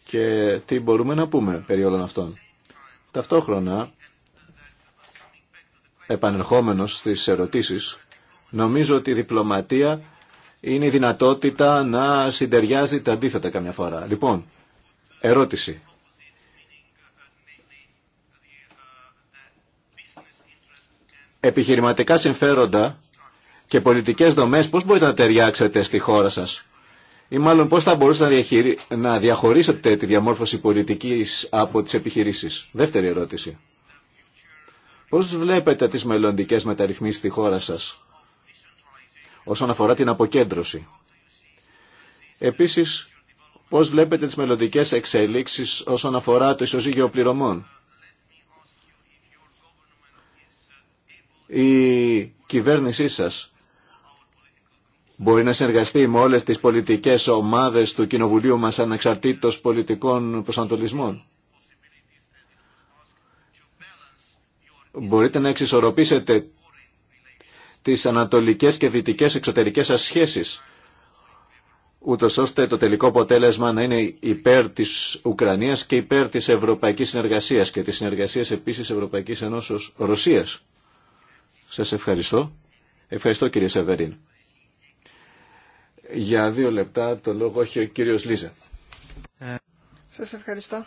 και τι μπορούμε να πούμε περί όλων αυτών. Ταυτόχρονα, επανερχόμενος στις ερωτήσεις, νομίζω ότι η διπλωματία είναι η δυνατότητα να συντεριάζει τα αντίθετα καμιά φορά. Λοιπόν, ερώτηση. Επιχειρηματικά συμφέροντα και πολιτικές δομές πώς μπορείτε να ταιριάξετε στη χώρα σας ή μάλλον πώς θα μπορούσατε να, διαχειρι... διαχωρίσετε τη διαμόρφωση πολιτικής από τις επιχειρήσεις. Δεύτερη ερώτηση. Πώς βλέπετε τις μελλοντικές μεταρρυθμίσεις στη χώρα σας όσον αφορά την αποκέντρωση. Επίσης, πώς βλέπετε τις μελλοντικές εξελίξεις όσον αφορά το ισοζύγιο πληρωμών. Η κυβέρνησή σας μπορεί να συνεργαστεί με όλες τις πολιτικές ομάδες του Κοινοβουλίου μας ανεξαρτήτως πολιτικών προσανατολισμών. Μπορείτε να εξισορροπήσετε τις ανατολικές και δυτικές εξωτερικές σας σχέσεις, ούτως ώστε το τελικό αποτέλεσμα να είναι υπέρ της Ουκρανίας και υπέρ της Ευρωπαϊκής Συνεργασίας και της Συνεργασίας επίσης Ευρωπαϊκής Ενώσεως Ρωσίας. Σας ευχαριστώ. Ευχαριστώ κύριε Σεβερίν. Για δύο λεπτά το λόγο έχει ο κύριος Λίζα. Ε, Σας ευχαριστώ.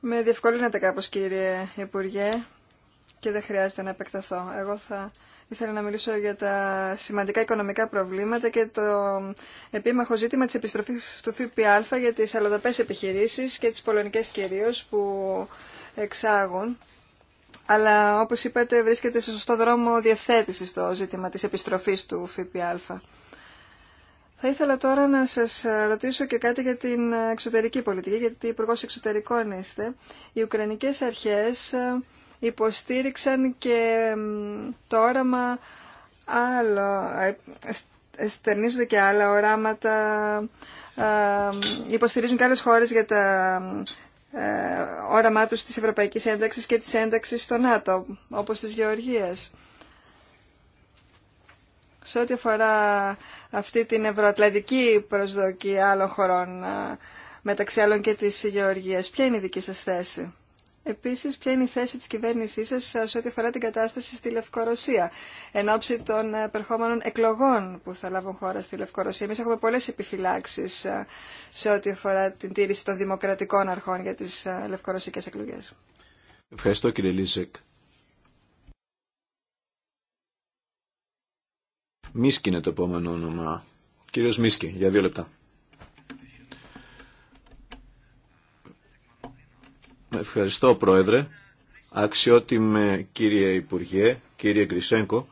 Με διευκολύνετε κάπως κύριε Υπουργέ και δεν χρειάζεται να επεκταθώ. Εγώ θα ήθελα να μιλήσω για τα σημαντικά οικονομικά προβλήματα και το επίμαχο ζήτημα της επιστροφής του ΦΠΑ για τις αλλοδαπές επιχειρήσεις και τις πολωνικές κυρίως που εξάγουν. Αλλά όπως είπατε βρίσκεται σε σωστό δρόμο διευθέτηση το ζήτημα της επιστροφής του ΦΠΑ. Θα ήθελα τώρα να σας ρωτήσω και κάτι για την εξωτερική πολιτική, γιατί υπουργός εξωτερικών είστε. Οι Ουκρανικές αρχές ε, υποστήριξαν και το όραμα άλλο, ε, στερνίζονται και άλλα οράματα, ε, υποστηρίζουν και άλλες χώρες για τα όραμά τους της Ευρωπαϊκής Ένταξης και της ένταξης στο ΝΑΤΟ, όπως της Γεωργίας. Σε ό,τι αφορά αυτή την ευρωατλαντική προσδοκία άλλων χωρών, μεταξύ άλλων και της Γεωργίας, ποια είναι η δική σας θέση. Επίσης, ποια είναι η θέση της κυβέρνησής σας σε ό,τι αφορά την κατάσταση στη Λευκορωσία, εν ώψη των ε, περχόμενων εκλογών που θα λάβουν χώρα στη Λευκορωσία. Εμείς έχουμε πολλές επιφυλάξεις σε ό,τι αφορά την τήρηση των δημοκρατικών αρχών για τις ε, λευκορωσικές εκλογές. Ευχαριστώ κύριε Λίσεκ. Μίσκι είναι το επόμενο όνομα. Κύριος Μίσκι, για δύο λεπτά. Ευχαριστώ, Πρόεδρε. Αξιότιμε κύριε Υπουργέ, κύριε Γκρισέγκο.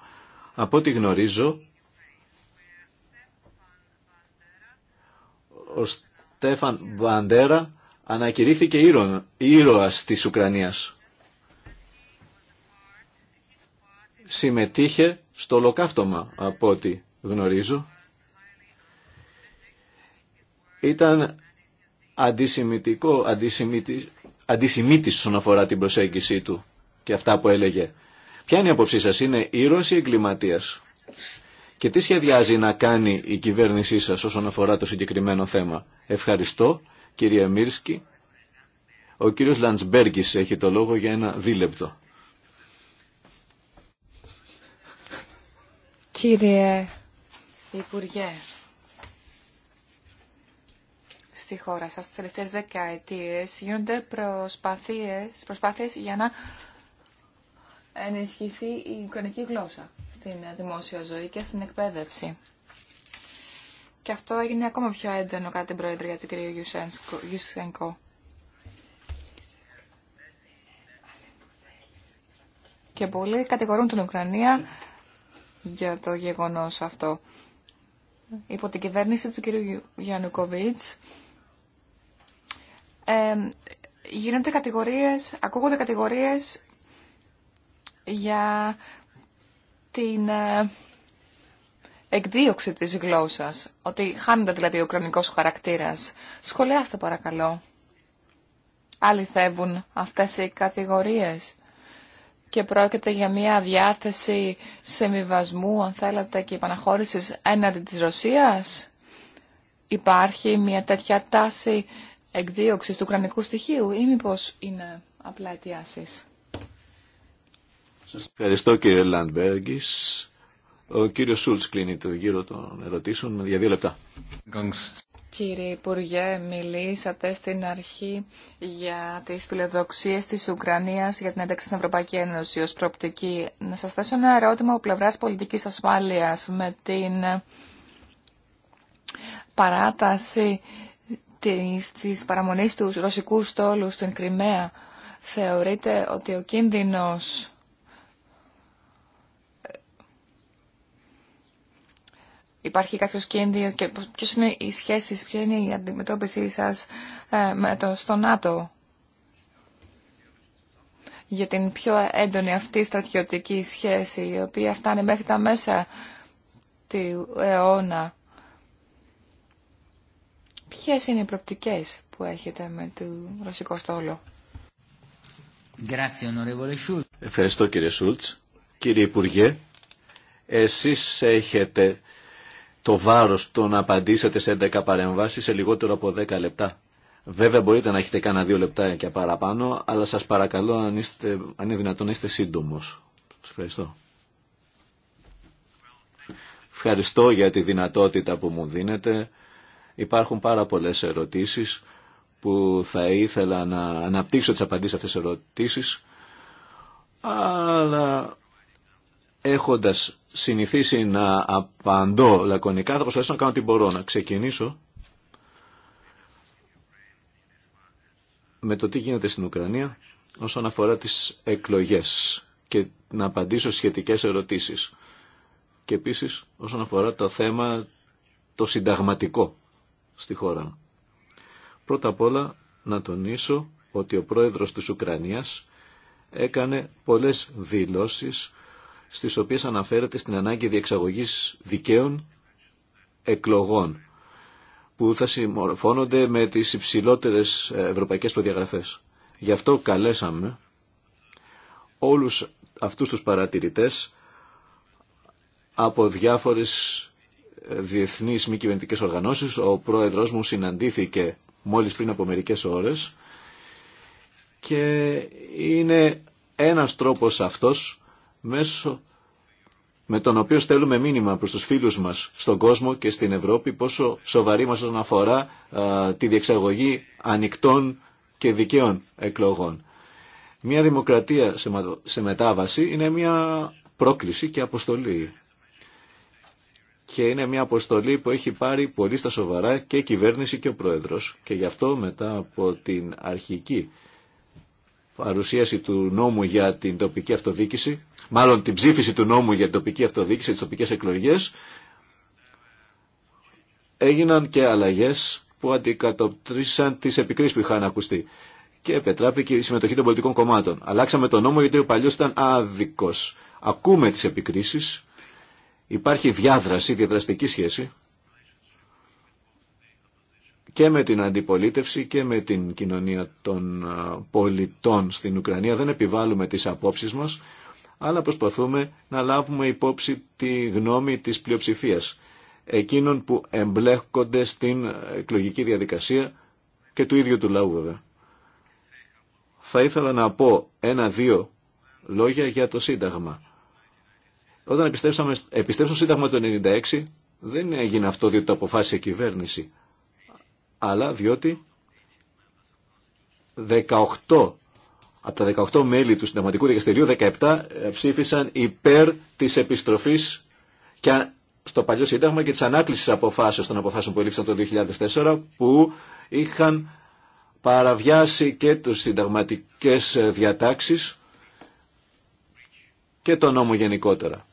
Από ό,τι γνωρίζω, ο Στέφαν Μπαντέρα ανακηρύθηκε ήρωα, ήρωας της Ουκρανίας. Συμμετείχε στο ολοκαύτωμα από ό,τι γνωρίζω. Ήταν αντισημιτικό, αντισημίτης όσον αφορά την προσέγγιση του και αυτά που έλεγε. Ποια είναι η απόψή σας, είναι ήρωας ή εγκληματίας. Και τι σχεδιάζει να κάνει η κυβέρνησή σας όσον αφορά το συγκεκριμένο θέμα. Ευχαριστώ, κύριε Μίρσκι. Ο κύριος Λαντσμπέργκης έχει το λόγο για ένα δίλεπτο. Κύριε Υπουργέ, στη χώρα σας τις τελευταίες δεκαετίες γίνονται προσπάθειες, προσπάθειες για να ενισχυθεί η Ουκρανική γλώσσα στην δημόσια ζωή και στην εκπαίδευση. Και αυτό έγινε ακόμα πιο έντονο κατά την Προεδρία του κ. Γιουσένκο. Και πολλοί κατηγορούν την Ουκρανία για το γεγονός αυτό. Υπό την κυβέρνηση του κ. Γιαννουκοβίτς ε, γίνονται κατηγορίες, ακούγονται κατηγορίες για την ε, εκδίωξη της γλώσσας, ότι χάνεται δηλαδή ο κρονικός χαρακτήρας. Σχολιάστε παρακαλώ. Αληθεύουν αυτές οι κατηγορίες και πρόκειται για μια διάθεση σεμιβασμού, αν θέλετε, και επαναχώρησης έναντι της Ρωσίας. Υπάρχει μια τέτοια τάση εκδίωξης του κρανικού στοιχείου ή μήπω είναι απλά αιτιάσεις. Σας ευχαριστώ κύριε Λαντμπέργκης. Ο κύριος Σούλτς κλείνει το γύρο των ερωτήσεων για δύο λεπτά. Κύριε Υπουργέ, μιλήσατε στην αρχή για τις φιλοδοξίες της Ουκρανίας για την ένταξη στην Ευρωπαϊκή Ένωση ως προοπτική. Να σας θέσω ένα ερώτημα ο πλευράς πολιτικής ασφάλειας με την παράταση της, της παραμονής του ρωσικού στόλου στην Κρυμαία. Θεωρείτε ότι ο κίνδυνος Υπάρχει κάποιο κίνδυνο και ποιε είναι οι σχέσει, ποια είναι η αντιμετώπιση σα ε, το, στο ΝΑΤΟ για την πιο έντονη αυτή στρατιωτική σχέση, η οποία φτάνει μέχρι τα μέσα του αιώνα. Ποιε είναι οι προπτικέ που έχετε με το ρωσικό στόλο. Ευχαριστώ κύριε Σούλτς. Κύριε Υπουργέ, εσείς έχετε το βάρος το να απαντήσετε σε 11 παρεμβάσεις σε λιγότερο από 10 λεπτά. Βέβαια μπορείτε να έχετε κάνα δύο λεπτά και παραπάνω, αλλά σας παρακαλώ αν, είστε, αν είναι δυνατόν να είστε σύντομος. ευχαριστώ. Ευχαριστώ για τη δυνατότητα που μου δίνετε. Υπάρχουν πάρα πολλές ερωτήσεις που θα ήθελα να αναπτύξω τις απαντήσεις αυτές ερωτήσεις. Αλλά έχοντας συνηθίσει να απαντώ λακωνικά, θα προσπαθήσω να κάνω ό,τι μπορώ. Να ξεκινήσω με το τι γίνεται στην Ουκρανία όσον αφορά τις εκλογές και να απαντήσω σχετικές ερωτήσεις. Και επίσης όσον αφορά το θέμα το συνταγματικό στη χώρα. Πρώτα απ' όλα να τονίσω ότι ο πρόεδρος της Ουκρανίας έκανε πολλές δηλώσεις στις οποίες αναφέρεται στην ανάγκη διεξαγωγής δικαίων εκλογών που θα συμμορφώνονται με τις υψηλότερες ε, ευρωπαϊκές προδιαγραφές. Γι' αυτό καλέσαμε όλους αυτούς τους παρατηρητές από διάφορες ε, διεθνείς μη κυβερνητικέ οργανώσεις. Ο πρόεδρος μου συναντήθηκε μόλις πριν από μερικές ώρες και είναι ένας τρόπος αυτός με τον οποίο στέλνουμε μήνυμα προς τους φίλους μας στον κόσμο και στην Ευρώπη πόσο σοβαρή μας αφορά τη διεξαγωγή ανοιχτών και δικαίων εκλογών. Μια δημοκρατία σε, μετάβαση είναι μια πρόκληση και αποστολή. Και είναι μια αποστολή που έχει πάρει πολύ στα σοβαρά και η κυβέρνηση και ο Πρόεδρος. Και γι' αυτό μετά από την αρχική παρουσίαση του νόμου για την τοπική αυτοδίκηση, μάλλον την ψήφιση του νόμου για την τοπική αυτοδίκηση, τις τοπικές εκλογές, έγιναν και αλλαγές που αντικατοπτρίσαν τις επικρίσεις που είχαν ακουστεί και επετράπηκε η συμμετοχή των πολιτικών κομμάτων. Αλλάξαμε τον νόμο γιατί ο παλιό ήταν άδικος. Ακούμε τις επικρίσεις, υπάρχει διάδραση, διαδραστική σχέση και με την αντιπολίτευση και με την κοινωνία των ε, πολιτών στην Ουκρανία. Δεν επιβάλλουμε τις απόψεις μας, αλλά προσπαθούμε να λάβουμε υπόψη τη γνώμη της πλειοψηφίας εκείνων που εμπλέκονται στην εκλογική διαδικασία και του ίδιου του λαού βέβαια. Θα ήθελα να πω ένα-δύο λόγια για το Σύνταγμα. Όταν επιστρέψαμε, επιστρέψαμε στο Σύνταγμα το 1996, δεν έγινε αυτό διότι το αποφάσισε η κυβέρνηση αλλά διότι 18 από τα 18 μέλη του Συνταγματικού Δικαστηρίου, 17 ε, ψήφισαν υπέρ της επιστροφής και στο παλιό Σύνταγμα και της ανάκλησης αποφάσεως των αποφάσεων που ελήφθησαν το 2004 που είχαν παραβιάσει και τους συνταγματικές ε, διατάξεις και το νόμο γενικότερα.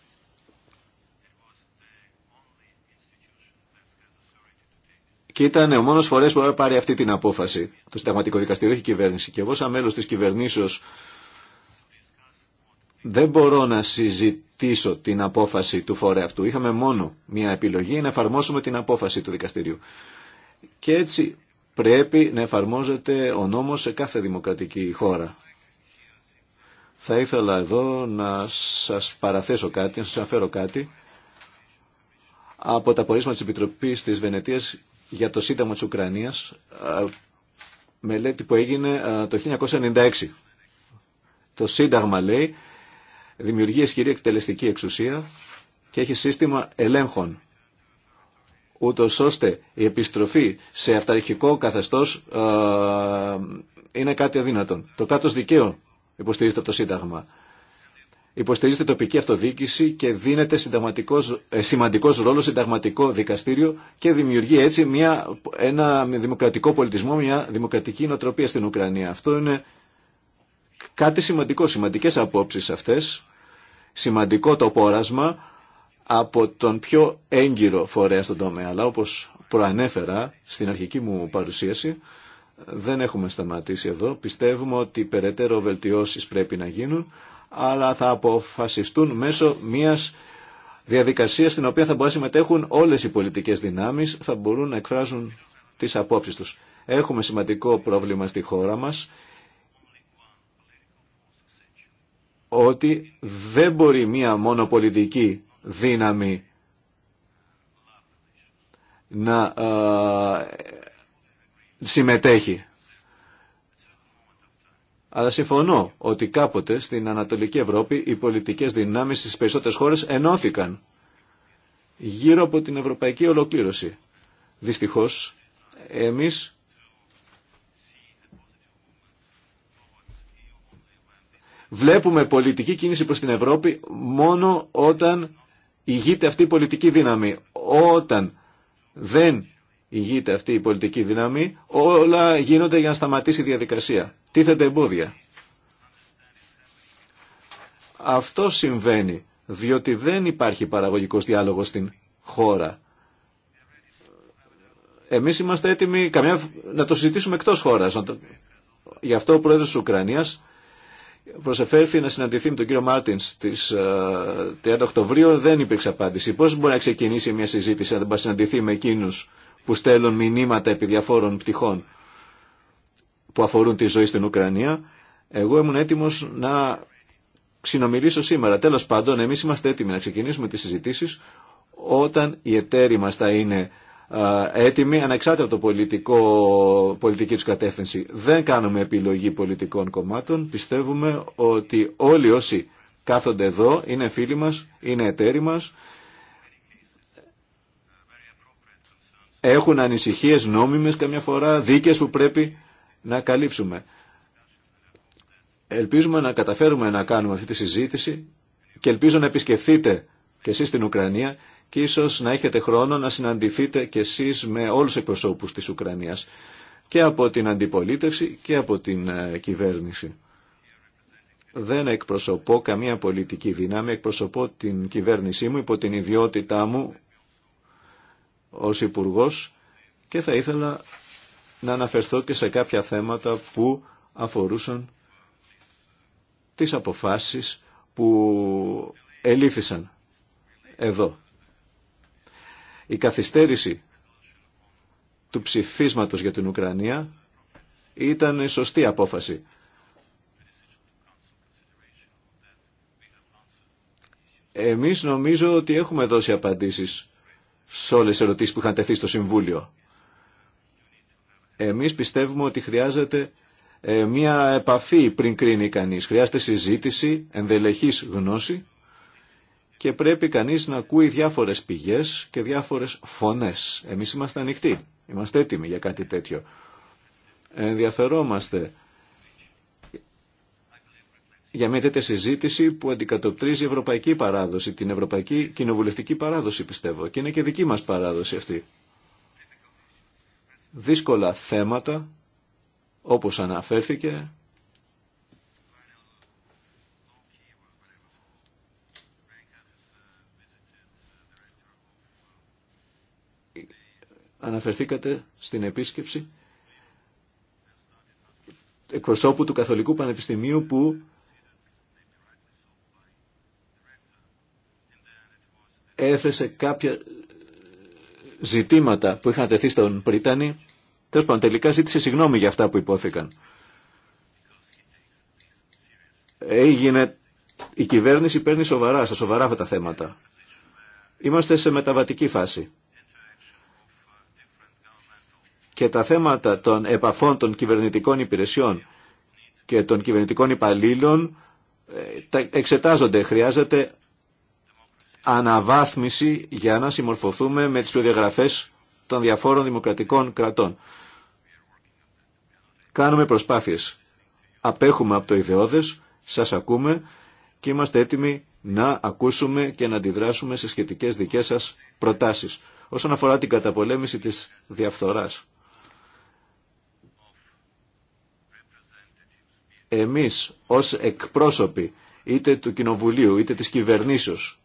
Και ήταν ο μόνο φορέ που πάρει αυτή την απόφαση το Συνταγματικό Δικαστήριο, όχι η κυβέρνηση. Και εγώ, σαν μέλο τη κυβερνήσεω, δεν μπορώ να συζητήσω την απόφαση του φορέα αυτού. Είχαμε μόνο μία επιλογή να εφαρμόσουμε την απόφαση του δικαστηρίου. Και έτσι πρέπει να εφαρμόζεται ο νόμος σε κάθε δημοκρατική χώρα. Θα ήθελα εδώ να σας παραθέσω κάτι, να σας αφέρω κάτι από τα πορίσματα της Επιτροπής της Βενετίας για το Σύνταγμα της Ουκρανίας, μελέτη που έγινε το 1996. Το Σύνταγμα λέει δημιουργεί ισχυρή εκτελεστική εξουσία και έχει σύστημα ελέγχων ούτω ώστε η επιστροφή σε αυταρχικό καθεστώς είναι κάτι αδύνατον. Το κράτος δικαίου υποστηρίζεται από το Σύνταγμα υποστηρίζεται τοπική αυτοδιοίκηση και δίνεται ε, σημαντικός ρόλος συνταγματικό δικαστήριο και δημιουργεί έτσι μια, ένα δημοκρατικό πολιτισμό, μια δημοκρατική νοοτροπία στην Ουκρανία. Αυτό είναι κάτι σημαντικό, σημαντικές απόψεις αυτές, σημαντικό το πόρασμα από τον πιο έγκυρο φορέα στον τομέα. Αλλά όπως προανέφερα στην αρχική μου παρουσίαση, δεν έχουμε σταματήσει εδώ. Πιστεύουμε ότι περαιτέρω βελτιώσεις πρέπει να γίνουν αλλά θα αποφασιστούν μέσω μιας διαδικασίας στην οποία θα μπορούν να συμμετέχουν όλες οι πολιτικές δυνάμεις, θα μπορούν να εκφράζουν τις απόψεις τους. Έχουμε σημαντικό πρόβλημα στη χώρα μας ότι δεν μπορεί μία μόνο πολιτική δύναμη να συμμετέχει. Αλλά συμφωνώ ότι κάποτε στην Ανατολική Ευρώπη οι πολιτικές δυνάμεις στις περισσότερες χώρες ενώθηκαν γύρω από την ευρωπαϊκή ολοκλήρωση. Δυστυχώς, εμείς βλέπουμε πολιτική κίνηση προς την Ευρώπη μόνο όταν ηγείται αυτή η πολιτική δύναμη. Όταν δεν ηγείται αυτή η πολιτική δύναμη, όλα γίνονται για να σταματήσει η διαδικασία. Τίθεται εμπόδια. Αυτό συμβαίνει, διότι δεν υπάρχει παραγωγικός διάλογος στην χώρα. Εμείς είμαστε έτοιμοι καμιά, να το συζητήσουμε εκτός χώρας. Γι' αυτό ο πρόεδρος της Ουκρανίας προσεφέρθη να συναντηθεί με τον κύριο Μάρτιν στι 30 ε, Οκτωβρίου, δεν υπήρξε απάντηση. Πώ μπορεί να ξεκινήσει μια συζήτηση αν δεν να συναντηθεί με εκείνου που στέλνουν μηνύματα επί διαφόρων πτυχών που αφορούν τη ζωή στην Ουκρανία, εγώ ήμουν έτοιμο να συνομιλήσω σήμερα. Τέλος πάντων, εμείς είμαστε έτοιμοι να ξεκινήσουμε τις συζητήσει. όταν οι εταίροι μας θα είναι έτοιμοι ανεξάρτητα από το πολιτικό, πολιτική τους κατεύθυνση. Δεν κάνουμε επιλογή πολιτικών κομμάτων. Πιστεύουμε ότι όλοι όσοι κάθονται εδώ είναι φίλοι μας, είναι εταίροι μας έχουν ανησυχίες νόμιμες καμιά φορά, δίκες που πρέπει να καλύψουμε. Ελπίζουμε να καταφέρουμε να κάνουμε αυτή τη συζήτηση και ελπίζω να επισκεφθείτε και εσείς την Ουκρανία και ίσως να έχετε χρόνο να συναντηθείτε και εσείς με όλους τους εκπροσώπους της Ουκρανίας και από την αντιπολίτευση και από την ε, κυβέρνηση. Δεν εκπροσωπώ καμία πολιτική δύναμη, εκπροσωπώ την κυβέρνησή μου υπό την ιδιότητά μου ως υπουργό και θα ήθελα να αναφερθώ και σε κάποια θέματα που αφορούσαν τις αποφάσεις που ελήφθησαν εδώ. Η καθυστέρηση του ψηφίσματος για την Ουκρανία ήταν η σωστή απόφαση. Εμείς νομίζω ότι έχουμε δώσει απαντήσεις σε όλες τις ερωτήσεις που είχαν τεθεί στο Συμβούλιο. Εμείς πιστεύουμε ότι χρειάζεται ε, μια επαφή πριν κρίνει κανείς. Χρειάζεται συζήτηση, ενδελεχής γνώση και πρέπει κανείς να ακούει διάφορες πηγές και διάφορες φωνές. Εμείς είμαστε ανοιχτοί, είμαστε έτοιμοι για κάτι τέτοιο. Ενδιαφερόμαστε για μια τέτοια συζήτηση που αντικατοπτρίζει η ευρωπαϊκή παράδοση, την ευρωπαϊκή κοινοβουλευτική παράδοση πιστεύω και είναι και δική μας παράδοση αυτή. Δύσκολα θέματα, όπως αναφέρθηκε, αναφερθήκατε στην επίσκεψη εκπροσώπου του Καθολικού Πανεπιστημίου που έθεσε κάποια ζητήματα που είχαν τεθεί στον Πρίτανη. Τέλο πάντων, τελικά ζήτησε συγγνώμη για αυτά που υπόθηκαν. Έγινε, η κυβέρνηση παίρνει σοβαρά, στα σοβαρά αυτά τα θέματα. Είμαστε σε μεταβατική φάση. Και τα θέματα των επαφών των κυβερνητικών υπηρεσιών και των κυβερνητικών υπαλλήλων ε, τα εξετάζονται. Χρειάζεται αναβάθμιση για να συμμορφωθούμε με τις προδιαγραφές των διαφόρων δημοκρατικών κρατών. Κάνουμε προσπάθειες. Απέχουμε από το ιδεώδες, σας ακούμε και είμαστε έτοιμοι να ακούσουμε και να αντιδράσουμε σε σχετικές δικές σας προτάσεις. Όσον αφορά την καταπολέμηση της διαφθοράς. Εμείς ως εκπρόσωποι είτε του Κοινοβουλίου είτε της κυβερνήσεως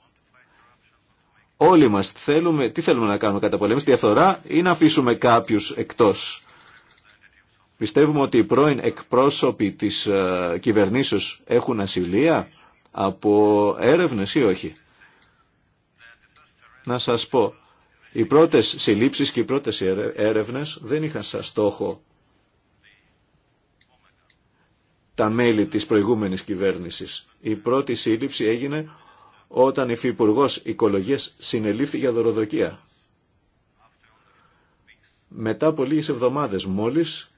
Όλοι μας θέλουμε, τι θέλουμε να κάνουμε κατά πολέμηση, διαφθορά ή να αφήσουμε κάποιους εκτός. Πιστεύουμε ότι οι πρώην εκπρόσωποι της uh, κυβερνήσεως έχουν ασυλία από έρευνες ή όχι. Να σας πω, οι πρώτες συλλήψεις και οι πρώτες έρευνες δεν είχαν σαν στόχο τα μέλη της προηγούμενης κυβέρνησης. Η πρώτη σύλληψη έγινε όταν υφυπουργό Οικολογίας συνελήφθη για δωροδοκία. Μετά από λίγες εβδομάδες μόλις,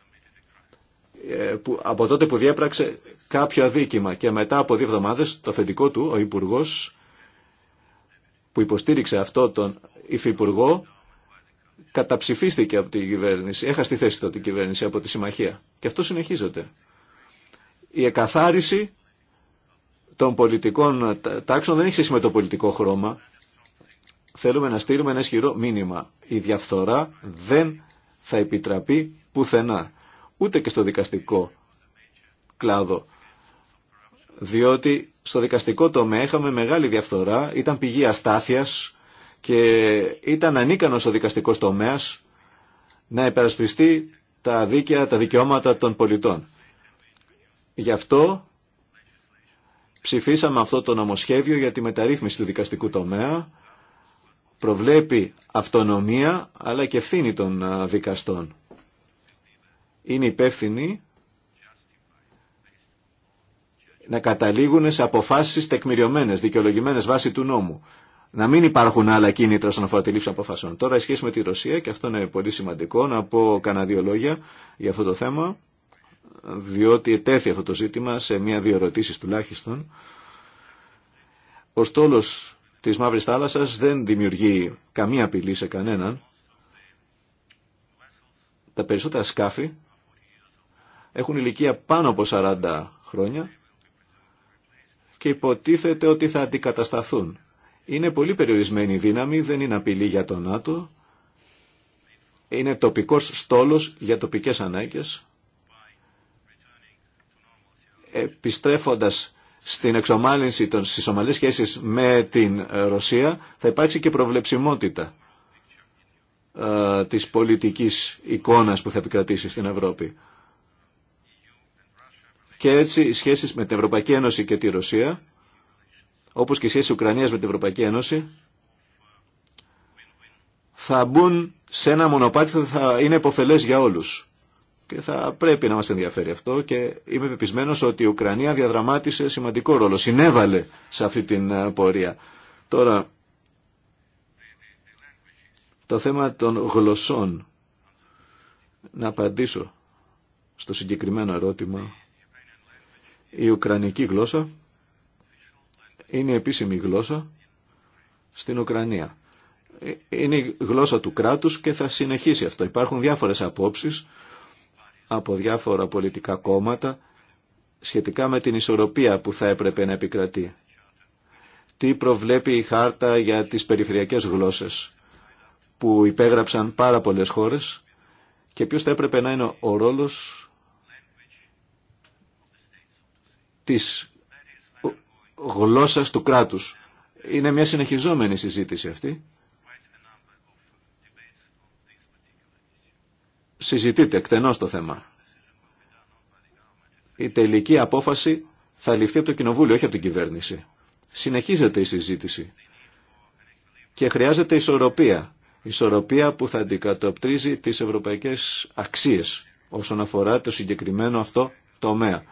ε, από τότε που διέπραξε κάποιο αδίκημα και μετά από δύο εβδομάδες το αφεντικό του, ο υπουργό που υποστήριξε αυτό τον υφυπουργό, καταψηφίστηκε από την κυβέρνηση, έχασε τη θέση του την κυβέρνηση από τη συμμαχία. Και αυτό συνεχίζεται. Η εκαθάριση των πολιτικών τάξεων δεν έχει σχέση με το πολιτικό χρώμα. Θέλουμε να στείλουμε ένα ισχυρό μήνυμα. Η διαφθορά δεν θα επιτραπεί πουθενά, ούτε και στο δικαστικό κλάδο. Διότι στο δικαστικό τομέα είχαμε μεγάλη διαφθορά, ήταν πηγή αστάθειας και ήταν ανίκανος ο δικαστικός τομέας να υπερασπιστεί τα δίκαια, τα δικαιώματα των πολιτών. Γι' αυτό Ψηφίσαμε αυτό το νομοσχέδιο για τη μεταρρύθμιση του δικαστικού τομέα. Προβλέπει αυτονομία αλλά και ευθύνη των δικαστών. Είναι υπεύθυνοι να καταλήγουν σε αποφάσεις τεκμηριωμένες, δικαιολογημένες βάσει του νόμου. Να μην υπάρχουν άλλα κίνητρα στον αφορά τη λήψη αποφάσεων. Τώρα, σχέση με τη Ρωσία, και αυτό είναι πολύ σημαντικό, να πω κανένα δύο λόγια για αυτό το θέμα διότι ετέθη αυτό το ζήτημα σε μία δύο ερωτήσεις τουλάχιστον. Ο στόλος της Μαύρης Θάλασσας δεν δημιουργεί καμία απειλή σε κανέναν. Τα περισσότερα σκάφη έχουν ηλικία πάνω από 40 χρόνια και υποτίθεται ότι θα αντικατασταθούν. Είναι πολύ περιορισμένη η δύναμη, δεν είναι απειλή για τον Ατο. Είναι τοπικός στόλος για τοπικές ανάγκες επιστρέφοντας στην εξομάλυνση των συσσωμαλής σχέσεις με την ε, Ρωσία θα υπάρξει και προβλεψιμότητα ε, της πολιτικής εικόνας που θα επικρατήσει στην Ευρώπη. Και έτσι οι σχέσεις με την Ευρωπαϊκή Ένωση και τη Ρωσία, όπως και οι σχέσεις Ουκρανίας με την Ευρωπαϊκή Ένωση, θα μπουν σε ένα μονοπάτι που θα είναι υποφελές για όλους και θα πρέπει να μας ενδιαφέρει αυτό και είμαι πεπισμένος ότι η Ουκρανία διαδραμάτισε σημαντικό ρόλο, συνέβαλε σε αυτή την ε, πορεία. Τώρα, το θέμα των γλωσσών, να απαντήσω στο συγκεκριμένο ερώτημα. Η Ουκρανική γλώσσα είναι η επίσημη γλώσσα στην Ουκρανία. Ε, είναι η γλώσσα του κράτους και θα συνεχίσει αυτό. Υπάρχουν διάφορες απόψεις από διάφορα πολιτικά κόμματα σχετικά με την ισορροπία που θα έπρεπε να επικρατεί. Τι προβλέπει η χάρτα για τις περιφερειακές γλώσσες που υπέγραψαν πάρα πολλές χώρες και ποιος θα έπρεπε να είναι ο ρόλος της γλώσσας του κράτους. Είναι μια συνεχιζόμενη συζήτηση αυτή. συζητείται εκτενώς το θέμα. Η τελική απόφαση θα ληφθεί από το Κοινοβούλιο, όχι από την κυβέρνηση. Συνεχίζεται η συζήτηση. Και χρειάζεται ισορροπία. Ισορροπία που θα αντικατοπτρίζει τις ευρωπαϊκές αξίες όσον αφορά το συγκεκριμένο αυτό τομέα.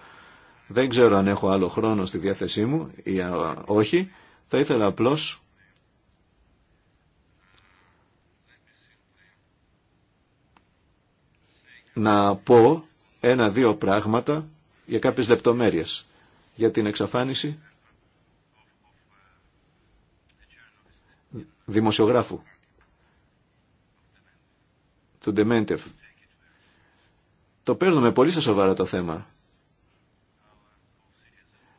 Δεν ξέρω αν έχω άλλο χρόνο στη διάθεσή μου ή όχι. Θα ήθελα απλώς να πω ένα-δύο πράγματα για κάποιες λεπτομέρειες για την εξαφάνιση δημοσιογράφου του Ντεμέντεφ. Το παίρνουμε πολύ σοβαρά το θέμα.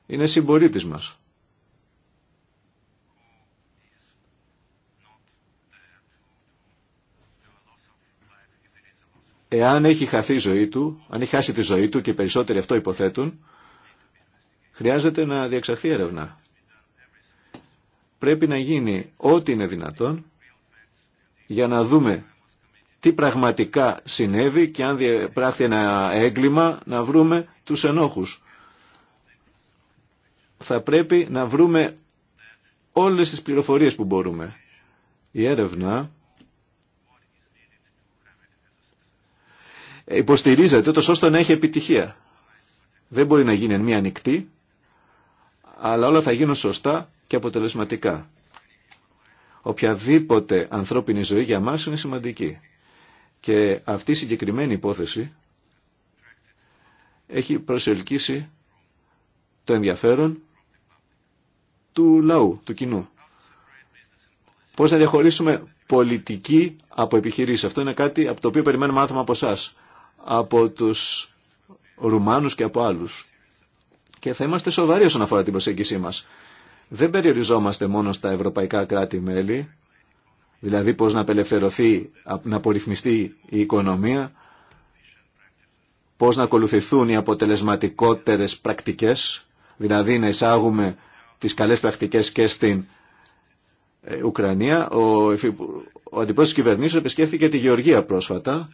Είναι συμπολίτη μας. Εάν έχει χαθεί η ζωή του, αν έχει χάσει τη ζωή του και οι περισσότεροι αυτό υποθέτουν, χρειάζεται να διεξαχθεί έρευνα. Πρέπει να γίνει ό,τι είναι δυνατόν για να δούμε τι πραγματικά συνέβη και αν διεπράχθη ένα έγκλημα να βρούμε τους ενόχους. Θα πρέπει να βρούμε όλες τις πληροφορίες που μπορούμε. Η έρευνα υποστηρίζεται το ώστε να έχει επιτυχία. Δεν μπορεί να γίνει μία ανοιχτή, αλλά όλα θα γίνουν σωστά και αποτελεσματικά. Οποιαδήποτε ανθρώπινη ζωή για μας είναι σημαντική. Και αυτή η συγκεκριμένη υπόθεση έχει προσελκύσει το ενδιαφέρον του λαού, του κοινού. Πώς να διαχωρίσουμε πολιτική από επιχειρήσει. Αυτό είναι κάτι από το οποίο περιμένουμε άτομα από εσά από τους Ρουμάνους και από άλλους. Και θα είμαστε σοβαροί όσον αφορά την προσέγγιση μας. Δεν περιοριζόμαστε μόνο στα ευρωπαϊκά κράτη-μέλη, δηλαδή πώς να απελευθερωθεί, να απορριθμιστεί η οικονομία, πώς να ακολουθηθούν οι αποτελεσματικότερες πρακτικές, δηλαδή να εισάγουμε τις καλές πρακτικές και στην ε, Ουκρανία. Ο, ο αντιπρόεδρος της κυβερνήσεως επισκέφθηκε τη Γεωργία πρόσφατα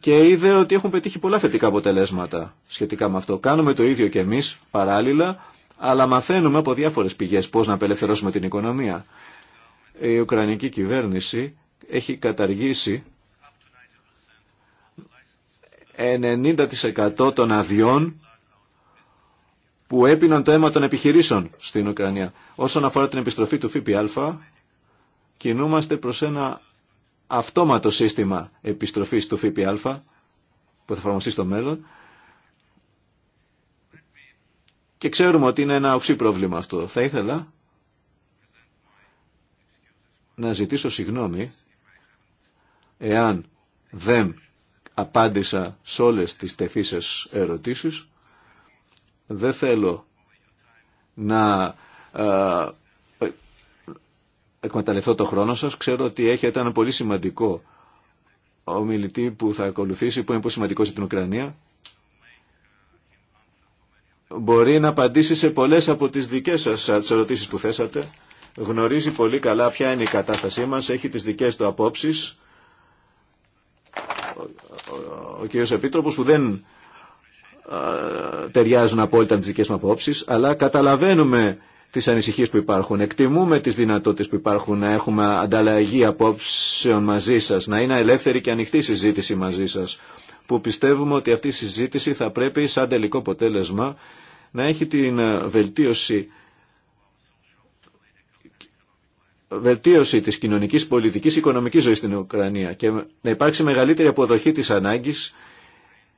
και είδε ότι έχουν πετύχει πολλά θετικά αποτελέσματα σχετικά με αυτό. Κάνουμε το ίδιο και εμείς παράλληλα, αλλά μαθαίνουμε από διάφορες πηγές πώς να απελευθερώσουμε την οικονομία. Η Ουκρανική κυβέρνηση έχει καταργήσει 90% των αδειών που έπιναν το αίμα των επιχειρήσεων στην Ουκρανία. Όσον αφορά την επιστροφή του ΦΠΑ, κινούμαστε προς ένα αυτόματο σύστημα επιστροφής του ΦΠΑ που θα εφαρμοστεί στο μέλλον και ξέρουμε ότι είναι ένα οξύ πρόβλημα αυτό. Θα ήθελα να ζητήσω συγγνώμη εάν δεν απάντησα σε όλες τις τεθήσεις ερωτήσεις. Δεν θέλω να ε, εκμεταλλευτώ το χρόνο σας. Ξέρω ότι έχετε ένα πολύ σημαντικό ομιλητή που θα ακολουθήσει, που είναι πολύ σημαντικό για την Ουκρανία. Μπορεί να απαντήσει σε πολλές από τις δικές σας τις ερωτήσεις που θέσατε. Γνωρίζει πολύ καλά ποια είναι η κατάστασή μας, έχει τις δικές του απόψεις. Ο, κύριος Επίτροπος που δεν α, ταιριάζουν απόλυτα τις δικές μου απόψεις, αλλά καταλαβαίνουμε τις ανησυχίες που υπάρχουν. Εκτιμούμε τις δυνατότητες που υπάρχουν να έχουμε ανταλλαγή απόψεων μαζί σα, να είναι ελεύθερη και ανοιχτή συζήτηση μαζί σα, που πιστεύουμε ότι αυτή η συζήτηση θα πρέπει σαν τελικό αποτέλεσμα να έχει την ε, βελτίωση βελτίωση της κοινωνικής, πολιτικής, οικονομικής ζωής στην Ουκρανία και να υπάρξει μεγαλύτερη αποδοχή της ανάγκης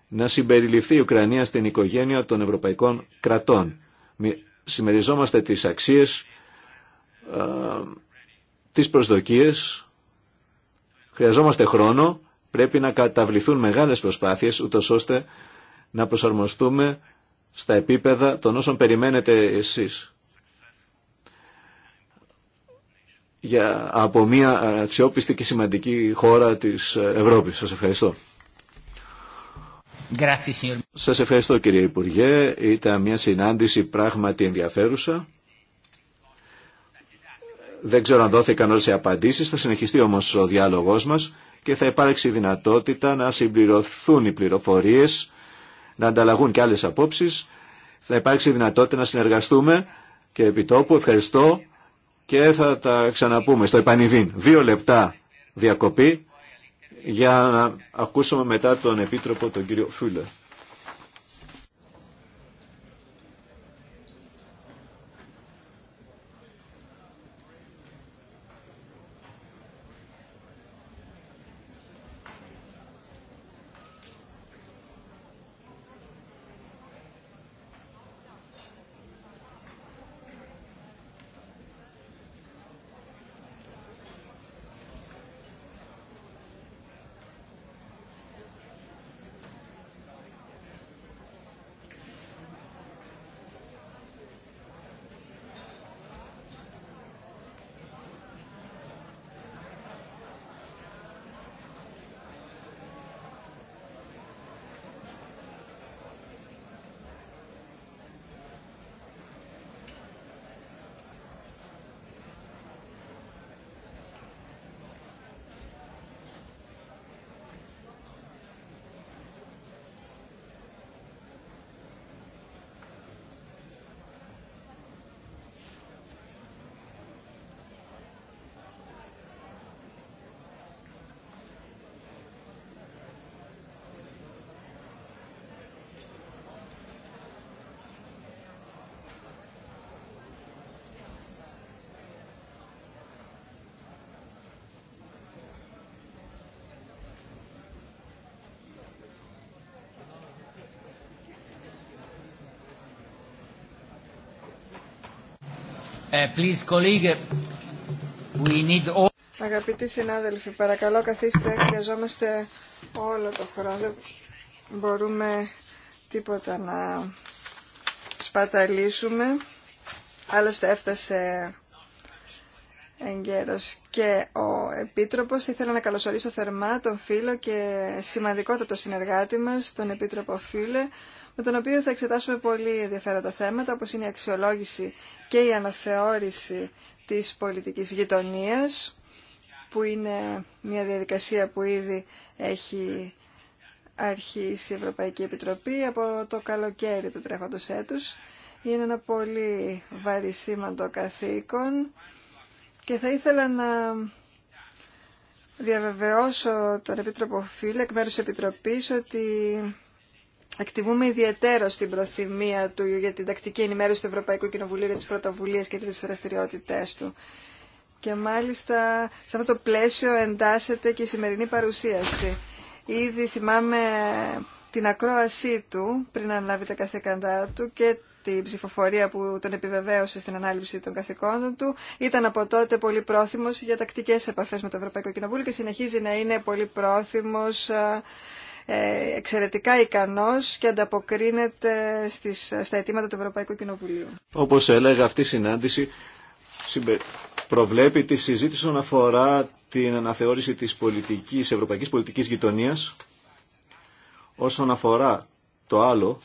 να συμπεριληφθεί η Ουκρανία στην οικογένεια των ευρωπαϊκών κρατών συμμεριζόμαστε τις αξίες, ε, τις προσδοκίες, χρειαζόμαστε χρόνο, πρέπει να καταβληθούν μεγάλες προσπάθειες, ούτως ώστε να προσαρμοστούμε στα επίπεδα των όσων περιμένετε εσείς. Για, από μια αξιόπιστη και σημαντική χώρα της Ευρώπης. Σας ευχαριστώ. Σας ευχαριστώ κύριε Υπουργέ. Ήταν μια συνάντηση πράγματι ενδιαφέρουσα. Δεν ξέρω αν δόθηκαν όλες οι απαντήσεις. Θα συνεχιστεί όμως ο διάλογός μας και θα υπάρξει δυνατότητα να συμπληρωθούν οι πληροφορίες, να ανταλλαγούν και άλλες απόψεις. Θα υπάρξει δυνατότητα να συνεργαστούμε και τόπου Ευχαριστώ και θα τα ξαναπούμε στο επανειδήν. Δύο λεπτά διακοπή για να ακούσουμε μετά τον Επίτροπο τον κύριο Φούλε. Ε, Αγαπητοί συνάδελφοι, παρακαλώ καθίστε, χρειαζόμαστε όλο το χρόνο. Δεν μπορούμε τίποτα να σπαταλήσουμε. Άλλωστε έφτασε εγκαίρος και ο Επίτροπος. Ήθελα να καλωσορίσω θερμά τον φίλο και σημαντικότατο συνεργάτη μας, τον Επίτροπο Φίλε, με τον οποίο θα εξετάσουμε πολύ ενδιαφέροντα θέματα, όπως είναι η αξιολόγηση και η αναθεώρηση της πολιτικής γειτονίας, που είναι μια διαδικασία που ήδη έχει αρχίσει η Ευρωπαϊκή Επιτροπή από το καλοκαίρι του τρέχοντος έτους. Είναι ένα πολύ βαρισίμαντο καθήκον και θα ήθελα να διαβεβαιώσω τον Επίτροπο Φίλε εκ μέρους της Επιτροπής ότι Εκτιμούμε ιδιαίτερο στην προθυμία του για την τακτική ενημέρωση του Ευρωπαϊκού Κοινοβουλίου για τις πρωτοβουλίες και τις δραστηριότητε του. Και μάλιστα σε αυτό το πλαίσιο εντάσσεται και η σημερινή παρουσίαση. Ήδη θυμάμαι την ακρόασή του πριν αναλάβει τα καθεκαντά του και την ψηφοφορία που τον επιβεβαίωσε στην ανάληψη των καθηκόντων του. Ήταν από τότε πολύ πρόθυμος για τακτικέ επαφές με το Ευρωπαϊκό Κοινοβούλιο και συνεχίζει να είναι πολύ πρόθυμος, ε, ε, εξαιρετικά ικανός και ανταποκρίνεται στις, στα αιτήματα του Ευρωπαϊκού Κοινοβουλίου. Όπως έλεγα αυτή η συνάντηση προβλέπει τη συζήτηση όσον αφορά την αναθεώρηση της πολιτικής, ευρωπαϊκής πολιτικής γειτονίας όσον αφορά το άλλο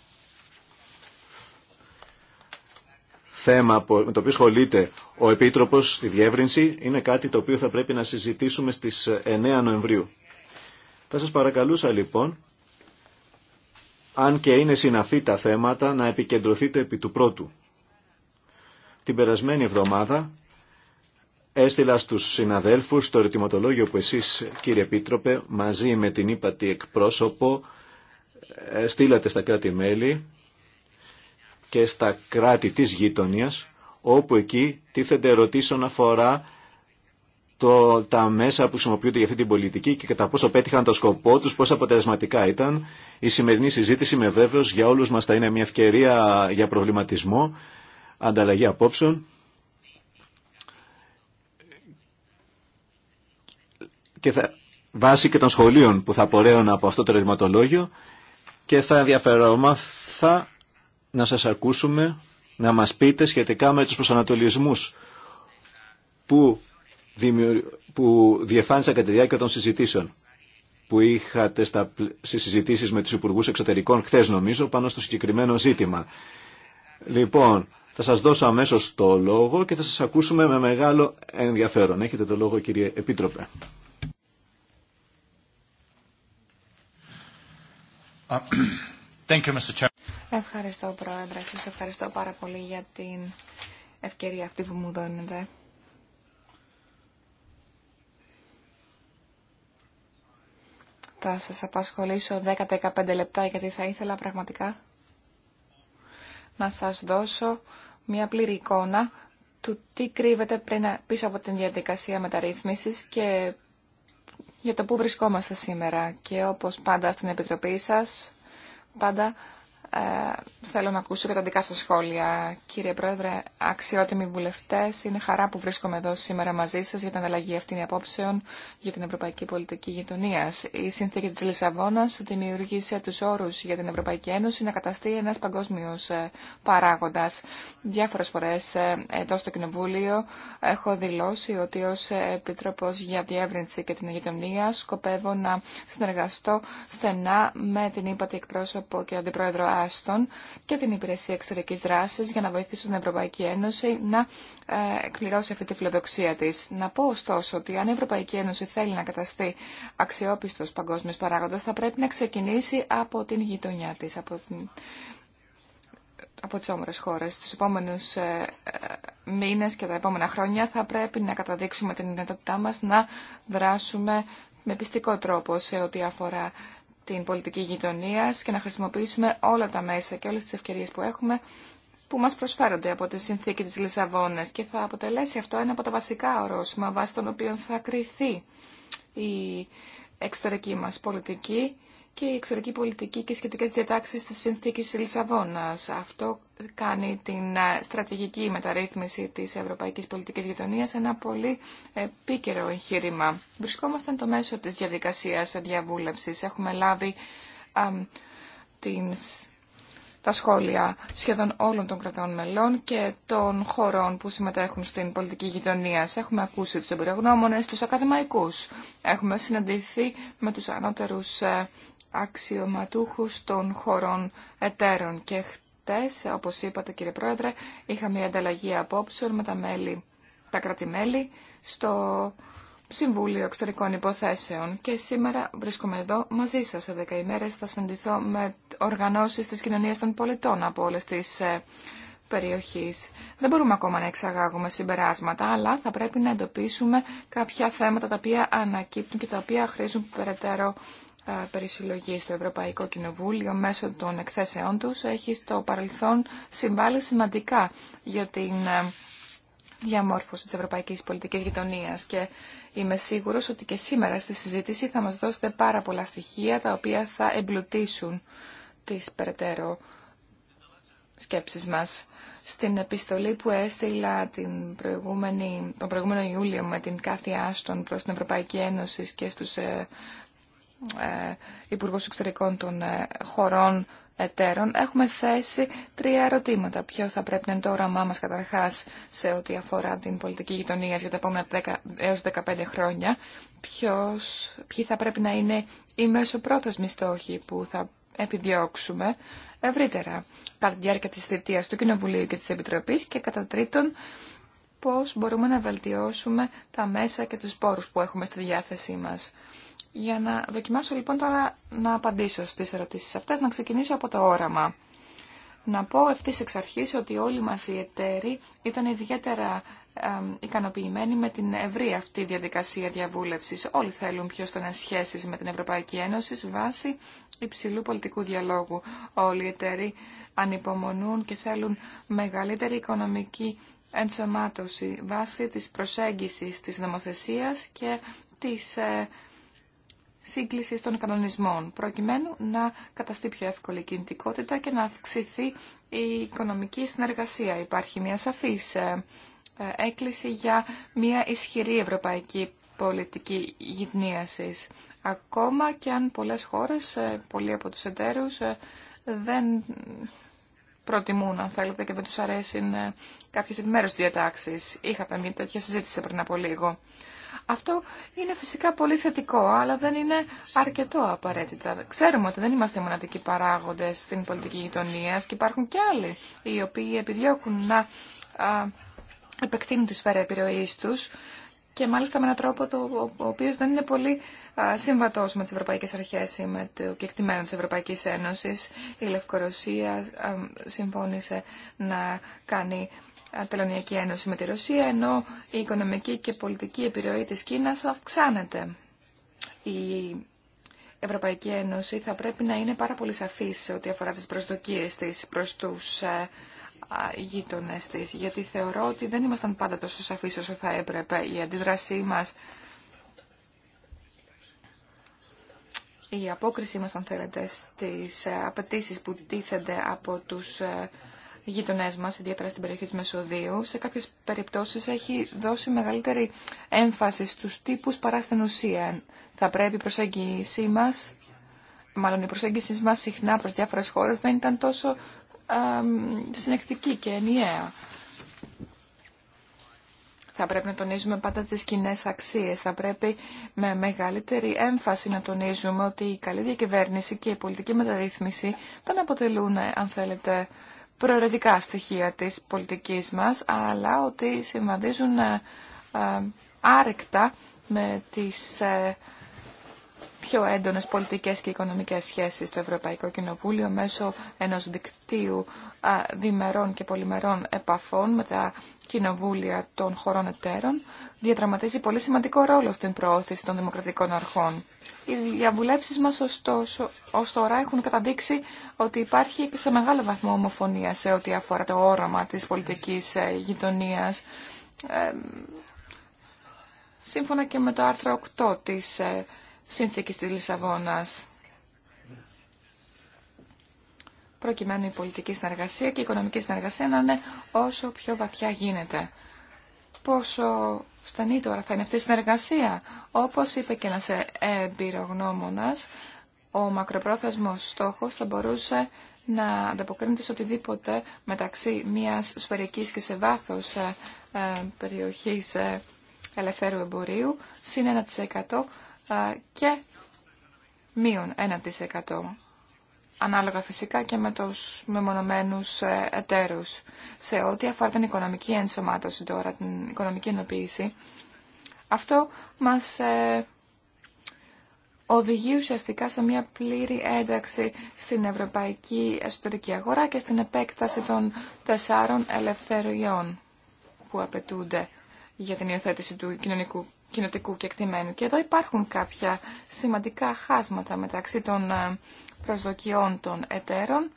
θέμα με το οποίο ασχολείται ο Επίτροπος στη διεύρυνση είναι κάτι το οποίο θα πρέπει να συζητήσουμε στις 9 ε, Νοεμβρίου. Θα σας παρακαλούσα λοιπόν, αν και είναι συναφή τα θέματα, να επικεντρωθείτε επί του πρώτου. Την περασμένη εβδομάδα έστειλα στους συναδέλφους το ερωτηματολόγιο που εσείς κύριε Επίτροπε μαζί με την ύπατη εκπρόσωπο ε, στείλατε στα κράτη-μέλη και στα κράτη της γειτονίας, όπου εκεί τίθενται όσον αφορά το, τα μέσα που χρησιμοποιούνται για αυτή την πολιτική και κατά πόσο πέτυχαν το σκοπό τους, πόσο αποτελεσματικά ήταν. Η σημερινή συζήτηση με βέβαιος για όλους μας θα είναι μια ευκαιρία για προβληματισμό, ανταλλαγή απόψεων. Και θα, βάσει και των σχολείων που θα πορέων από αυτό το ρευματολόγιο και θα ενδιαφερόμαθα να σας ακούσουμε, να μας πείτε σχετικά με τους προσανατολισμούς που, που διεφάνισαν κατά τη διάρκεια των συζητήσεων που είχατε στα... σε συζητήσεις με τους Υπουργούς Εξωτερικών χθες νομίζω πάνω στο συγκεκριμένο ζήτημα. Λοιπόν, θα σας δώσω αμέσως το λόγο και θα σας ακούσουμε με μεγάλο ενδιαφέρον. Έχετε το λόγο κύριε Επίτροπε. Ευχαριστώ, Πρόεδρε. Σας ευχαριστώ πάρα πολύ για την ευκαιρία αυτή που μου δίνετε. Θα σας απασχολήσω 10-15 λεπτά γιατί θα ήθελα πραγματικά να σας δώσω μια πλήρη εικόνα του τι κρύβεται πριν πίσω από την διαδικασία μεταρρύθμισης και για το πού βρισκόμαστε σήμερα. Και όπως πάντα στην Επιτροπή σας, πάντα ε, θέλω να ακούσω και τα δικά σας σχόλια. Κύριε Πρόεδρε, αξιότιμοι βουλευτές, είναι χαρά που βρίσκομαι εδώ σήμερα μαζί σας για την ανταλλαγή αυτήν απόψεων για την Ευρωπαϊκή Πολιτική Γειτονία. Η Σύνθηκε της Λισαβόνας δημιουργήσε τους όρους για την Ευρωπαϊκή Ένωση να καταστεί ένας παγκόσμιος ε, παράγοντας. Διάφορες φορές ε, εδώ στο Κοινοβούλιο έχω δηλώσει ότι ως Επίτροπος για Διεύρυνση και την Γειτονία σκοπεύω να συνεργαστώ στενά με την ύπατη εκπρόσωπο και αντιπρόεδρο και την Υπηρεσία εξωτερική δράση για να βοηθήσουν την Ευρωπαϊκή Ένωση να ε, εκπληρώσει αυτή τη φιλοδοξία τη. Να πω ωστόσο ότι αν η Ευρωπαϊκή Ένωση θέλει να καταστεί αξιόπιστος παγκόσμιος παράγοντας θα πρέπει να ξεκινήσει από την γειτονιά της, από την από χώρε. όμορες χώρες. Τους επόμενους ε, ε, μήνες και τα επόμενα χρόνια θα πρέπει να καταδείξουμε την δυνατότητά μα να δράσουμε με πιστικό τρόπο σε ό,τι αφορά την πολιτική γειτονία και να χρησιμοποιήσουμε όλα τα μέσα και όλες τις ευκαιρίες που έχουμε που μας προσφέρονται από τη συνθήκη της Λισαβόνας και θα αποτελέσει αυτό ένα από τα βασικά ορόσημα βάσει των οποίων θα κριθεί η εξωτερική μας πολιτική και η εξωτερική πολιτική και σχετικές διατάξεις της συνθήκης Λισαβόνας. Αυτό κάνει την ε, στρατηγική μεταρρύθμιση της Ευρωπαϊκής Πολιτικής Γειτονίας ένα πολύ επίκαιρο εγχείρημα. Βρισκόμαστε το μέσο της διαδικασίας διαβούλευσης. Έχουμε λάβει α, τα σχόλια σχεδόν όλων των κρατών μελών και των χωρών που συμμετέχουν στην πολιτική γειτονία. Έχουμε ακούσει τους εμπειρογνώμονες, τους ακαδημαϊκούς. Έχουμε συναντηθεί με τους ανώτερους ε, αξιωματούχους των χωρών εταίρων αυτές, όπως είπατε κύριε Πρόεδρε, είχαμε μια ανταλλαγή απόψεων με τα μέλη, τα κρατημέλη, στο Συμβούλιο Εξωτερικών Υποθέσεων και σήμερα βρίσκομαι εδώ μαζί σας. Σε δέκα ημέρες θα συνδυθώ με οργανώσεις της κοινωνίας των πολιτών από όλες τις ε, περιοχής. Δεν μπορούμε ακόμα να εξαγάγουμε συμπεράσματα, αλλά θα πρέπει να εντοπίσουμε κάποια θέματα τα οποία ανακύπτουν και τα οποία χρήζουν περαιτέρω ε, περισυλλογή στο Ευρωπαϊκό Κοινοβούλιο μέσω των εκθέσεών τους έχει στο παρελθόν συμβάλει σημαντικά για την ε, διαμόρφωση της ευρωπαϊκής πολιτικής γειτονίας και είμαι σίγουρος ότι και σήμερα στη συζήτηση θα μας δώσετε πάρα πολλά στοιχεία τα οποία θα εμπλουτίσουν τις περαιτέρω σκέψεις μας. Στην επιστολή που έστειλα την προηγούμενη, τον προηγούμενο Ιούλιο με την Κάθη Άστον προς την Ευρωπαϊκή Ένωση και στους ε, ε, Υπουργό Εξωτερικών των ε, χωρών εταίρων, έχουμε θέσει τρία ερωτήματα. Ποιο θα πρέπει να είναι το όραμά μας καταρχάς σε ό,τι αφορά την πολιτική γειτονία για τα επόμενα 10 έως 15 χρόνια. Ποιος, ποιοι θα πρέπει να είναι οι μεσοπρόθεσμοι στόχοι που θα επιδιώξουμε ευρύτερα κατά τη διάρκεια της θητείας του Κοινοβουλίου και της Επιτροπής και κατά τρίτον πώς μπορούμε να βελτιώσουμε τα μέσα και τους πόρους που έχουμε στη διάθεσή μας. Για να δοκιμάσω λοιπόν τώρα να απαντήσω στις ερωτήσεις αυτές, να ξεκινήσω από το όραμα. Να πω ευθύς εξ αρχής ότι όλοι μας οι εταίροι ήταν ιδιαίτερα ικανοποιημένοι με την ευρή αυτή διαδικασία διαβούλευσης. Όλοι θέλουν πιο στενές σχέσεις με την Ευρωπαϊκή Ένωση βάσει υψηλού πολιτικού διαλόγου. Όλοι οι εταίροι ανυπομονούν και θέλουν μεγαλύτερη οικονομική ενσωμάτωση βάσει της προσέγγισης της νομοθεσίας και της ε, σύγκληση των κανονισμών, προκειμένου να καταστεί πιο εύκολη η κινητικότητα και να αυξηθεί η οικονομική συνεργασία. Υπάρχει μια σαφής ε, έκκληση για μια ισχυρή ευρωπαϊκή πολιτική γυμνίασης. Ακόμα και αν πολλές χώρες, ε, πολλοί από τους εταίρους, ε, δεν προτιμούν, αν θέλετε, και δεν τους αρέσουν κάποιες επιμέρους διατάξεις. Είχατε μια τέτοια συζήτηση πριν από λίγο. Αυτό είναι φυσικά πολύ θετικό, αλλά δεν είναι αρκετό απαραίτητα. Ξέρουμε ότι δεν είμαστε μοναδικοί παράγοντες στην πολιτική γειτονία και υπάρχουν και άλλοι οι οποίοι επιδιώκουν να επεκτείνουν τη σφαίρα επιρροή του και μάλιστα με έναν τρόπο το, ο οποίος δεν είναι πολύ συμβατό συμβατός με τις ευρωπαϊκές αρχές ή με το κεκτημένο τη Ευρωπαϊκή Ένωση. Η Λευκορωσία συμφώνησε να κάνει Τελωνιακή Ένωση με τη Ρωσία, ενώ η οικονομική και πολιτική επιρροή της Κίνας αυξάνεται. Η Ευρωπαϊκή Ένωση θα πρέπει να είναι πάρα πολύ σαφής σε ό,τι αφορά τις προσδοκίες της προς τους ε, γείτονε τη, γιατί θεωρώ ότι δεν ήμασταν πάντα τόσο σαφείς όσο θα έπρεπε. Η αντίδρασή μας, η απόκρισή μας, αν θέλετε, στις ε, απαιτήσει που τίθενται από τους ε, γειτονέ μα, ιδιαίτερα στην περιοχή τη Μεσοδίου, σε κάποιε περιπτώσει έχει δώσει μεγαλύτερη έμφαση στου τύπου παρά στην ουσία. Θα πρέπει η προσέγγιση μα, μάλλον η προσέγγιση μα συχνά προ διάφορε χώρε δεν ήταν τόσο α, συνεκτική και ενιαία. Θα πρέπει να τονίζουμε πάντα τις κοινέ αξίες. Θα πρέπει με μεγαλύτερη έμφαση να τονίζουμε ότι η καλή διακυβέρνηση και η πολιτική μεταρρύθμιση δεν αποτελούν, αν θέλετε, προαιρετικά στοιχεία της πολιτικής μας, αλλά ότι συμβαδίζουν ε, ε, άρεκτα με τις ε, πιο έντονες πολιτικές και οικονομικές σχέσεις στο Ευρωπαϊκό Κοινοβούλιο μέσω ενός δικτύου διμερών και πολυμερών επαφών με τα κοινοβούλια των χωρών εταίρων, διαδραματίζει πολύ σημαντικό ρόλο στην προώθηση των δημοκρατικών αρχών. Οι διαβουλεύσει μας ω τώρα έχουν καταδείξει ότι υπάρχει και σε μεγάλο βαθμό ομοφωνία σε ό,τι αφορά το όραμα της πολιτικής ε, γειτονίας. σύμφωνα και με το άρθρο 8 της ε, Σύνθηκης της Λισαβόνας προκειμένου η πολιτική συνεργασία και η οικονομική συνεργασία να είναι όσο πιο βαθιά γίνεται. Πόσο στενή τώρα θα είναι αυτή η συνεργασία. Όπως είπε και ένας εμπειρογνώμονας, ο μακροπρόθεσμος στόχος θα μπορούσε να ανταποκρίνεται σε οτιδήποτε μεταξύ μιας σφαιρικής και σε βάθος ε, ε, περιοχής ε, ελευθέρου εμπορίου, συν 1% και μείον 1% ανάλογα φυσικά και με τους μεμονωμένους ε, εταίρους. Σε ό,τι αφορά την οικονομική ενσωμάτωση τώρα, την οικονομική ενοποίηση, αυτό μας ε, οδηγεί ουσιαστικά σε μια πλήρη ένταξη στην ευρωπαϊκή εσωτερική αγορά και στην επέκταση των τεσσάρων ελευθεριών που απαιτούνται για την υιοθέτηση του κοινωνικού κοινοτικού κεκτημένου. Και εδώ υπάρχουν κάποια σημαντικά χάσματα μεταξύ των ε, προσδοκιών των εταίρων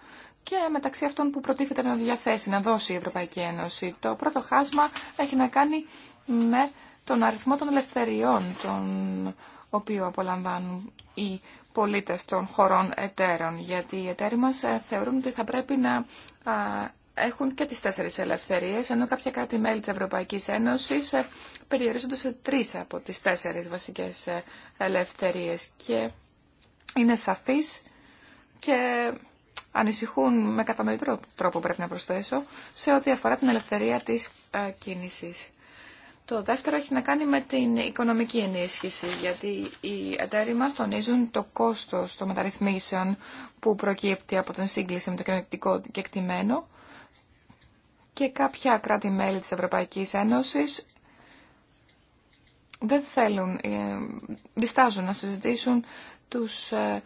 και μεταξύ αυτών που προτίθεται να διαθέσει, να δώσει η Ευρωπαϊκή Ένωση. Το πρώτο χάσμα έχει να κάνει με τον αριθμό των ελευθεριών, των οποίων απολαμβάνουν οι πολίτες των χωρών εταίρων, γιατί οι εταίροι μας ε, θεωρούν ότι θα πρέπει να έχουν και τις τέσσερις ελευθερίες, ενώ κάποια κράτη-μέλη της Ευρωπαϊκής Ένωσης ε, περιορίζονται σε τρεις από τις τέσσερις βασικές ε, ελευθερίες και είναι σαφείς και ανησυχούν με καταμετρό τρόπο πρέπει να προσθέσω σε ό,τι αφορά την ελευθερία της ε, κίνησης. Το δεύτερο έχει να κάνει με την οικονομική ενίσχυση, γιατί οι εταίροι μας τονίζουν το κόστος των μεταρρυθμίσεων που προκύπτει από την σύγκληση με το κοινωνικό κεκτημένο και κάποια κράτη-μέλη της Ευρωπαϊκής Ένωσης δεν θέλουν, ε, διστάζουν να συζητήσουν τους ε,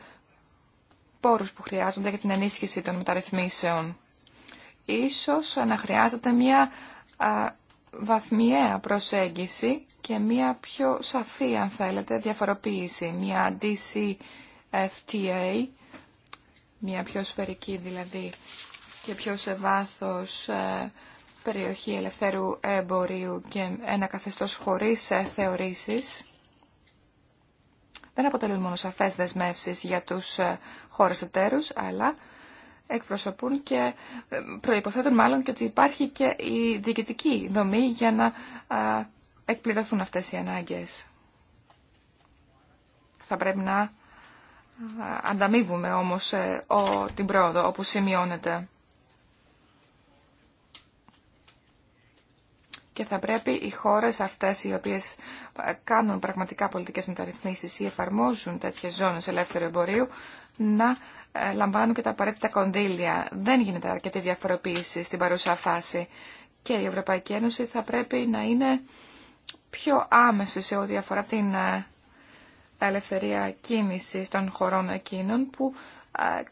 πόρους που χρειάζονται για την ενίσχυση των μεταρρυθμίσεων. Ίσως να χρειάζεται μια βαθμιαία προσέγγιση και μια πιο σαφή, αν θέλετε, διαφοροποίηση, μια DCFTA, μια πιο σφαιρική δηλαδή και πιο σε βάθος ε, περιοχή ελευθέρου εμπορίου και ένα καθεστώς χωρίς ε, θεωρήσεις δεν αποτελούν μόνο σαφές δεσμεύσεις για τους ε, χώρες εταίρους, αλλά εκπροσωπούν και προϋποθέτουν μάλλον και ότι υπάρχει και η διοικητική δομή για να εκπληρωθούν αυτές οι ανάγκες. Θα πρέπει να ανταμείβουμε όμως την πρόοδο όπου σημειώνεται. και θα πρέπει οι χώρες αυτές οι οποίες ε, κάνουν πραγματικά πολιτικές μεταρρυθμίσεις ή εφαρμόζουν τέτοιες ζώνες ελεύθερου εμπορίου να ε, λαμβάνουν και τα απαραίτητα κονδύλια. Δεν γίνεται αρκετή διαφοροποίηση στην παρούσα φάση και η Ευρωπαϊκή Ένωση θα πρέπει να είναι πιο άμεση σε ό,τι αφορά την ε, ελευθερία κίνηση των χωρών εκείνων που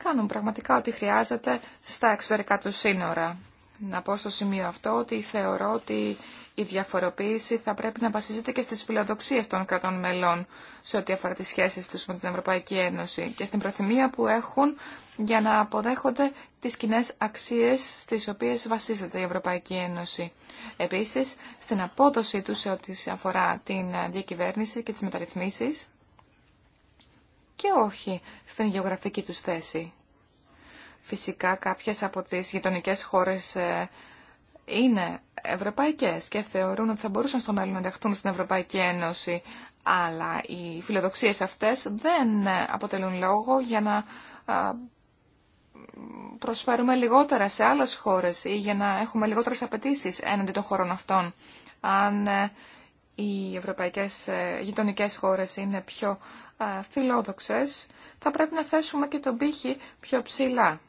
κάνουν πραγματικά ό,τι χρειάζεται στα εξωτερικά του σύνορα να πω στο σημείο αυτό ότι θεωρώ ότι η διαφοροποίηση θα πρέπει να βασίζεται και στις φιλοδοξίες των κρατών μελών σε ό,τι αφορά τις σχέσεις τους με την Ευρωπαϊκή Ένωση και στην προθυμία που έχουν για να αποδέχονται τις κοινέ αξίες στις οποίες βασίζεται η Ευρωπαϊκή Ένωση. Επίσης, στην απόδοση τους σε ό,τι αφορά την διακυβέρνηση και τις μεταρρυθμίσεις και όχι στην γεωγραφική τους θέση. Φυσικά κάποιες από τις γειτονικέ χώρες ε, είναι ευρωπαϊκές και θεωρούν ότι θα μπορούσαν στο μέλλον να ενταχθούν στην Ευρωπαϊκή Ένωση, αλλά οι φιλοδοξίες αυτές δεν αποτελούν λόγο για να προσφέρουμε λιγότερα σε άλλες χώρες ή για να έχουμε λιγότερες απαιτήσει έναντι των χωρών αυτών. Αν ε, οι ευρωπαϊκές ε, γειτονικές χώρες είναι πιο φιλόδοξες, θα πρέπει να θέσουμε και τον πύχη πιο ψηλά.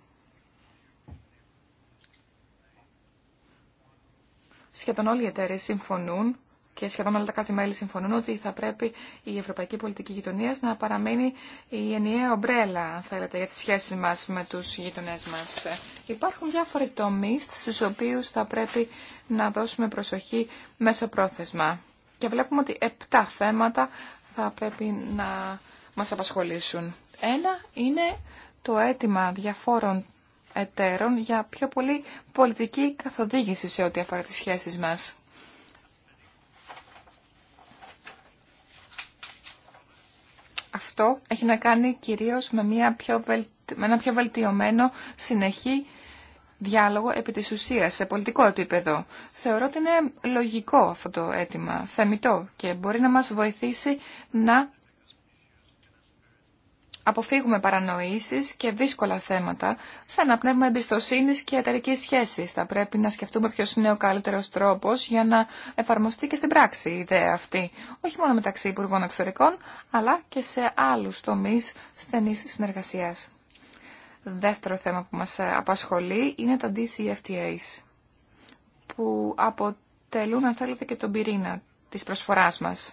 σχεδόν όλοι οι εταίρες συμφωνούν και σχεδόν όλα τα κράτη-μέλη συμφωνούν ότι θα πρέπει η ευρωπαϊκή πολιτική γειτονία να παραμείνει η ενιαία ομπρέλα, αν θέλετε, για τις σχέσεις μας με τους γείτονές μας. Υπάρχουν διάφοροι τομείς στους οποίους θα πρέπει να δώσουμε προσοχή μέσω πρόθεσμα. Και βλέπουμε ότι επτά θέματα θα πρέπει να μας απασχολήσουν. Ένα είναι το αίτημα διαφόρων εταίρων για πιο πολύ πολιτική καθοδήγηση σε ό,τι αφορά τις σχέσεις μας. Αυτό έχει να κάνει κυρίως με, μια πιο με ένα πιο βελτιωμένο συνεχή διάλογο επί της ουσίας σε πολιτικό επίπεδο. Θεωρώ ότι είναι λογικό αυτό το αίτημα, θεμητό και μπορεί να μας βοηθήσει να αποφύγουμε παρανοήσεις και δύσκολα θέματα σαν να πνεύμα εμπιστοσύνης και εταιρική σχέσης. Θα πρέπει να σκεφτούμε ποιο είναι ο καλύτερο τρόπο για να εφαρμοστεί και στην πράξη η ιδέα αυτή, όχι μόνο μεταξύ Υπουργών Εξωτερικών, αλλά και σε άλλους τομείς στενή συνεργασία. Δεύτερο θέμα που μας απασχολεί είναι τα DCFTAs, που αποτελούν, αν θέλετε, και τον πυρήνα της προσφοράς μας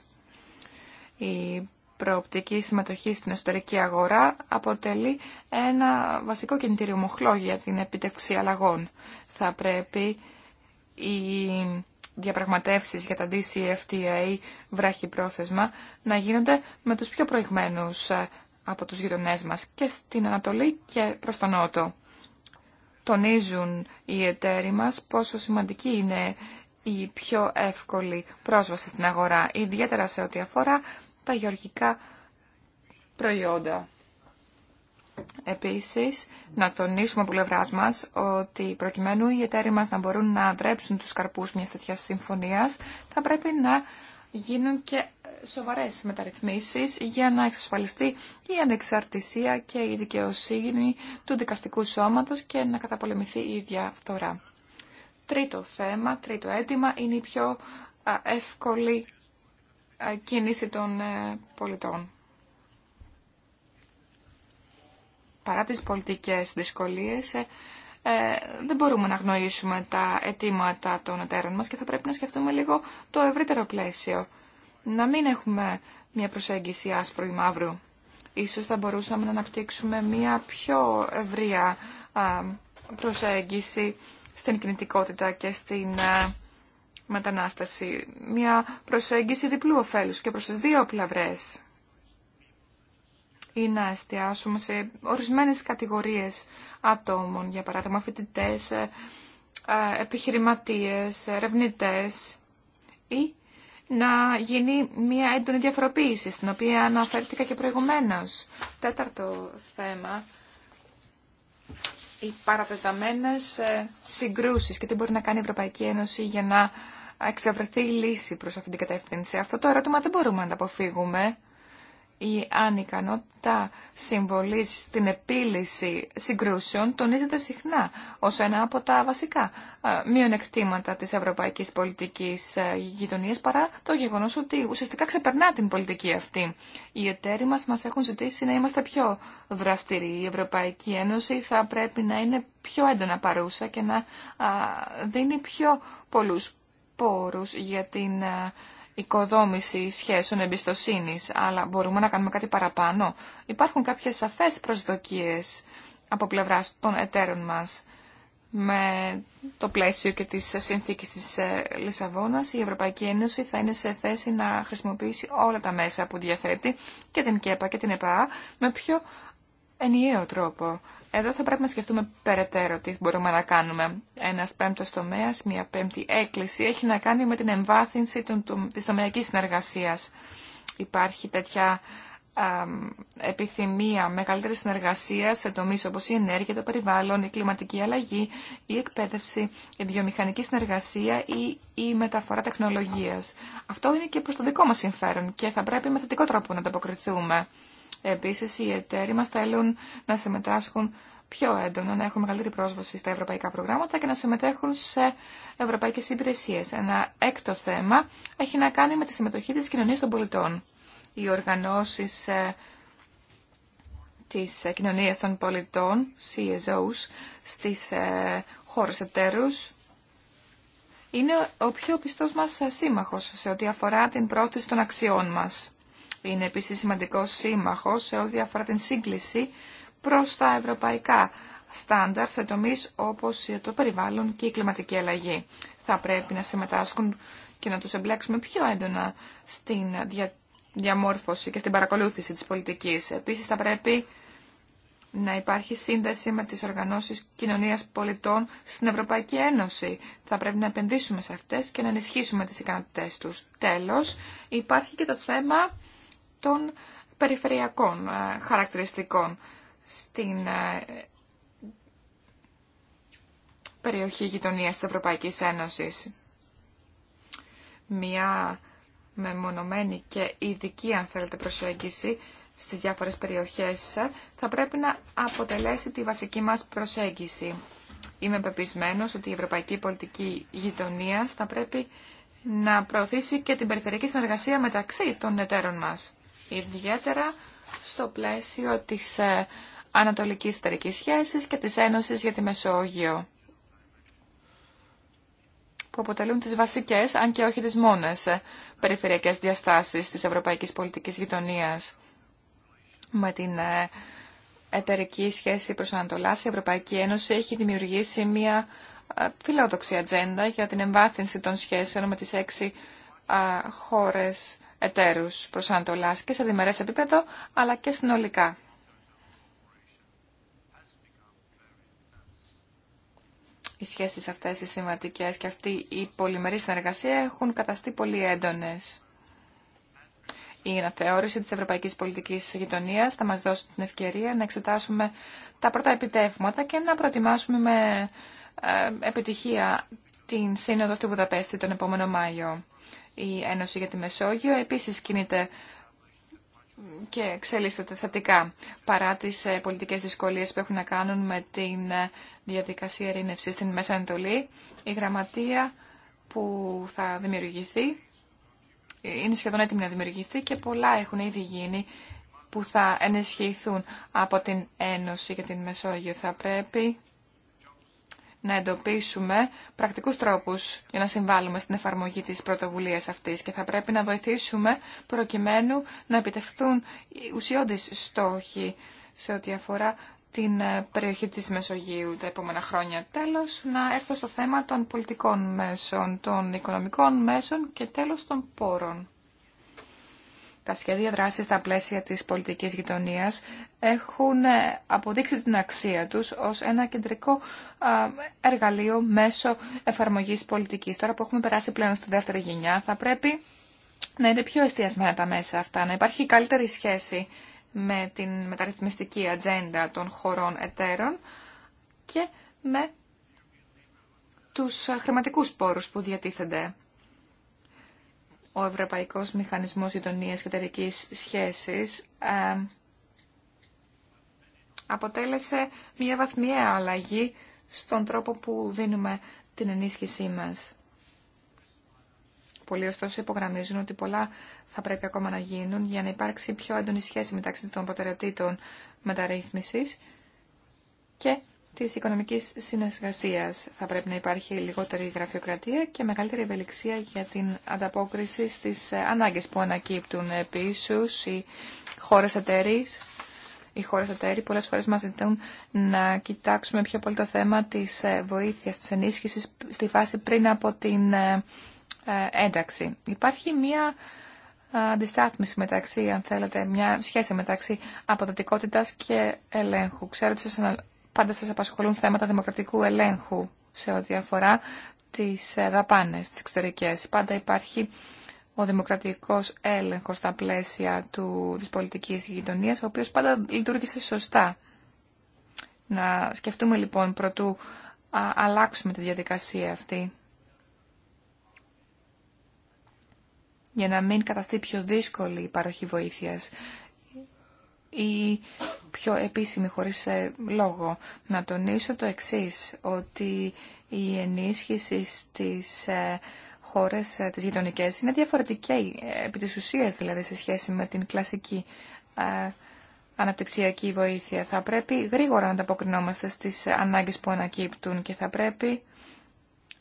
προοπτική συμμετοχή στην εσωτερική αγορά αποτελεί ένα βασικό κινητήριο μοχλό για την επιτευξή αλλαγών. Θα πρέπει οι διαπραγματεύσεις για τα DCFTA βράχη πρόθεσμα να γίνονται με τους πιο προηγμένους ε, από τους γειτονές μας και στην Ανατολή και προς τον Νότο. Τονίζουν οι εταίροι μας πόσο σημαντική είναι η πιο εύκολη πρόσβαση στην αγορά, ιδιαίτερα σε ό,τι αφορά τα γεωργικά προϊόντα. Επίσης, να τονίσουμε από πλευρά μα ότι προκειμένου οι εταίροι μας να μπορούν να αντρέψουν τους καρπούς μιας τέτοιας συμφωνίας, θα πρέπει να γίνουν και σοβαρές μεταρρυθμίσεις για να εξασφαλιστεί η ανεξαρτησία και η δικαιοσύνη του δικαστικού σώματος και να καταπολεμηθεί η ίδια φθορά. Τρίτο θέμα, τρίτο αίτημα είναι η πιο εύκολη κίνηση των ε, πολιτών. Παρά τις πολιτικές δυσκολίες, ε, ε, δεν μπορούμε να γνωρίσουμε τα αιτήματα των εταίρων μας και θα πρέπει να σκεφτούμε λίγο το ευρύτερο πλαίσιο. Να μην έχουμε μια προσέγγιση άσπρου ή μαύρου. Ίσως θα μπορούσαμε να αναπτύξουμε μια πιο ευρεία προσέγγιση στην κινητικότητα και στην μετανάστευση. Μια προσέγγιση διπλού ωφέλους και προς τις δύο πλευρές. Ή να εστιάσουμε σε ορισμένες κατηγορίες ατόμων, για παράδειγμα φοιτητές, ε, ε, επιχειρηματίες, ερευνητέ ή να γίνει μια έντονη διαφοροποίηση, στην οποία αναφέρθηκα και προηγουμένως. Τέταρτο θέμα, οι παρατεταμένες ε, συγκρούσεις και τι μπορεί να κάνει η Ευρωπαϊκή Ένωση για να εξευρεθεί λύση προς αυτήν την κατεύθυνση. Αυτό το ερώτημα δεν μπορούμε να το αποφύγουμε. Η ανυκανότητα συμβολής στην επίλυση συγκρούσεων τονίζεται συχνά ως ένα από τα βασικά ε, μειονεκτήματα της ευρωπαϊκής πολιτικής ε, γειτονίας παρά το γεγονός ότι ουσιαστικά ξεπερνά την πολιτική αυτή. Οι εταίροι μας μας έχουν ζητήσει να είμαστε πιο δραστηροί. Η Ευρωπαϊκή Ένωση θα πρέπει να είναι πιο έντονα παρούσα και να δίνει πιο πολλούς πόρους για την ε, οικοδόμηση σχέσεων εμπιστοσύνης, αλλά μπορούμε να κάνουμε κάτι παραπάνω. Υπάρχουν κάποιες σαφές προσδοκίες από πλευράς των εταίρων μας με το πλαίσιο και τις συνθήκες της ε, Λισαβόνας, η Ευρωπαϊκή Ένωση θα είναι σε θέση να χρησιμοποιήσει όλα τα μέσα που διαθέτει και την ΚΕΠΑ και την ΕΠΑ με πιο ενιαίο τρόπο. Εδώ θα πρέπει να σκεφτούμε περαιτέρω τι μπορούμε να κάνουμε. Ένας πέμπτος τομέας, μια πέμπτη έκκληση έχει να κάνει με την εμβάθυνση τη της τομεακής συνεργασίας. Υπάρχει τέτοια α, επιθυμία μεγαλύτερη συνεργασία σε τομείς όπως η ενέργεια, το περιβάλλον, η κλιματική αλλαγή, η εκπαίδευση, η βιομηχανική συνεργασία ή η μεταφορά τεχνολογίας. Αυτό είναι και προς το δικό μας συμφέρον και θα πρέπει με θετικό τρόπο να ανταποκριθούμε. Επίσης, οι εταίροι μας θέλουν να συμμετάσχουν πιο έντονα, να έχουν μεγαλύτερη πρόσβαση στα ευρωπαϊκά προγράμματα και να συμμετέχουν σε ευρωπαϊκές υπηρεσίες. Ένα έκτο θέμα έχει να κάνει με τη συμμετοχή της κοινωνίας των πολιτών. Οι οργανώσεις ε, της ε, κοινωνίας των πολιτών, CSOs, στις ε, χώρες εταίρους, είναι ο πιο πιστός μας σύμμαχος σε ό,τι αφορά την πρόθεση των αξιών μας. Είναι επίσης σημαντικό σύμμαχο σε ό,τι αφορά την σύγκληση προς τα ευρωπαϊκά στάνταρ σε τομείς όπως το περιβάλλον και η κλιματική αλλαγή. Θα πρέπει να συμμετάσχουν και να τους εμπλέξουμε πιο έντονα στην διαμόρφωση και στην παρακολούθηση της πολιτικής. Επίσης θα πρέπει να υπάρχει σύνδεση με τις οργανώσεις κοινωνίας πολιτών στην Ευρωπαϊκή Ένωση. Θα πρέπει να επενδύσουμε σε αυτές και να ενισχύσουμε τις ικανότητές τους. Τέλος, υπάρχει και το θέμα των περιφερειακών ε, χαρακτηριστικών στην ε, περιοχή γειτονία της Ευρωπαϊκής Ένωσης. Μια μεμονωμένη και ειδική, αν θέλετε, προσέγγιση στις διάφορες περιοχές ε, θα πρέπει να αποτελέσει τη βασική μας προσέγγιση. Είμαι πεπισμένος ότι η Ευρωπαϊκή Πολιτική Γειτονίας θα πρέπει να προωθήσει και την περιφερειακή συνεργασία μεταξύ των εταίρων μας ιδιαίτερα στο πλαίσιο της ε, Ανατολικής Ιταρικής Σχέσης και της Ένωσης για τη Μεσόγειο, που αποτελούν τις βασικές, αν και όχι τις μόνες, ε, περιφερειακές διαστάσεις της Ευρωπαϊκής Πολιτικής Γειτονίας. Με την ε, εταιρική σχέση προς Ανατολάς, η Ευρωπαϊκή Ένωση έχει δημιουργήσει μια φιλόδοξη ατζέντα για την εμβάθυνση των σχέσεων με τις έξι χώρες εταίρους προς Ανατολάς και σε διμερές επίπεδο, αλλά και συνολικά. Οι σχέσεις αυτές οι σημαντικές και αυτή η πολυμερή συνεργασία έχουν καταστεί πολύ έντονες. Η αναθεώρηση της ευρωπαϊκής πολιτικής γειτονίας θα μας δώσει την ευκαιρία να εξετάσουμε τα πρώτα επιτεύγματα και να προετοιμάσουμε με ε, επιτυχία την Σύνοδο στη Βουδαπέστη τον επόμενο Μάιο. Η Ένωση για τη Μεσόγειο επίσης κινείται και εξέλισσεται θετικά παρά τις ε, πολιτικές δυσκολίες που έχουν να κάνουν με την ε, διαδικασία ερήνευσης στην Μέσα Ανατολή. Η γραμματεία που θα δημιουργηθεί είναι σχεδόν έτοιμη να δημιουργηθεί και πολλά έχουν ήδη γίνει που θα ενισχυθούν από την Ένωση για την Μεσόγειο. Θα πρέπει να εντοπίσουμε πρακτικούς τρόπους για να συμβάλλουμε στην εφαρμογή της πρωτοβουλίας αυτής και θα πρέπει να βοηθήσουμε προκειμένου να επιτευχθούν οι ουσιώδεις στόχοι σε ό,τι αφορά την ε, περιοχή της Μεσογείου τα επόμενα χρόνια. Τέλος, να έρθω στο θέμα των πολιτικών μέσων, των οικονομικών μέσων και τέλος των πόρων. Τα σχέδια δράση στα πλαίσια της πολιτικής γειτονίας έχουν ε, αποδείξει την αξία τους ως ένα κεντρικό εργαλείο μέσω εφαρμογής πολιτικής. Τώρα που έχουμε περάσει πλέον στη δεύτερη γενιά θα πρέπει να είναι πιο εστιασμένα τα μέσα αυτά, να υπάρχει καλύτερη σχέση με την μεταρρυθμιστική ατζέντα των χωρών εταίρων και με τους χρηματικούς πόρους που διατίθενται ο Ευρωπαϊκός Μηχανισμός Γειτονίας και Τερικής Σχέσης αποτέλεσε μια βαθμιαία αλλαγή στον τρόπο που δίνουμε την ενίσχυσή μας. Πολλοί ωστόσο υπογραμμίζουν ότι πολλά θα πρέπει ακόμα να γίνουν για να υπάρξει πιο έντονη σχέση μεταξύ των προτεραιοτήτων μεταρρύθμισης και της οικονομικής συνεργασίας. Θα πρέπει να υπάρχει λιγότερη γραφειοκρατία και μεγαλύτερη ευελιξία για την ανταπόκριση στις ε, ανάγκες που ανακύπτουν. Επίσης, οι χώρες εταιρείς οι χώρες εταιρείς πολλές φορές μας ζητούν να κοιτάξουμε πιο πολύ το θέμα της ε, βοήθειας, της ενίσχυσης στη φάση πριν από την ε, ένταξη. Υπάρχει μία αντιστάθμιση μεταξύ, αν θέλετε, μια σχέση μεταξύ αποδοτικότητας και ελέγχου πάντα σας απασχολούν θέματα δημοκρατικού ελέγχου σε ό,τι αφορά τις ε, δαπάνες, τις εξωτερικές. Πάντα υπάρχει ο δημοκρατικός έλεγχος στα πλαίσια του, της πολιτικής γειτονίας, ο οποίος πάντα λειτουργήσε σωστά. Να σκεφτούμε λοιπόν πρωτού α, αλλάξουμε τη διαδικασία αυτή. για να μην καταστεί πιο δύσκολη η παροχή βοήθειας ή πιο επίσημη χωρίς ε, λόγο. Να τονίσω το εξής, ότι η ενίσχυση στις ε, χώρες ε, τις γειτονικές είναι διαφορετική επί της ουσίας δηλαδή σε σχέση με την κλασική αναπτυξιακή βοήθεια. Θα πρέπει γρήγορα να ανταποκρινόμαστε στις ανάγκες που ανακύπτουν και θα πρέπει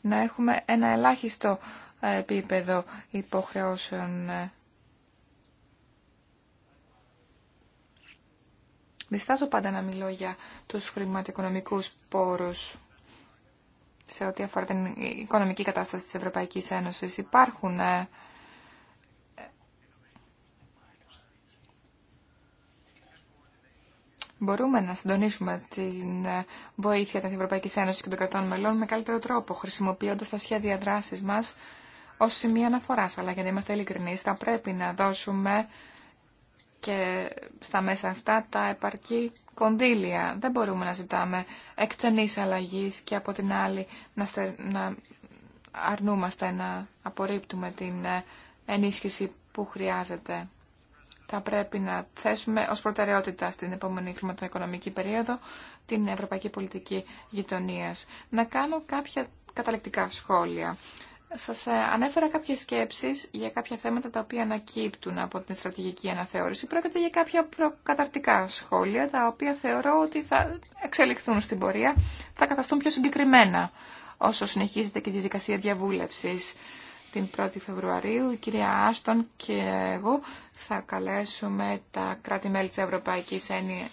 να έχουμε ένα ελάχιστο επίπεδο υποχρεώσεων Διστάζω πάντα να μιλώ για τους χρηματοοικονομικούς πόρους σε ό,τι αφορά την οικονομική κατάσταση της Ευρωπαϊκής Ένωσης. Υπάρχουν ε, μπορούμε να συντονίσουμε την ε, βοήθεια της Ευρωπαϊκής Ένωσης και των κρατών μελών με καλύτερο τρόπο, χρησιμοποιώντας τα σχέδια δράσης μας ως σημεία αναφοράς. Αλλά για να είμαστε ειλικρινείς, θα πρέπει να δώσουμε και στα μέσα αυτά τα επαρκή κονδύλια. Δεν μπορούμε να ζητάμε εκτενής αλλαγής και από την άλλη να, στε, να αρνούμαστε να απορρίπτουμε την ε, ενίσχυση που χρειάζεται. Θα πρέπει να θέσουμε ως προτεραιότητα στην επόμενη χρηματοοικονομική περίοδο την Ευρωπαϊκή Πολιτική Γειτονίας. Να κάνω κάποια καταλεκτικά σχόλια. Σας ε, ανέφερα κάποιες σκέψεις για κάποια θέματα τα οποία ανακύπτουν από την στρατηγική αναθεώρηση. Πρόκειται για κάποια προκαταρτικά σχόλια, τα οποία θεωρώ ότι θα εξελιχθούν στην πορεία, θα καταστούν πιο συγκεκριμένα όσο συνεχίζεται και τη δικασία διαβούλευσης. Την 1η Φεβρουαρίου η κυρία Άστον και εγώ θα καλέσουμε τα κράτη-μέλη της Ευρωπαϊκής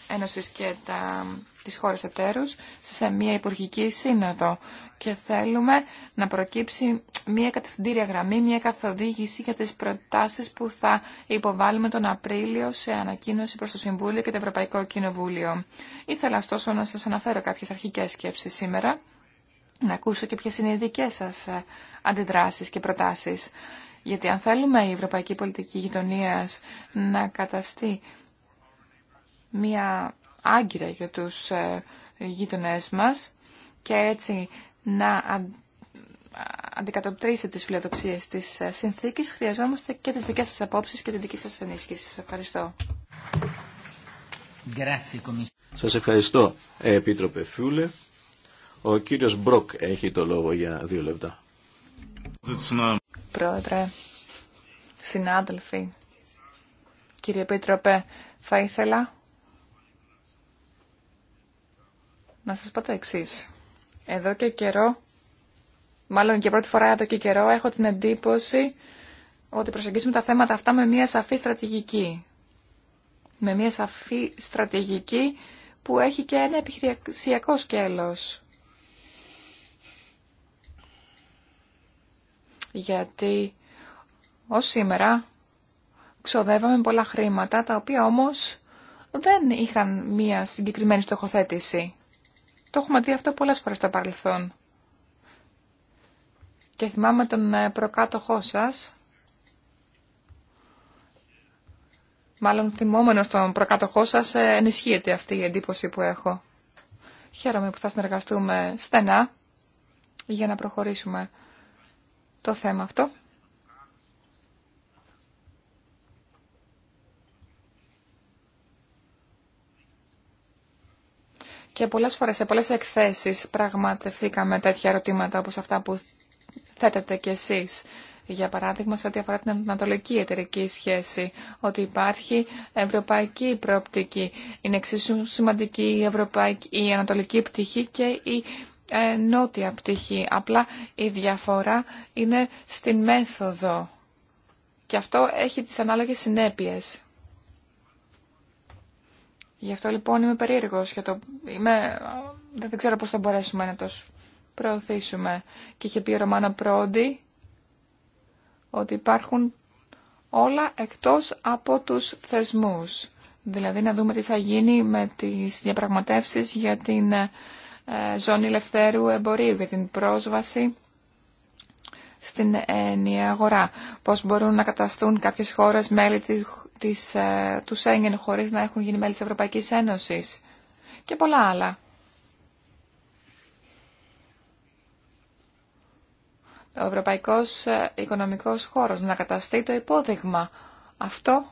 Ένωσης και τα τις χώρες εταίρους σε μια υπουργική σύνοδο και θέλουμε να προκύψει μια κατευθυντήρια γραμμή, μια καθοδήγηση για τις προτάσεις που θα υποβάλουμε τον Απρίλιο σε ανακοίνωση προς το Συμβούλιο και το Ευρωπαϊκό Κοινοβούλιο. Ήθελα ωστόσο να σας αναφέρω κάποιες αρχικές σκέψεις σήμερα, να ακούσω και ποιες είναι οι δικές σας ε, αντιδράσεις και προτάσεις. Γιατί αν θέλουμε η ευρωπαϊκή πολιτική γειτονία να καταστεί μια άγκυρα για τους ε, γείτονές μας και έτσι να αντικατοπτρίσετε τις φιλοδοξίες της ε, συνθήκης, χρειαζόμαστε και τις δικές σας απόψεις και την δική σας ενίσχυση. Σας ευχαριστώ. Σας ευχαριστώ, ε, Επίτροπε Φιούλε. Ο κύριος Μπροκ έχει το λόγο για δύο λεπτά. Πρόεδρε, συνάδελφοι, κύριε Επίτροπε, θα ήθελα να σας πω το εξή. Εδώ και καιρό, μάλλον και πρώτη φορά εδώ και καιρό, έχω την εντύπωση ότι προσεγγίσουμε τα θέματα αυτά με μια σαφή στρατηγική. Με μια σαφή στρατηγική που έχει και ένα επιχειρησιακό σκέλος. Γιατί ως σήμερα ξοδεύαμε πολλά χρήματα, τα οποία όμως δεν είχαν μια συγκεκριμένη στοχοθέτηση. Το έχουμε δει αυτό πολλές φορές στο παρελθόν. Και θυμάμαι τον ε, προκάτοχό σας, μάλλον θυμόμενος τον προκάτοχό σας, ε, ενισχύεται αυτή η εντύπωση που έχω. Χαίρομαι που θα συνεργαστούμε στενά για να προχωρήσουμε το θέμα αυτό. Και πολλές φορές σε πολλές εκθέσεις πραγματευθήκαμε τέτοια ερωτήματα όπως αυτά που θέτετε κι εσείς. Για παράδειγμα, σε ό,τι αφορά την ανατολική εταιρική σχέση, ότι υπάρχει ευρωπαϊκή προοπτική. Είναι εξίσου σημαντική η, ευρωπαϊκή, η ανατολική πτυχή και η ε, νότια πτυχή. Απλά η διαφορά είναι στην μέθοδο. Και αυτό έχει τις ανάλογες συνέπειες. Γι' αυτό λοιπόν είμαι περίεργο. για το... Είμαι... Δεν ξέρω πώς θα μπορέσουμε να το προωθήσουμε. Και είχε πει η Ρωμάνα Πρόντι ότι υπάρχουν όλα εκτός από τους θεσμούς. Δηλαδή να δούμε τι θα γίνει με τις διαπραγματεύσεις για την ε, ζώνη ελευθέρου εμπορίου, για την πρόσβαση στην ενιαία αγορά. Πώς μπορούν να καταστούν κάποιες χώρες μέλη της, ε, του Σέγγεν χωρίς να έχουν γίνει μέλη της Ευρωπαϊκής Ένωσης και πολλά άλλα. Ο Ευρωπαϊκός ε, Οικονομικός Χώρος να καταστεί το υπόδειγμα. Αυτό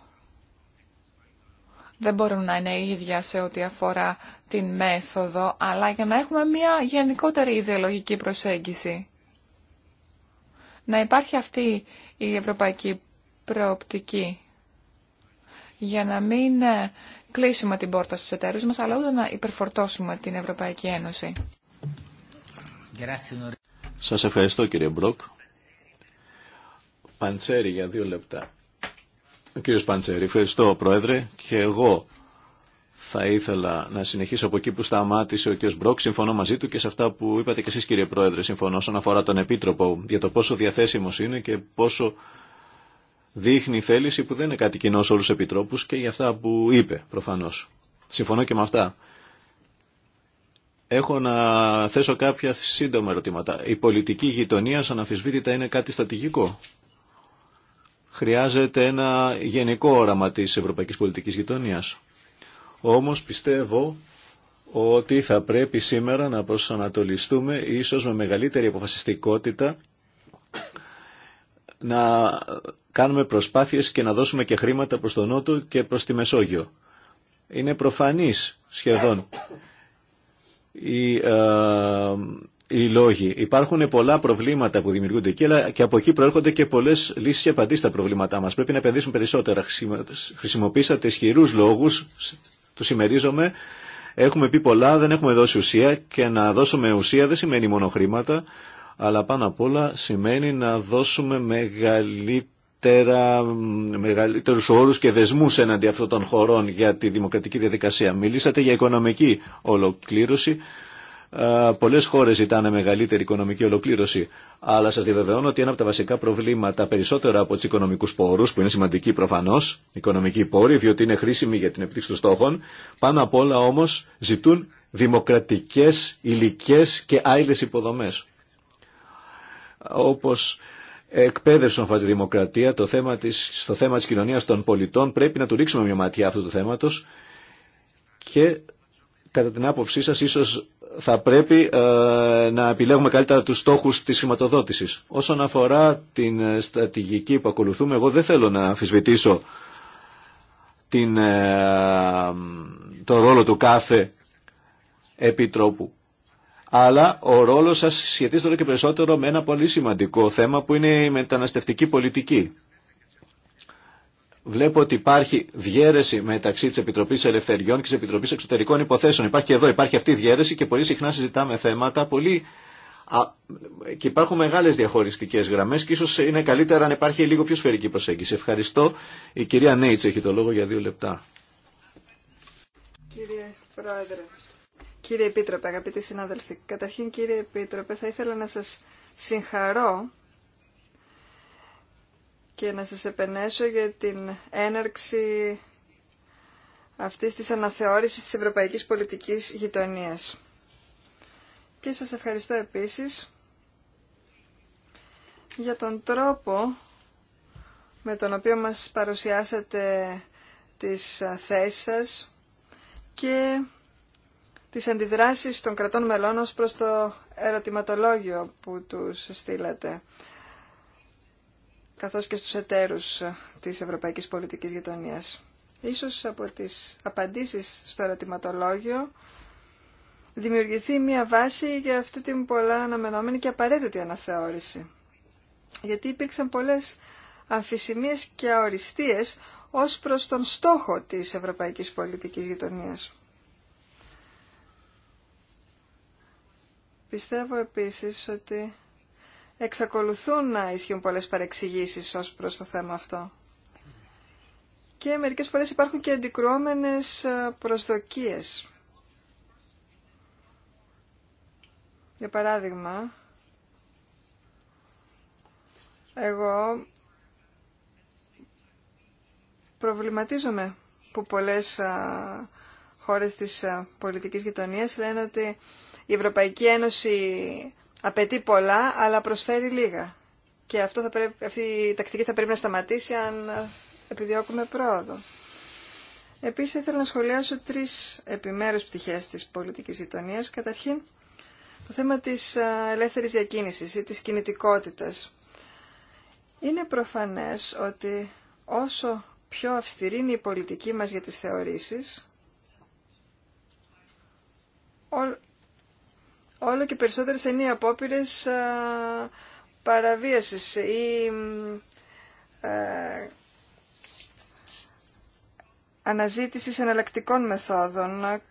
δεν μπορούν να είναι ίδια σε ό,τι αφορά την μέθοδο, αλλά για να έχουμε μια γενικότερη ιδεολογική προσέγγιση να υπάρχει αυτή η ευρωπαϊκή προοπτική για να μην ε, κλείσουμε την πόρτα στους εταίρους μας, αλλά ούτε να υπερφορτώσουμε την Ευρωπαϊκή Ένωση. Σας ευχαριστώ κύριε Μπρόκ. Παντσέρι για δύο λεπτά. Ο κύριος Παντσέρι, ευχαριστώ Πρόεδρε και εγώ θα ήθελα να συνεχίσω από εκεί που σταμάτησε ο κ. Μπρόκ. Συμφωνώ μαζί του και σε αυτά που είπατε και εσείς κύριε Πρόεδρε. Συμφωνώ όσον αφορά τον Επίτροπο για το πόσο διαθέσιμο είναι και πόσο δείχνει θέληση που δεν είναι κάτι κοινό σε όλους του επιτρόπους και για αυτά που είπε προφανώ. Συμφωνώ και με αυτά. Έχω να θέσω κάποια σύντομα ερωτήματα. Η πολιτική γειτονία σαν αμφισβήτητα είναι κάτι στατηγικό. Χρειάζεται ένα γενικό όραμα της ευρωπαϊκής πολιτικής γειτονία. Όμως πιστεύω ότι θα πρέπει σήμερα να προσανατολιστούμε ίσως με μεγαλύτερη αποφασιστικότητα να κάνουμε προσπάθειες και να δώσουμε και χρήματα προς τον Νότο και προς τη Μεσόγειο. Είναι προφανής σχεδόν οι, ε, λόγοι. Υπάρχουν πολλά προβλήματα που δημιουργούνται εκεί, αλλά και από εκεί προέρχονται και πολλές λύσεις και απαντήσεις στα προβλήματά μας. Πρέπει να επενδύσουμε περισσότερα. Χρησιμοποίησατε ισχυρού λόγους του συμμερίζομαι. Έχουμε πει πολλά, δεν έχουμε δώσει ουσία και να δώσουμε ουσία δεν σημαίνει μόνο χρήματα, αλλά πάνω απ' όλα σημαίνει να δώσουμε μεγαλύτερα, μεγαλύτερους όρους και δεσμούς εναντί αυτών των χωρών για τη δημοκρατική διαδικασία. Μιλήσατε για οικονομική ολοκλήρωση. Ε, πολλές χώρες ζητάνε μεγαλύτερη οικονομική ολοκλήρωση, αλλά σας διαβεβαιώνω ότι ένα από τα βασικά προβλήματα, περισσότερο από τους οικονομικούς πόρους, που είναι σημαντικοί προφανώς, οικονομικοί πόροι, διότι είναι χρήσιμοι για την επιτύχηση των στόχων, πάνω απ' όλα όμως ζητούν δημοκρατικές, υλικές και άειλες υποδομές. Όπως εκπαίδευση αυτή τη δημοκρατία, το θέμα της, στο θέμα της κοινωνίας των πολιτών πρέπει να του ρίξουμε μια ματιά αυτού του θέματος και κατά την άποψή σας ίσως θα πρέπει ε, να επιλέγουμε καλύτερα τους στόχους της χρηματοδότησης. Όσον αφορά την ε, στρατηγική που ακολουθούμε, εγώ δεν θέλω να αμφισβητήσω την, ε, το ρόλο του κάθε επιτρόπου. Αλλά ο ρόλος σας σχετίζεται όλο και περισσότερο με ένα πολύ σημαντικό θέμα που είναι η μεταναστευτική πολιτική. Βλέπω ότι υπάρχει διέρεση μεταξύ τη Επιτροπή Ελευθεριών και τη Επιτροπή Εξωτερικών Υποθέσεων. Υπάρχει και εδώ, υπάρχει αυτή η διέρεση και πολύ συχνά συζητάμε θέματα πολύ... και υπάρχουν μεγάλε διαχωριστικέ γραμμέ και ίσω είναι καλύτερα αν υπάρχει λίγο πιο σφαιρική προσέγγιση. Ευχαριστώ. Η κυρία Νέιτ έχει το λόγο για δύο λεπτά. Κύριε Πρόεδρε, κύριε Επίτροπε, αγαπητοί συνάδελφοι, καταρχήν κύριε Επίτροπε, θα ήθελα να σα συγχαρώ και να σας επενέσω για την έναρξη αυτής της αναθεώρησης της ευρωπαϊκής πολιτικής γειτονίας. Και σας ευχαριστώ επίσης για τον τρόπο με τον οποίο μας παρουσιάσατε τις θέσεις σας και τις αντιδράσεις των κρατών μελών ως προς το ερωτηματολόγιο που τους στείλατε καθώς και στους εταίρους της Ευρωπαϊκής Πολιτικής Γειτονίας. Ίσως από τις απαντήσεις στο ερωτηματολόγιο δημιουργηθεί μια βάση για αυτή την πολλά αναμενόμενη και απαραίτητη αναθεώρηση. Γιατί υπήρξαν πολλές αμφισημίες και αοριστίες ως προς τον στόχο της Ευρωπαϊκής Πολιτικής Γειτονίας. Πιστεύω επίσης ότι εξακολουθούν να ισχύουν πολλές παρεξηγήσεις ως προς το θέμα αυτό. Και μερικές φορές υπάρχουν και αντικρουόμενες ε, προσδοκίες. Για παράδειγμα, εγώ προβληματίζομαι που πολλές ε, χώρες της ε, πολιτικής γειτονίας λένε ότι η Ευρωπαϊκή Ένωση απαιτεί πολλά αλλά προσφέρει λίγα. Και αυτό θα αυτή η τακτική θα πρέπει να σταματήσει αν ε, επιδιώκουμε πρόοδο. Επίσης ήθελα να σχολιάσω τρεις επιμέρους πτυχές της πολιτικής γειτονίας. Καταρχήν το θέμα της ε, ελεύθερης διακίνησης ή της κινητικότητας. Είναι προφανές ότι όσο πιο αυστηρή είναι η πολιτική μας για τις θεωρήσεις, όλο και περισσότερες είναι οι απόπειρες παραβίασης ή ε, αναζήτησης εναλλακτικών μεθόδων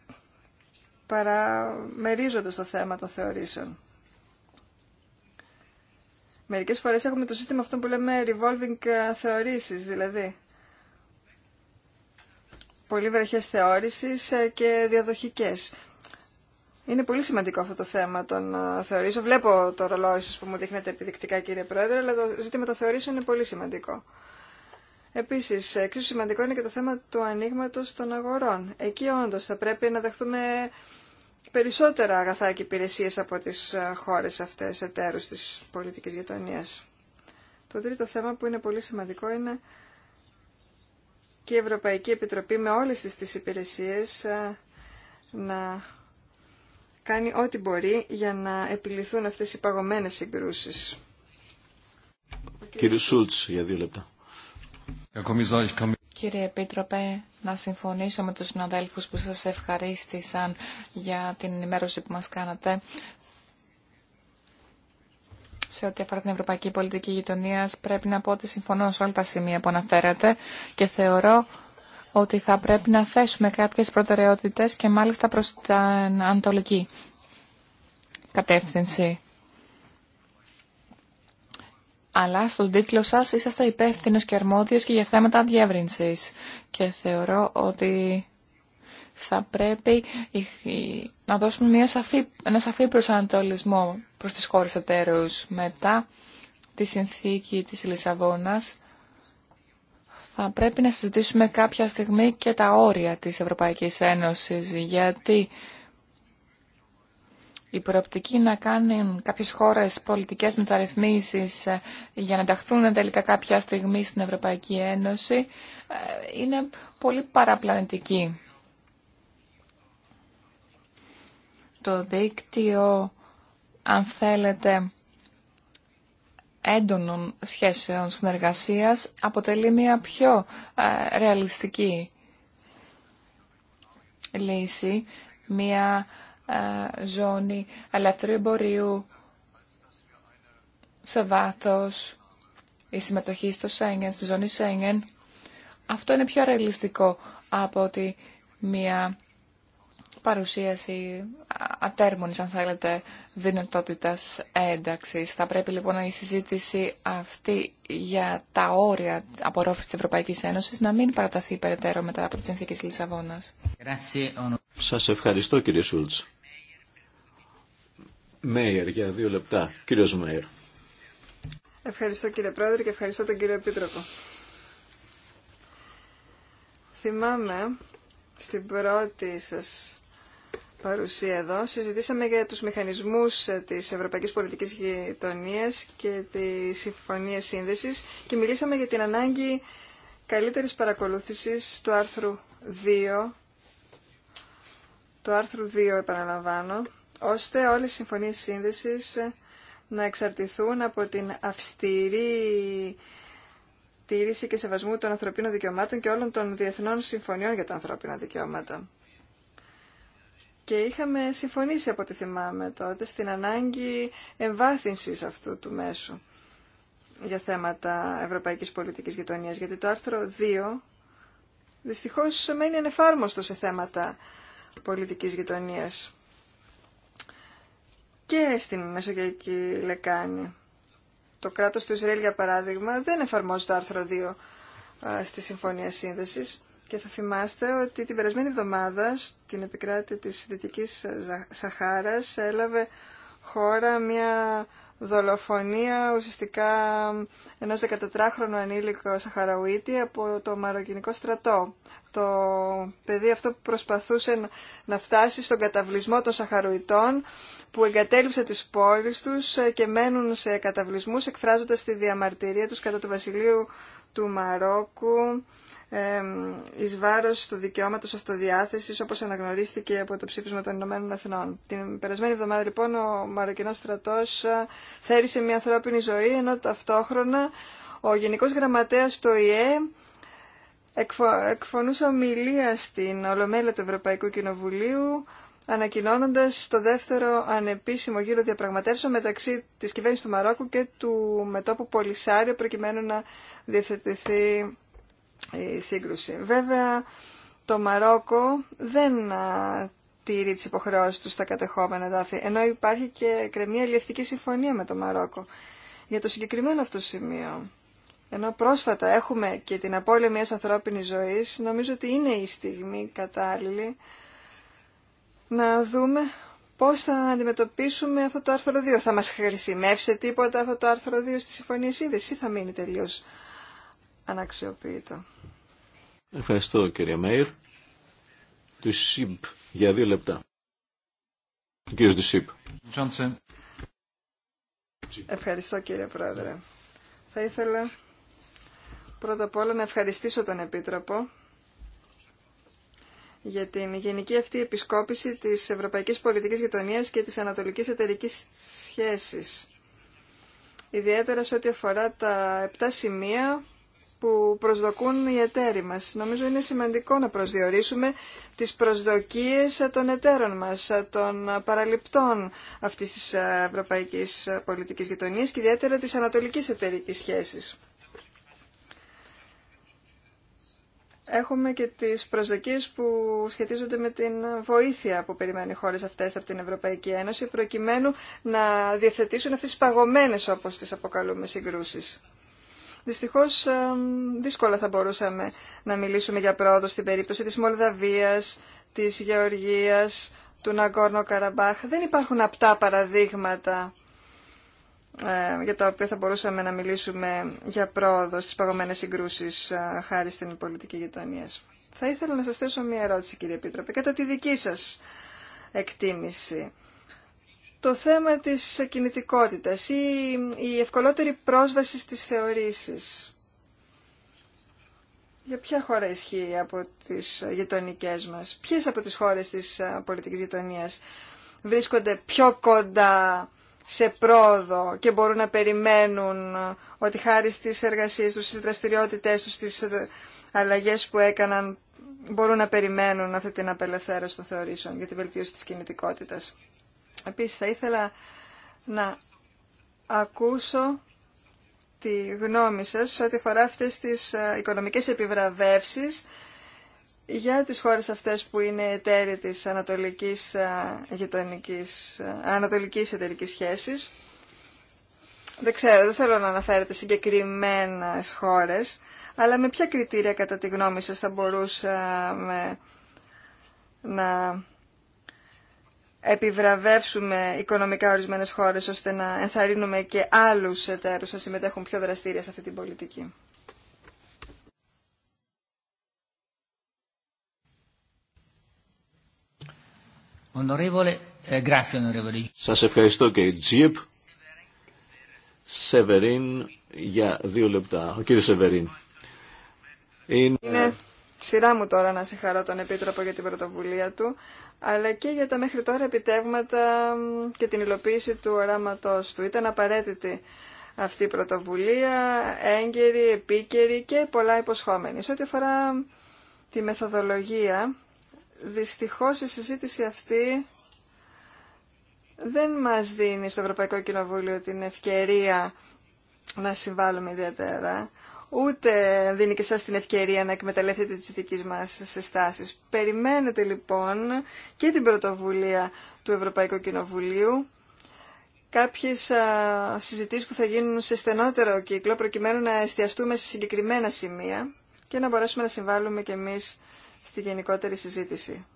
παραμερίζοντας το θέμα των θεωρήσεων. Μερικές φορές έχουμε το σύστημα αυτό που λέμε revolving θεωρήσεις, δηλαδή πολύ βραχές θεώρησεις και διαδοχικές. Είναι πολύ σημαντικό αυτό το θέμα των θεωρήσω. Βλέπω το ρολόι σας που μου δείχνετε επιδεικτικά κύριε Πρόεδρε, αλλά το ζήτημα το θεωρήσω είναι πολύ σημαντικό. Επίσης, εξίσου σημαντικό είναι και το θέμα του ανοίγματο των αγορών. Εκεί όντως θα πρέπει να δεχθούμε περισσότερα αγαθά και υπηρεσίες από τις χώρες αυτές, εταίρους της πολιτικής γειτονία. Το τρίτο θέμα που είναι πολύ σημαντικό είναι και η Ευρωπαϊκή Επιτροπή με όλες τι τις ε, να κάνει ό,τι μπορεί για να επιληθούν αυτές οι παγωμένες συγκρούσεις. Κύριε Σούλτς, για δύο λεπτά. Κύριε Επίτροπε, να συμφωνήσω με τους συναδέλφους που σας ευχαρίστησαν για την ενημέρωση που μας κάνατε σε ό,τι αφορά την ευρωπαϊκή πολιτική γειτονία. Πρέπει να πω ότι συμφωνώ σε όλα τα σημεία που αναφέρατε και θεωρώ ότι θα πρέπει να θέσουμε κάποιες προτεραιότητες και μάλιστα προς την ανατολική κατεύθυνση. Αλλά στον τίτλο σας είσαστε υπεύθυνος και αρμόδιος και για θέματα διεύρυνσης. Και θεωρώ ότι θα πρέπει να δώσουμε μια σαφή, ένα σαφή προσανατολισμό προς τις χώρες εταίρους μετά τη συνθήκη της Λισαβόνας θα πρέπει να συζητήσουμε κάποια στιγμή και τα όρια της Ευρωπαϊκής Ένωσης, γιατί η προοπτική να κάνουν κάποιες χώρες πολιτικές μεταρρυθμίσεις ε, για να ενταχθούν τελικά κάποια στιγμή στην Ευρωπαϊκή Ένωση ε, είναι πολύ παραπλανητική. Το δίκτυο, αν θέλετε, έντονων σχέσεων συνεργασίας αποτελεί μια πιο ε, ρεαλιστική λύση, μια ε, ζώνη ελεύθερου εμπορίου σε βάθος, η συμμετοχή στο Σέγγεν, στη ζώνη Σέγγεν. Αυτό είναι πιο ρεαλιστικό από ότι μια παρουσίαση ατέρμονης, αν θέλετε, δυνατότητας ένταξης. Θα πρέπει λοιπόν η συζήτηση αυτή για τα όρια απορρόφησης της Ευρωπαϊκής Ένωσης να μην παραταθεί περαιτέρω μετά από τις συνθήκες Λισαβόνας. Σας ευχαριστώ κύριε Σούλτς. Μέιερ για δύο λεπτά. Κύριος Μέιερ. Ευχαριστώ κύριε Πρόεδρε και ευχαριστώ τον κύριο Επίτροπο. Θυμάμαι στην πρώτη σας παρουσία εδώ. Συζητήσαμε για τους μηχανισμούς ε, της Ευρωπαϊκής Πολιτικής Γειτονίας και τη Συμφωνία Σύνδεσης και μιλήσαμε για την ανάγκη καλύτερης παρακολούθησης του άρθρου 2, του άρθρου 2 επαναλαμβάνω, ώστε όλες οι συμφωνίες σύνδεσης ε, να εξαρτηθούν από την αυστηρή τήρηση και σεβασμού των ανθρωπίνων δικαιωμάτων και όλων των διεθνών συμφωνιών για τα ανθρώπινα δικαιώματα. Και είχαμε συμφωνήσει από ό,τι θυμάμαι τότε στην ανάγκη εμβάθυνσης αυτού του μέσου για θέματα ευρωπαϊκής πολιτικής γειτονίας, γιατί το άρθρο 2 δυστυχώς μένει ανεφάρμοστο σε θέματα πολιτικής γειτονίας και στην Μεσογειακή Λεκάνη. Το κράτος του Ισραήλ, για παράδειγμα, δεν εφαρμόζει το άρθρο 2 στη Συμφωνία Σύνδεσης και θα θυμάστε ότι την περασμένη εβδομάδα στην επικράτη της Δυτικής Σαχάρας έλαβε χώρα μια δολοφονία ουσιαστικά ενός 14χρονου ανήλικου Σαχαραουίτη από το Μαροκινικό στρατό. Το παιδί αυτό που προσπαθούσε να φτάσει στον καταβλισμό των Σαχαρουιτών που εγκατέλειψε τις πόλεις τους και μένουν σε καταβλισμούς εκφράζοντας τη διαμαρτυρία τους κατά του βασιλείου του Μαρόκου εις βάρος του δικαιώματος αυτοδιάθεσης όπως αναγνωρίστηκε από το ψήφισμα των Ηνωμένων Εθνών. Την περασμένη εβδομάδα λοιπόν ο Μαροκινός στρατός ε, θέρισε μια ανθρώπινη ζωή ενώ ταυτόχρονα ο Γενικός Γραμματέας του ΙΕ εκφωνούσε ομιλία στην Ολομέλεια του Ευρωπαϊκού Κοινοβουλίου ανακοινώνοντα το δεύτερο ανεπίσημο γύρο διαπραγματεύσεων μεταξύ της κυβέρνησης του Μαρόκου και του μετόπου Πολυσάριο προκειμένου να διαθετηθεί η σύγκρουση. Βέβαια, το Μαρόκο δεν τήρει τις υποχρεώσεις του στα κατεχόμενα εδάφη, ενώ υπάρχει και κρεμία αλληλευτική συμφωνία με το Μαρόκο. Για το συγκεκριμένο αυτό σημείο, ενώ πρόσφατα έχουμε και την απώλεια μιας ανθρώπινης ζωής, νομίζω ότι είναι η στιγμή κατάλληλη να δούμε πώς θα αντιμετωπίσουμε αυτό το άρθρο 2. Θα μας χρησιμεύσει τίποτα αυτό το άρθρο 2 στη συμφωνία σύνδεση ή θα μείνει τελείως αναξιοποιητό. Ευχαριστώ κύριε Μέιρ. Του ΣΥΠ για δύο λεπτά. Ο κύριος του ΣΥΠ. Ευχαριστώ κύριε Πρόεδρε. Θα ήθελα πρώτα απ' όλα να ευχαριστήσω τον Επίτροπο για την γενική αυτή επισκόπηση της Ευρωπαϊκής Πολιτικής Γειτονίας και της Ανατολικής Εταιρικής Σχέσης. Ιδιαίτερα σε ό,τι αφορά τα επτά σημεία που προσδοκούν οι εταίροι μας. Νομίζω είναι σημαντικό να προσδιορίσουμε τις προσδοκίες των εταίρων μας, των παραληπτών αυτής της ευρωπαϊκής πολιτικής γειτονίας και ιδιαίτερα της ανατολικής εταιρικής σχέσης. Έχουμε και τις προσδοκίες που σχετίζονται με την βοήθεια που περιμένουν οι χώρες αυτές από την Ευρωπαϊκή Ένωση προκειμένου να διαθετήσουν αυτές τις παγωμένες όπως τις αποκαλούμε συγκρούσεις. Δυστυχώ δύσκολα θα μπορούσαμε να μιλήσουμε για πρόοδο στην περίπτωση της Μολδαβίας, της Γεωργίας, του Ναγκόρνο Καραμπάχ. Δεν υπάρχουν απτά παραδείγματα ε, για τα οποία θα μπορούσαμε να μιλήσουμε για πρόοδο στις παγωμένες συγκρούσεις ε, χάρη στην πολιτική γειτονία. Θα ήθελα να σας θέσω μια ερώτηση κύριε Επίτροπε, κατά τη δική σας εκτίμηση το θέμα της κινητικότητας ή η ευκολότερη πρόσβαση στις θεωρήσεις. Για ποια χώρα ισχύει από τις γειτονικέ μας, ποιες από τις χώρες της πολιτικής γειτονίας βρίσκονται πιο κοντά σε πρόοδο και μπορούν να περιμένουν ότι χάρη στις εργασίες τους, στις δραστηριότητές τους, στις ε, αλλαγές που έκαναν μπορούν να περιμένουν αυτή την απελευθέρωση των θεωρήσεων για τη βελτίωση της κινητικότητας. Επίσης θα ήθελα να ακούσω τη γνώμη σας σε ό,τι αφορά αυτές τις ε, οικονομικές επιβραβεύσεις για τις χώρες αυτές που είναι εταίροι της ανατολικής, ε, γειτονικής, ε, ανατολικής εταιρικής σχέσης. Δεν ξέρω, δεν θέλω να αναφέρετε συγκεκριμένες χώρες, αλλά με ποια κριτήρια κατά τη γνώμη σας θα μπορούσαμε να επιβραβεύσουμε οικονομικά ορισμένες χώρες ώστε να ενθαρρύνουμε και άλλους εταίρους να συμμετέχουν πιο δραστήρια σε αυτή την πολιτική. Eh, Σας ευχαριστώ και η Τζιπ Σεβερίν για δύο λεπτά. Ο κύριος Σεβερίν. Είναι... Είναι σειρά μου τώρα να συγχαρώ τον Επίτροπο για την πρωτοβουλία του, αλλά και για τα μέχρι τώρα επιτεύγματα και την υλοποίηση του οράματός του. Ήταν απαραίτητη αυτή η πρωτοβουλία, έγκαιρη, επίκαιρη και πολλά υποσχόμενη. Σε ό,τι αφορά τη μεθοδολογία, δυστυχώς η συζήτηση αυτή δεν μας δίνει στο Ευρωπαϊκό Κοινοβούλιο την ευκαιρία να συμβάλλουμε ιδιαίτερα ούτε δίνει και σας την ευκαιρία να εκμεταλλεύετε τις δικής μας συστάσεις. Περιμένετε λοιπόν και την πρωτοβουλία του Ευρωπαϊκού Κοινοβουλίου κάποιες συζητήσεις που θα γίνουν σε στενότερο κύκλο προκειμένου να εστιαστούμε σε συγκεκριμένα σημεία και να μπορέσουμε να συμβάλλουμε κι εμείς στη γενικότερη συζήτηση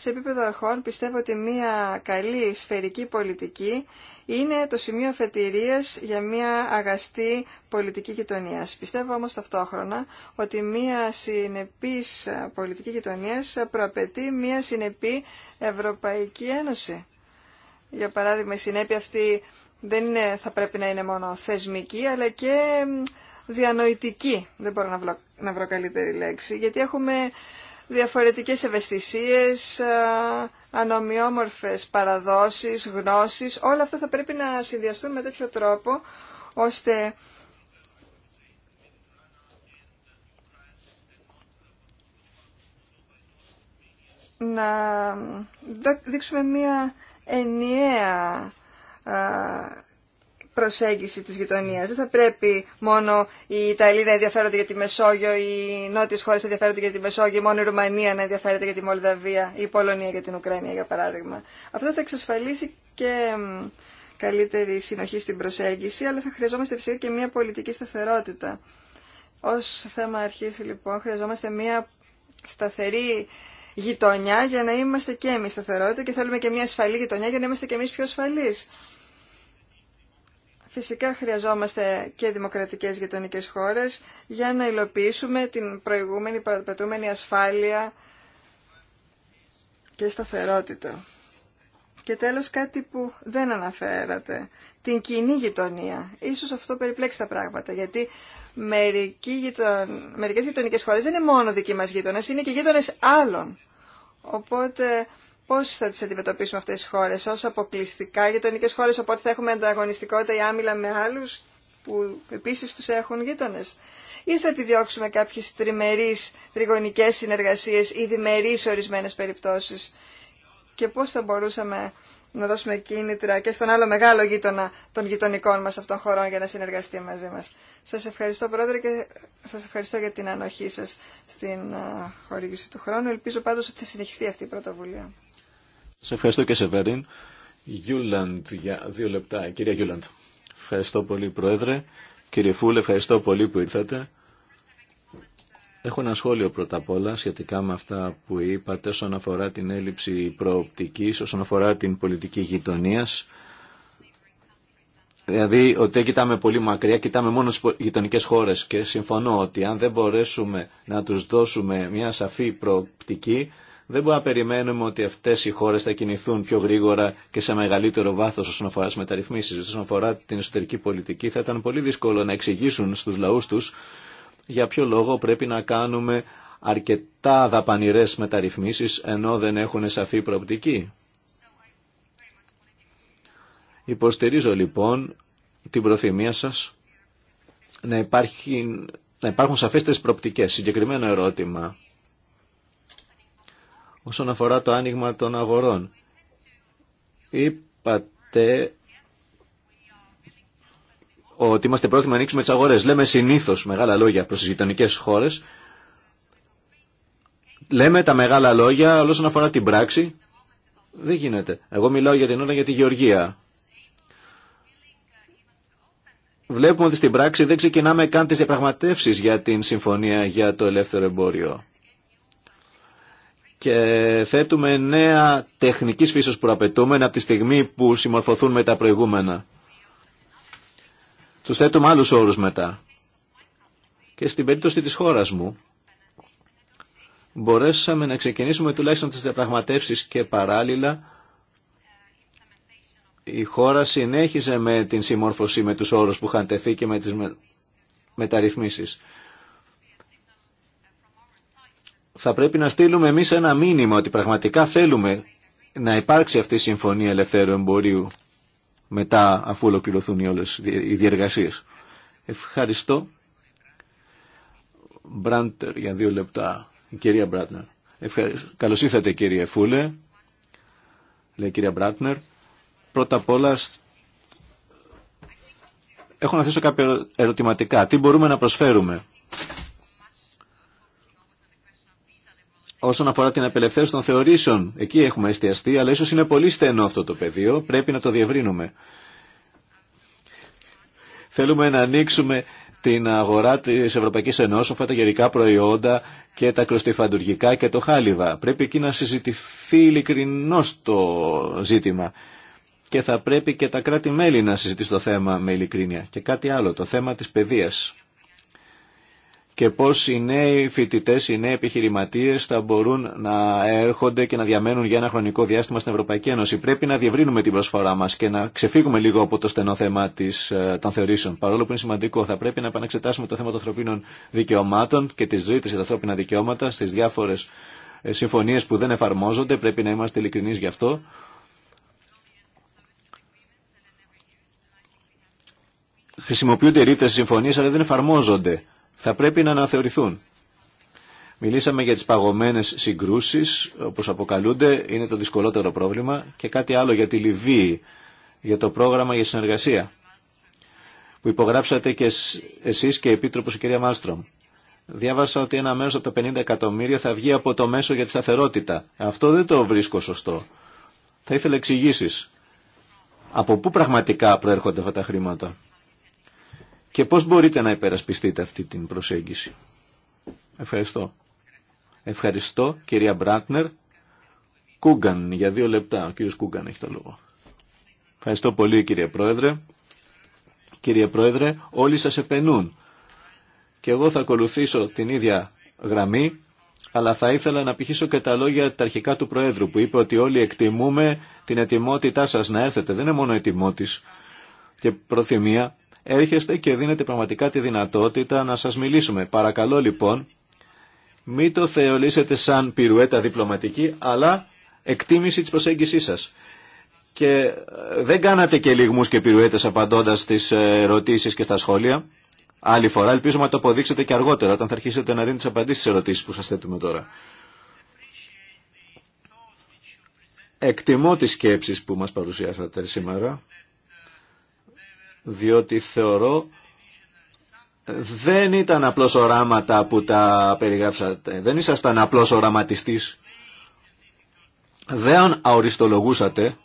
σε επίπεδο αρχών πιστεύω ότι μια καλή σφαιρική πολιτική είναι το σημείο αφετηρίας για μια αγαστή πολιτική γειτονία. Πιστεύω όμως ταυτόχρονα ότι μια συνεπής πολιτική γειτονία προαπαιτεί μια συνεπή Ευρωπαϊκή Ένωση. Για παράδειγμα, η συνέπεια αυτή δεν θα πρέπει να είναι μόνο θεσμική, αλλά και διανοητική. Δεν μπορώ να να βρω καλύτερη λέξη, γιατί έχουμε διαφορετικές ευαισθησίες, ανομοιόμορφες παραδόσεις, γνώσεις. Όλα αυτά θα πρέπει να συνδυαστούν με τέτοιο τρόπο, ώστε να δείξουμε μία ενιαία προσέγγιση της γειτονία. Δεν θα πρέπει μόνο η Ιταλία να ενδιαφέρονται για τη Μεσόγειο, οι νότιες χώρες να ενδιαφέρονται για τη Μεσόγειο, μόνο η Ρουμανία να ενδιαφέρεται για τη Μολδαβία ή η Πολωνία για την Ουκρανία, για παράδειγμα. Αυτό θα εξασφαλίσει και καλύτερη συνοχή στην προσέγγιση, αλλά θα χρειαζόμαστε φυσικά και μια πολιτική σταθερότητα. Ως θέμα αρχής, λοιπόν, χρειαζόμαστε μια σταθερή γειτονιά για να είμαστε και εμείς σταθερότητα και θέλουμε και μια ασφαλή γειτονιά για να είμαστε και εμείς πιο ασφαλείς. Φυσικά χρειαζόμαστε και δημοκρατικές γειτονικές χώρες για να υλοποιήσουμε την προηγούμενη παραπετούμενη ασφάλεια και σταθερότητα. Και τέλος κάτι που δεν αναφέρατε, την κοινή γειτονία. Ίσως αυτό περιπλέξει τα πράγματα, γιατί γειτον... μερικές γειτονικές χώρες δεν είναι μόνο δικοί μας γείτονες, είναι και γείτονες άλλων. Οπότε Πώ θα τι αντιμετωπίσουμε αυτέ τι χώρε ω αποκλειστικά Γειτονικέ χώρε οπότε θα έχουμε ανταγωνιστικότητα ή άμυλα με άλλους που επίση του έχουν γείτονε. Ή θα επιδιώξουμε κάποιε τριμερεί τριγωνικέ συνεργασίε ή διμερείς ορισμένες περιπτώσεις. Και πώ θα μπορούσαμε να δώσουμε κίνητρα και στον άλλο μεγάλο γείτονα των γειτονικών μας αυτών χωρών για να συνεργαστεί μαζί μας. Σας ευχαριστώ πρόεδρε και σας ευχαριστώ για την ανοχή σας στην χορήγηση του χρόνου. Ελπίζω πάντως ότι θα συνεχιστεί αυτή η πρωτοβουλία. Σε ευχαριστώ και Σεβερίν. Γιούλαντ για δύο λεπτά. Κυρία Γιούλαντ. Ευχαριστώ πολύ Πρόεδρε. Κύριε Φούλ, ευχαριστώ πολύ που ήρθατε. Έχω ένα σχόλιο πρώτα απ' όλα σχετικά με αυτά που είπατε όσον αφορά την έλλειψη προοπτικής, όσον αφορά την πολιτική γειτονία. Δηλαδή ότι κοιτάμε πολύ μακριά, κοιτάμε μόνο στις γειτονικές χώρες και συμφωνώ ότι αν δεν μπορέσουμε να τους δώσουμε μια σαφή προοπτική δεν μπορούμε να περιμένουμε ότι αυτέ οι χώρε θα κινηθούν πιο γρήγορα και σε μεγαλύτερο βάθο όσον αφορά τι μεταρρυθμίσει. Όσον αφορά την εσωτερική πολιτική, θα ήταν πολύ δύσκολο να εξηγήσουν στου λαού του για ποιο λόγο πρέπει να κάνουμε αρκετά δαπανηρέ μεταρρυθμίσει ενώ δεν έχουν σαφή προοπτική. Υποστηρίζω λοιπόν την προθυμία σας να, υπάρχει, να υπάρχουν σαφέστες προπτικές. Συγκεκριμένο ερώτημα όσον αφορά το άνοιγμα των αγορών. Είπατε ότι είμαστε πρόθυμοι να ανοίξουμε τις αγορές. Λέμε συνήθως μεγάλα λόγια προς τις γειτονικέ χώρες. Λέμε τα μεγάλα λόγια, αλλά όσον αφορά την πράξη, δεν γίνεται. Εγώ μιλάω για την ώρα για τη γεωργία. Βλέπουμε ότι στην πράξη δεν ξεκινάμε καν τις διαπραγματεύσεις για την συμφωνία για το ελεύθερο εμπόριο και θέτουμε νέα τεχνικής φύσεως που απαιτούμε από τη στιγμή που συμμορφωθούν με τα προηγούμενα. Του θέτουμε άλλους όρους μετά. Και στην περίπτωση της χώρας μου, μπορέσαμε να ξεκινήσουμε τουλάχιστον τις διαπραγματεύσεις και παράλληλα η χώρα συνέχιζε με την συμμόρφωση με τους όρους που είχαν τεθεί και με τις μεταρρυθμίσεις θα πρέπει να στείλουμε εμείς ένα μήνυμα ότι πραγματικά θέλουμε να υπάρξει αυτή η συμφωνία ελευθέρου εμπορίου μετά αφού ολοκληρωθούν οι όλες οι διεργασίες. Ευχαριστώ. Μπράντερ για δύο λεπτά. Η κυρία Μπράτνερ. Ευχαριστώ. Καλώς ήρθατε κύριε Φούλε. Λέει η κυρία Μπράτνερ. Πρώτα απ' όλα έχω να θέσω κάποια ερωτηματικά. Τι μπορούμε να προσφέρουμε όσον αφορά την απελευθέρωση των θεωρήσεων, εκεί έχουμε εστιαστεί, αλλά ίσως είναι πολύ στενό αυτό το πεδίο, πρέπει να το διευρύνουμε. Θέλουμε να ανοίξουμε την αγορά της Ευρωπαϊκής Ενώσης, αυτά τα γερικά προϊόντα και τα κρουστιφαντουργικά και το χάλιβα. Πρέπει εκεί να συζητηθεί ειλικρινώς το ζήτημα. Και θα πρέπει και τα κράτη-μέλη να συζητήσουν το θέμα με ειλικρίνεια. Και κάτι άλλο, το θέμα της παιδείας και πώς οι νέοι φοιτητέ, οι νέοι επιχειρηματίες θα μπορούν να έρχονται και να διαμένουν για ένα χρονικό διάστημα στην Ευρωπαϊκή Ένωση. Πρέπει να διευρύνουμε την προσφορά μας και να ξεφύγουμε λίγο από το στενό θέμα της, ε, των θεωρήσεων. Παρόλο που είναι σημαντικό, θα πρέπει να επαναξετάσουμε το θέμα των ανθρωπίνων δικαιωμάτων και της ζήτησης για τα ανθρώπινα δικαιώματα στις διάφορες ε, συμφωνίες που δεν εφαρμόζονται. Πρέπει να είμαστε ειλικρινεί γι' αυτό. Χρησιμοποιούνται ρήτε συμφωνίε, αλλά δεν εφαρμόζονται θα πρέπει να αναθεωρηθούν. Μιλήσαμε για τις παγωμένες συγκρούσεις, όπως αποκαλούνται, είναι το δυσκολότερο πρόβλημα και κάτι άλλο για τη Λιβύη, για το πρόγραμμα για συνεργασία που υπογράψατε και εσείς και η Επίτροπος η κυρία Μάλστρομ. Διάβασα ότι ένα μέρος από τα 50 εκατομμύρια θα βγει από το μέσο για τη σταθερότητα. Αυτό δεν το βρίσκω σωστό. Θα ήθελα εξηγήσει. Από πού πραγματικά προέρχονται αυτά τα χρήματα και πώς μπορείτε να υπερασπιστείτε αυτή την προσέγγιση. Ευχαριστώ. Ευχαριστώ κυρία Μπράτνερ. Κούγκαν για δύο λεπτά. Ο κύριος Κούγκαν έχει το λόγο. Ευχαριστώ πολύ κύριε Πρόεδρε. Κύριε Πρόεδρε, όλοι σας επενούν. Και εγώ θα ακολουθήσω την ίδια γραμμή, αλλά θα ήθελα να πηχήσω και τα λόγια τα αρχικά του Προέδρου, που είπε ότι όλοι εκτιμούμε την ετοιμότητά σας να έρθετε. Δεν είναι μόνο ετοιμότης και προθυμία, έρχεστε και δίνετε πραγματικά τη δυνατότητα να σας μιλήσουμε. Παρακαλώ λοιπόν, μην το θεωρήσετε σαν πυρουέτα διπλωματική, αλλά εκτίμηση της προσέγγισής σας. Και ε, δεν κάνατε και λιγμούς και πυρουέτες απαντώντας στις ε, ερωτήσεις και στα σχόλια. Άλλη φορά ελπίζω να το αποδείξετε και αργότερα όταν θα αρχίσετε να δίνετε τις απαντήσεις στις ερωτήσεις που σας θέτουμε τώρα. Εκτιμώ τις σκέψεις που μας παρουσιάσατε σήμερα διότι θεωρώ δεν ήταν απλώς οράματα που τα περιγράψατε. Δεν ήσασταν απλώς οραματιστής. Δεν αοριστολογούσατε.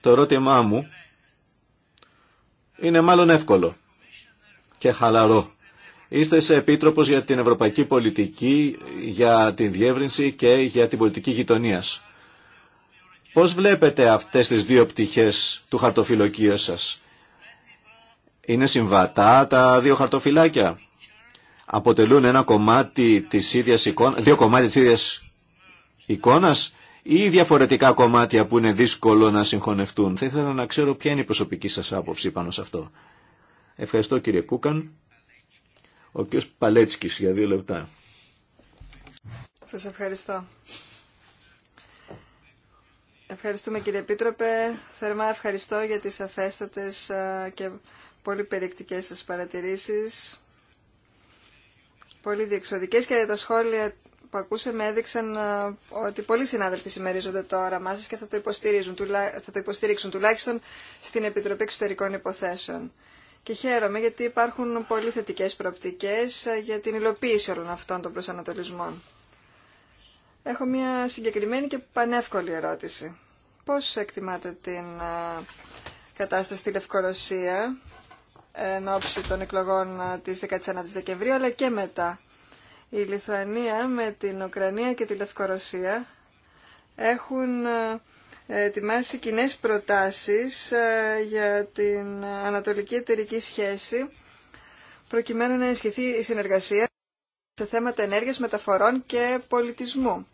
Το ερώτημά μου είναι μάλλον εύκολο και χαλαρό. Είστε σε επίτροπος για την ευρωπαϊκή πολιτική, για την διεύρυνση και για την πολιτική γειτονία. Πώς βλέπετε αυτές τις δύο πτυχέ του χαρτοφυλακίου σα, Είναι συμβατά τα δύο χαρτοφυλάκια. Αποτελούν ένα κομμάτι τη ίδια εικόνας, δύο κομμάτια της ίδιας εικόνας ή διαφορετικά κομμάτια που είναι δύσκολο να συγχωνευτούν. Θα ήθελα να ξέρω ποια είναι η προσωπική σα άποψη πάνω σε αυτό. Ευχαριστώ κύριε Κούκαν. Ο κ. Παλέτσκης για δύο λεπτά. Σας ευχαριστώ. Ευχαριστούμε κύριε Επίτροπε. Θερμά ευχαριστώ για τις αφέστατες και πολύ περιεκτικές σας παρατηρήσεις. Πολύ διεξοδικές και τα σχόλια που ακούσαμε έδειξαν ότι πολλοί συνάδελφοι συμμερίζονται το όραμά σας και θα το, θα το υποστηρίξουν τουλάχιστον στην Επιτροπή Εξωτερικών Υποθέσεων και χαίρομαι γιατί υπάρχουν πολύ θετικές προοπτικές ε, για την υλοποίηση όλων αυτών των προσανατολισμών. Έχω μια συγκεκριμένη και πανεύκολη ερώτηση. Πώς εκτιμάτε την ε, κατάσταση στη Λευκορωσία εν ώψη των εκλογών ε, της 19 Δεκεμβρίου αλλά και μετά. Η Λιθουανία με την Ουκρανία και τη Λευκορωσία έχουν ετοιμάσει κοινέ προτάσεις ε, για την ανατολική εταιρική σχέση προκειμένου να ενισχυθεί η συνεργασία σε θέματα ενέργειας, μεταφορών και πολιτισμού.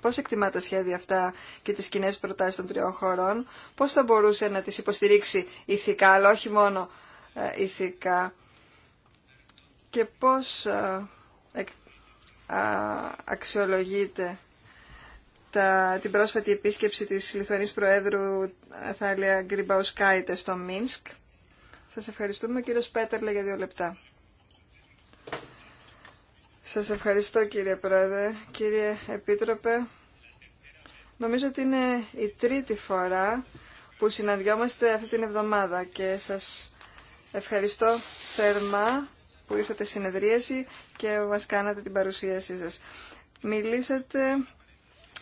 Πώς εκτιμά τα σχέδια αυτά και τις κοινέ προτάσεις των τριών χωρών, πώς θα μπορούσε να τις υποστηρίξει ηθικά, αλλά όχι μόνο ε, ηθικά, και πώς ε, αξιολογείται την πρόσφατη επίσκεψη της Λιθουανής Προέδρου Θάλια Γκριμπαουσκάιτε στο Μίνσκ. Σας ευχαριστούμε, κύριος Πέτερλε, για δύο λεπτά. Σας ευχαριστώ, κύριε Πρόεδρε. Κύριε Επίτροπε, νομίζω ότι είναι η τρίτη φορά που συναντιόμαστε αυτή την εβδομάδα και σας ευχαριστώ θερμά που ήρθατε συνεδρίαση και μας κάνατε την παρουσίασή σας. Μιλήσατε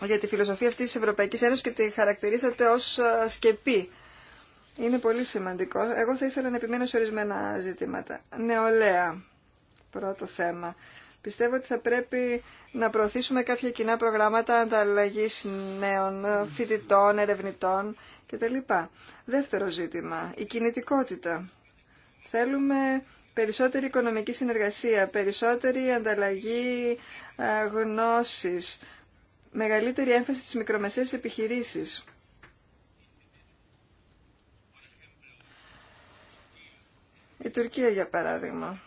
για τη φιλοσοφία αυτής της Ευρωπαϊκής Ένωσης και τη χαρακτηρίσατε ως ε, σκεπή. Είναι πολύ σημαντικό. Εγώ θα ήθελα να επιμένω σε ορισμένα ζητήματα. Νεολαία, πρώτο θέμα. Πιστεύω ότι θα πρέπει να προωθήσουμε κάποια κοινά προγράμματα ανταλλαγή νέων, ε, φοιτητών, ερευνητών κτλ. Δεύτερο ζήτημα, η κινητικότητα. Θέλουμε περισσότερη οικονομική συνεργασία, περισσότερη ανταλλαγή ε, γνώσης, μεγαλύτερη έμφαση στις μικρομεσαίες επιχειρήσεις. Η Τουρκία, για παράδειγμα.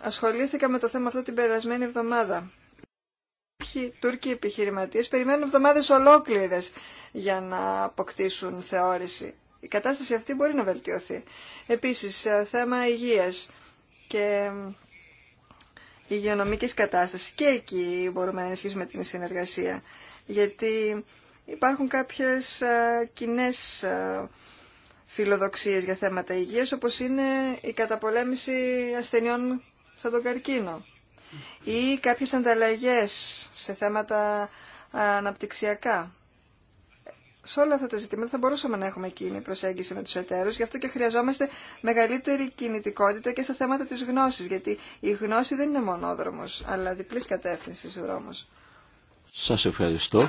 Ασχολήθηκα με το θέμα αυτό την περασμένη εβδομάδα. Οι Τούρκοι επιχειρηματίες περιμένουν εβδομάδες ολόκληρες για να αποκτήσουν θεώρηση. Η κατάσταση αυτή μπορεί να βελτιωθεί. Επίσης, θέμα υγείας και υγειονομικής κατάστασης. Και εκεί μπορούμε να ενισχύσουμε την συνεργασία γιατί υπάρχουν κάποιες ε, κοινέ ε, φιλοδοξίες για θέματα υγείας, όπως είναι η καταπολέμηση ασθενειών σαν τον καρκίνο ή κάποιες ανταλλαγές σε θέματα ε, αναπτυξιακά. Σε όλα αυτά τα ζητήματα θα μπορούσαμε να έχουμε εκείνη προσέγγιση με τους εταίρους, γι' αυτό και χρειαζόμαστε μεγαλύτερη κινητικότητα και στα θέματα της γνώσης, γιατί η γνώση δεν είναι μονόδρομος, αλλά διπλής κατεύθυνσης δρόμος. Σας ευχαριστώ.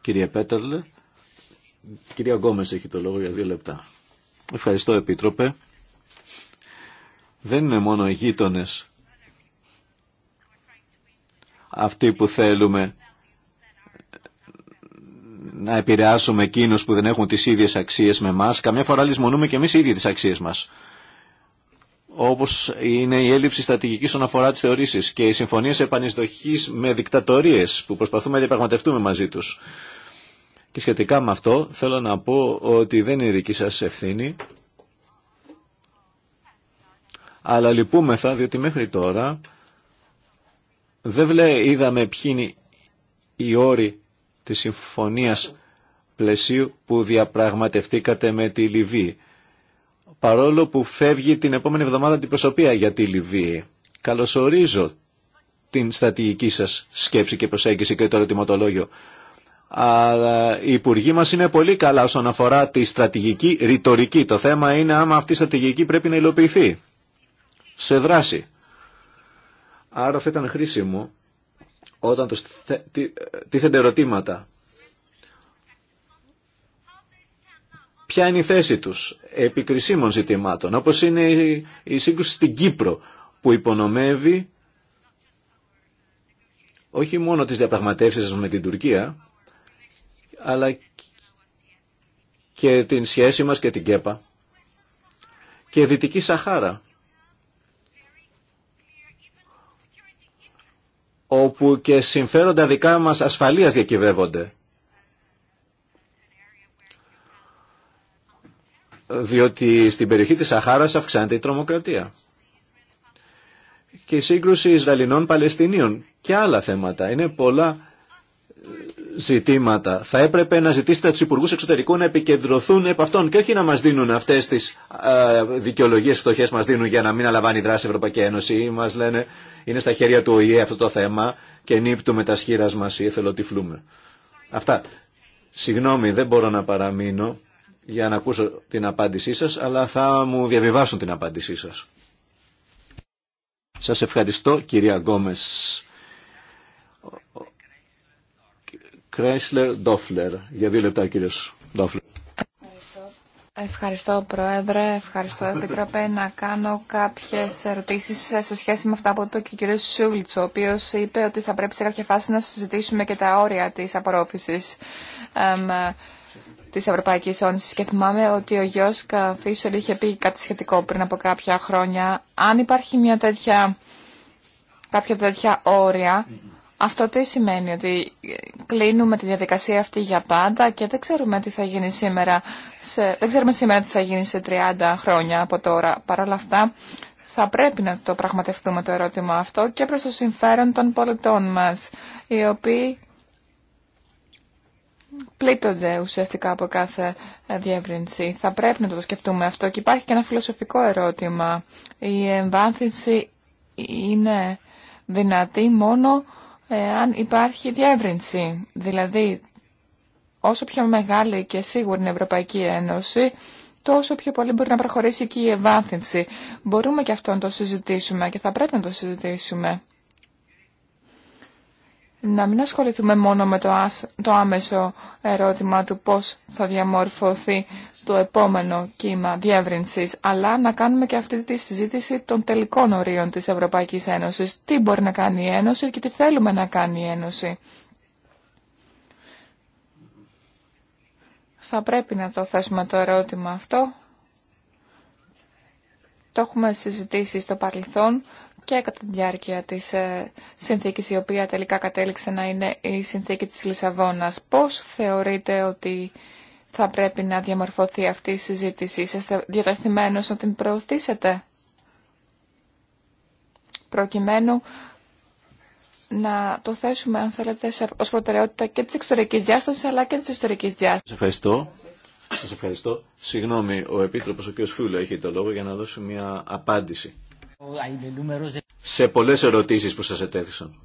Κυρία Πέτερλε, κυρία Γκόμες έχει το λόγο για δύο λεπτά. Ευχαριστώ Επίτροπε. Δεν είναι μόνο οι γείτονε αυτοί που θέλουμε να επηρεάσουμε εκείνους που δεν έχουν τις ίδιες αξίες με μας. Καμιά φορά λησμονούμε και εμείς οι ίδιοι τις αξίες μας όπως είναι η έλλειψη στρατηγική όσον αφορά τι θεωρήσει και οι συμφωνίε επανεισδοχή με δικτατορίε που προσπαθούμε να διαπραγματευτούμε μαζί τους. Και σχετικά με αυτό θέλω να πω ότι δεν είναι δική σας ευθύνη, αλλά λυπούμεθα διότι μέχρι τώρα δεν βλέ, είδαμε ποιοι είναι οι όροι της συμφωνίας πλαισίου που διαπραγματευτήκατε με τη Λιβύη παρόλο που φεύγει την επόμενη εβδομάδα την προσωπία για τη Λιβύη. Καλωσορίζω την στρατηγική σας σκέψη και προσέγγιση και το ερωτηματολόγιο. Αλλά οι υπουργοί μας είναι πολύ καλά όσον αφορά τη στρατηγική ρητορική. Το θέμα είναι άμα αυτή η στρατηγική πρέπει να υλοποιηθεί σε δράση. Άρα θα ήταν χρήσιμο όταν τίθενται ερωτήματα. Ποια είναι η θέση τους επικρισίμων ζητημάτων, όπως είναι η σύγκρουση στην Κύπρο, που υπονομεύει όχι μόνο τις διαπραγματεύσεις με την Τουρκία, αλλά και την σχέση μας και την ΚΕΠΑ και Δυτική Σαχάρα, όπου και συμφέροντα δικά μας ασφαλείας διακυβεύονται διότι στην περιοχή της Σαχάρας αυξάνεται η τρομοκρατία και η σύγκρουση Ισραηλινών Παλαιστινίων και άλλα θέματα. Είναι πολλά ε, ζητήματα. Θα έπρεπε να ζητήσετε του υπουργού εξωτερικού να επικεντρωθούν επ' αυτών και όχι να μα δίνουν αυτέ τι ε, δικαιολογίε φτωχέ μα δίνουν για να μην αλαμβάνει δράση η Ευρωπαϊκή Ένωση ή μα λένε είναι στα χέρια του ΟΗΕ αυτό το θέμα και νύπτουμε τα σχήρα μα ή εθελοτυφλούμε. Αυτά. Συγγνώμη, δεν μπορώ να παραμείνω για να ακούσω την απάντησή σας, αλλά θα μου διαβιβάσουν την απάντησή σας. Σας ευχαριστώ κυρία Γκόμες. Κρέσλερ Ντόφλερ. Για δύο λεπτά κύριος Ντόφλερ. Ευχαριστώ Πρόεδρε, ευχαριστώ Επίτροπε να κάνω κάποιες ερωτήσεις σε σχέση με αυτά που είπε και ο κ. Σούλτς, ο οποίος είπε ότι θα πρέπει σε κάποια φάση να συζητήσουμε και τα όρια της απορρόφησης. Τη Ευρωπαϊκή Ένωση και θυμάμαι ότι ο Γιος Φίσερ είχε πει κάτι σχετικό πριν από κάποια χρόνια. Αν υπάρχει μια τέτοια, κάποια τέτοια όρια, αυτό τι σημαίνει, ότι κλείνουμε τη διαδικασία αυτή για πάντα και δεν ξέρουμε τι θα γίνει σήμερα, σε, δεν ξέρουμε σήμερα τι θα γίνει σε 30 χρόνια από τώρα. Παρ' όλα αυτά, θα πρέπει να το πραγματευτούμε το ερώτημα αυτό και προς το συμφέρον των πολιτών μας, οι οποίοι πλήττονται ουσιαστικά από κάθε ε, διεύρυνση. Θα πρέπει να το σκεφτούμε αυτό και υπάρχει και ένα φιλοσοφικό ερώτημα. Η εμβάθυνση είναι δυνατή μόνο ε, αν υπάρχει διεύρυνση. Δηλαδή, όσο πιο μεγάλη και σίγουρη είναι η Ευρωπαϊκή Ένωση, τόσο πιο πολύ μπορεί να προχωρήσει και η εμβάθυνση. Μπορούμε και αυτό να το συζητήσουμε και θα πρέπει να το συζητήσουμε να μην ασχοληθούμε μόνο με το, άμεσο ερώτημα του πώς θα διαμορφωθεί το επόμενο κύμα διεύρυνσης, αλλά να κάνουμε και αυτή τη συζήτηση των τελικών ορίων της Ευρωπαϊκής Ένωσης. Τι μπορεί να κάνει η Ένωση και τι θέλουμε να κάνει η Ένωση. Θα πρέπει να το θέσουμε το ερώτημα αυτό. Το έχουμε συζητήσει στο παρελθόν και κατά τη διάρκεια της ε, συνθήκης η οποία τελικά κατέληξε να είναι η συνθήκη της Λισαβόνας. Πώς θεωρείτε ότι θα πρέπει να διαμορφωθεί αυτή η συζήτηση. Είσαστε διατεθειμένος να την προωθήσετε προκειμένου να το θέσουμε, αν θέλετε, ως προτεραιότητα και της εξωτερικής διάστασης, αλλά και της ιστορικής διάστασης. Σας ευχαριστώ. ευχαριστώ. Συγγνώμη, ο Επίτροπος, ο κ. Φούλα, έχει το λόγο για να δώσει μια απάντηση σε πολλές ερωτήσεις που σας ετέθησαν.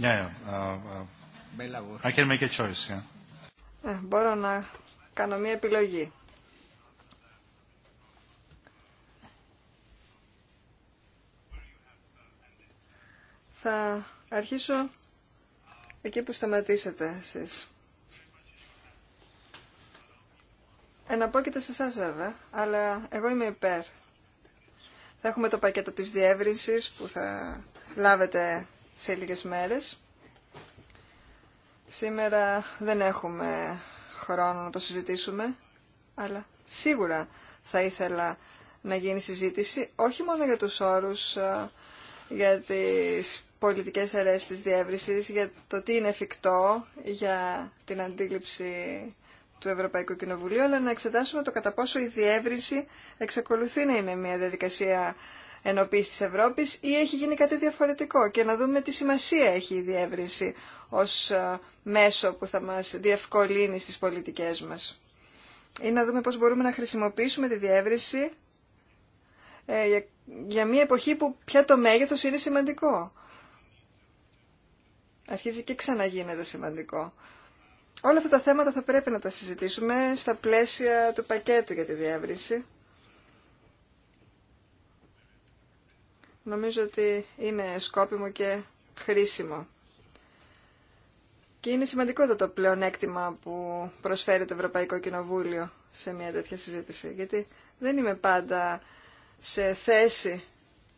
Yeah, yeah. Uh, uh, I can make a choice, yeah. ε, μπορώ να κάνω μία επιλογή. Θα αρχίσω εκεί που σταματήσατε εσείς. Εναπόκειται σε εσά βέβαια, αλλά εγώ είμαι υπέρ. Θα έχουμε το πακέτο της διεύρυνσης που θα λάβετε σε λίγες μέρες. Σήμερα δεν έχουμε χρόνο να το συζητήσουμε, αλλά σίγουρα θα ήθελα να γίνει συζήτηση όχι μόνο για τους όρους, για τις πολιτικές αιρέσεις της διεύρυνσης για το τι είναι εφικτό για την αντίληψη του Ευρωπαϊκού Κοινοβουλίου, αλλά να εξετάσουμε το κατά πόσο η διεύρυνση εξακολουθεί να είναι μια διαδικασία ενοποίηση της Ευρώπης ή έχει γίνει κάτι διαφορετικό και να δούμε τι σημασία έχει η διεύρυνση ως ε, μέσο που θα μας διευκολύνει στις πολιτικές μας. Ή να δούμε πώς μπορούμε να χρησιμοποιήσουμε τη διεύρυνση ε, για μια εποχή που πια το μέγεθος είναι σημαντικό αρχίζει και ξαναγίνεται σημαντικό. Όλα αυτά τα θέματα θα πρέπει να τα συζητήσουμε στα πλαίσια του πακέτου για τη διεύρυνση. Νομίζω ότι είναι σκόπιμο και χρήσιμο. Και είναι σημαντικό το πλεονέκτημα που προσφέρει το Ευρωπαϊκό Κοινοβούλιο σε μια τέτοια συζήτηση. Γιατί δεν είμαι πάντα σε θέση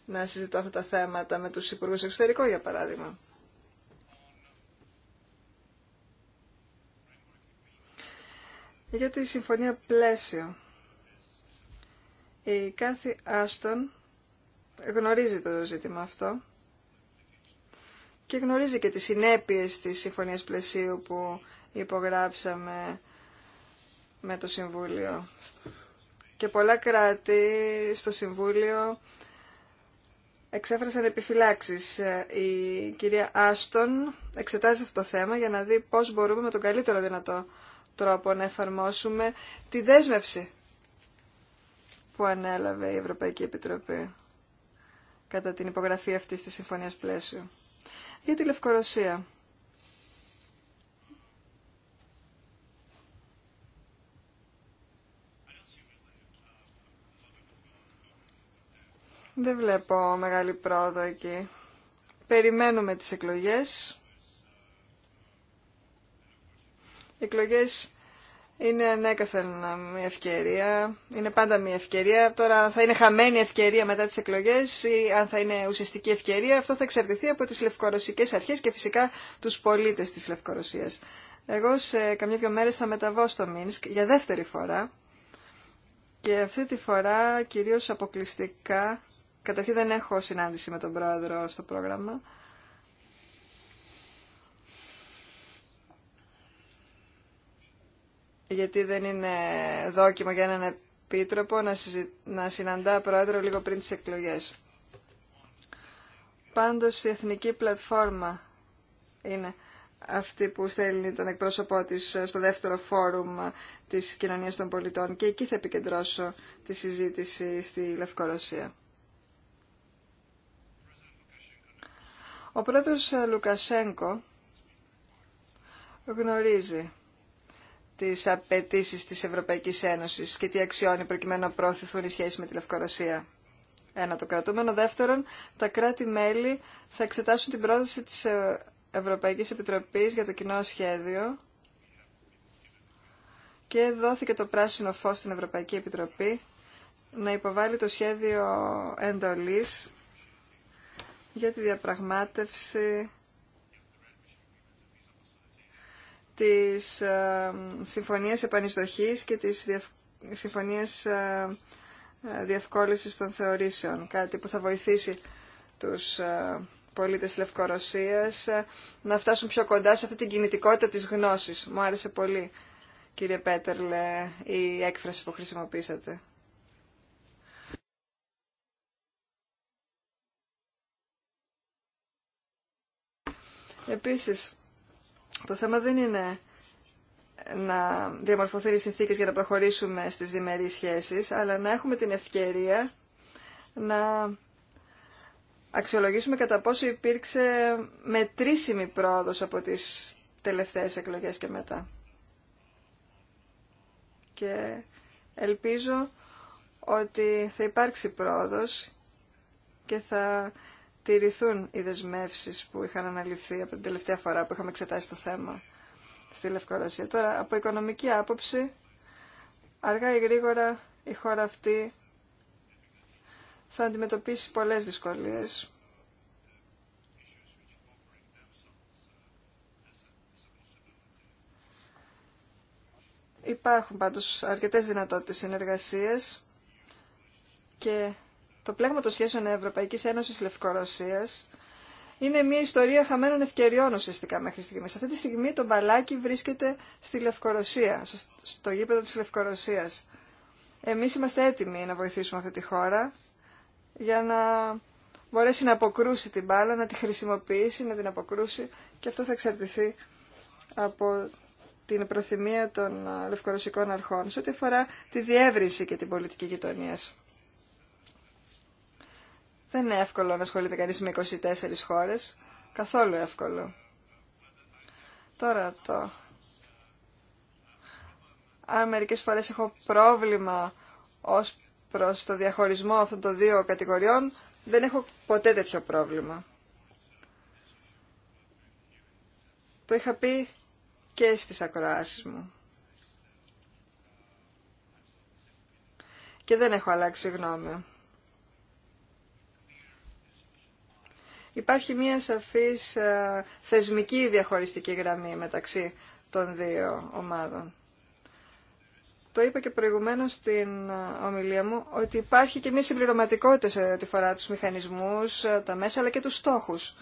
να συζητώ αυτά τα θέματα με τους Υπουργούς Εξωτερικών, για παράδειγμα. για τη συμφωνία πλαίσιο. Η κάθε Άστον γνωρίζει το ζήτημα αυτό και γνωρίζει και τις συνέπειες της συμφωνίας πλαισίου που υπογράψαμε με το Συμβούλιο. Και πολλά κράτη στο Συμβούλιο εξέφρασαν επιφυλάξεις. Η κυρία Άστον εξετάζει αυτό το θέμα για να δει πώς μπορούμε με τον καλύτερο δυνατό τρόπο να εφαρμόσουμε τη δέσμευση που ανέλαβε η Ευρωπαϊκή Επιτροπή κατά την υπογραφή αυτής της συμφωνίας πλαίσιο. Για τη Λευκορωσία. Δεν βλέπω μεγάλη πρόοδο εκεί. Περιμένουμε τις εκλογές. Οι εκλογές είναι ανέκαθεν μια ευκαιρία, είναι πάντα μια ευκαιρία. Τώρα θα είναι χαμένη ευκαιρία μετά τις εκλογές ή αν θα είναι ουσιαστική ευκαιρία, αυτό θα εξαρτηθεί από τις λευκορωσικές αρχές και φυσικά τους πολίτες της Λευκορωσίας. Εγώ σε καμιά δυο μέρες θα μεταβώ στο Μίνσκ για δεύτερη φορά και αυτή τη φορά κυρίως αποκλειστικά, καταρχήν δεν έχω συνάντηση με τον πρόεδρο στο πρόγραμμα, γιατί δεν είναι δόκιμο για έναν επίτροπο να, να συναντά πρόεδρο λίγο πριν τις εκλογές. Πάντως η Εθνική Πλατφόρμα είναι αυτή που στέλνει τον εκπρόσωπό της ε, στο δεύτερο φόρουμ ε, της κοινωνίας των πολιτών και εκεί θα επικεντρώσω τη συζήτηση στη Λευκορωσία. Ο πρόεδρος ε, Λουκασένκο γνωρίζει τις απαιτήσει της Ευρωπαϊκής Ένωσης και τι αξιώνει προκειμένου να προωθηθούν οι σχέσεις με τη Λευκορωσία. Ένα το κρατούμενο. Δεύτερον, τα κράτη-μέλη θα εξετάσουν την πρόταση της ε, Ευρωπαϊκής Επιτροπής για το κοινό σχέδιο και δόθηκε το πράσινο φως στην Ευρωπαϊκή Επιτροπή να υποβάλει το σχέδιο εντολής για τη διαπραγμάτευση της ε, Συμφωνίας Επανιστοχής και της Συμφωνίας ε, ε, διευκόλυσης των Θεωρήσεων. Κάτι που θα βοηθήσει τους πολίτες Λευκορωσίας να φτάσουν πιο κοντά σε αυτή την κινητικότητα της γνώσης. Μου άρεσε πολύ, κύριε Πέτερλε, η έκφραση που χρησιμοποίησατε. Επίσης, το θέμα δεν είναι να διαμορφωθεί οι συνθήκες για να προχωρήσουμε στις διμερείς σχέσεις, αλλά να έχουμε την ευκαιρία να αξιολογήσουμε κατά πόσο υπήρξε μετρήσιμη πρόοδος από τις τελευταίες εκλογές και μετά. Και ελπίζω ότι θα υπάρξει πρόοδος και θα τηρηθούν οι δεσμεύσει που είχαν αναλυθεί από την τελευταία φορά που είχαμε εξετάσει το θέμα στη Λευκορωσία. Τώρα, από οικονομική άποψη, αργά ή γρήγορα η χώρα αυτή θα αντιμετωπίσει πολλές δυσκολίες. Υπάρχουν πάντως αρκετές δυνατότητες συνεργασίες και το πλέγμα των σχέσεων Ευρωπαϊκή Ένωση Λευκορωσίας είναι μια ιστορία χαμένων ευκαιριών ουσιαστικά μέχρι στιγμή. Σε αυτή τη στιγμή το μπαλάκι βρίσκεται στη Λευκορωσία, στο γήπεδο τη Λευκορωσίας. Εμεί είμαστε έτοιμοι να βοηθήσουμε αυτή τη χώρα για να μπορέσει να αποκρούσει την μπάλα, να τη χρησιμοποιήσει, να την αποκρούσει και αυτό θα εξαρτηθεί από την προθυμία των ε, λευκορωσικών αρχών σε ό,τι αφορά τη διεύρυνση και την πολιτική γειτονίας. Δεν είναι εύκολο να ασχολείται κανείς με 24 χώρες. Καθόλου εύκολο. Τώρα το... Αν μερικές φορές έχω πρόβλημα ως προς το διαχωρισμό αυτών των δύο κατηγοριών, δεν έχω ποτέ τέτοιο πρόβλημα. Το είχα πει και στις ακροάσεις μου. Και δεν έχω αλλάξει γνώμη. υπάρχει μια σαφής ε, θεσμική διαχωριστική γραμμή μεταξύ των δύο ομάδων. Το είπα και προηγουμένως στην ε, ομιλία μου ότι υπάρχει και μια συμπληρωματικότητα σε ό,τι φορά τους μηχανισμούς, ε, τα μέσα αλλά και τους στόχους.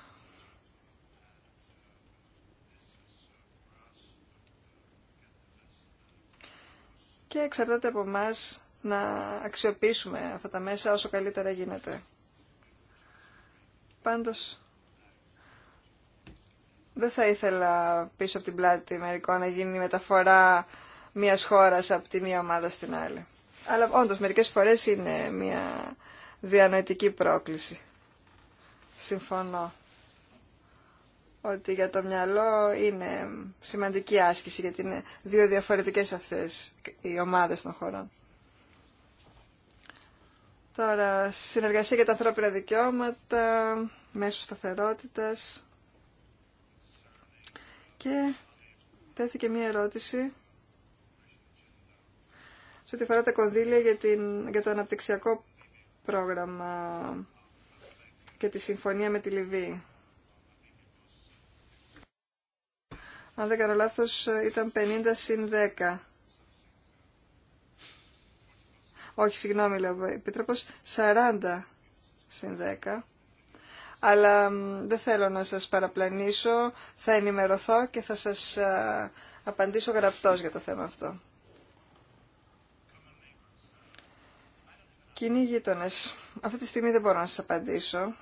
Και εξαρτάται από εμά να αξιοποιήσουμε αυτά τα μέσα όσο καλύτερα γίνεται. Πάντως, δεν θα ήθελα πίσω από την πλάτη μερικών να γίνει η μεταφορά μιας χώρας από τη μία ομάδα στην άλλη. Αλλά όντως μερικές φορές είναι μια διανοητική πρόκληση. Συμφωνώ ότι για το μυαλό είναι σημαντική άσκηση γιατί είναι δύο διαφορετικές αυτές οι ομάδες των χωρών. Τώρα, συνεργασία για τα ανθρώπινα δικαιώματα, μέσω σταθερότητας. Και τέθηκε μία ερώτηση σε ό,τι αφορά τα κονδύλια για, την, για το αναπτυξιακό πρόγραμμα και τη συμφωνία με τη Λιβύη. Αν δεν κάνω λάθος, ήταν 50 συν 10 όχι συγγνώμη λέω επίτροπος, 40 συν 10. Αλλά δεν θέλω να σας παραπλανήσω, θα ενημερωθώ και θα σας απαντήσω γραπτός για το θέμα αυτό. Κοινοί γείτονε. Αυτή τη στιγμή δεν μπορώ να σας απαντήσω.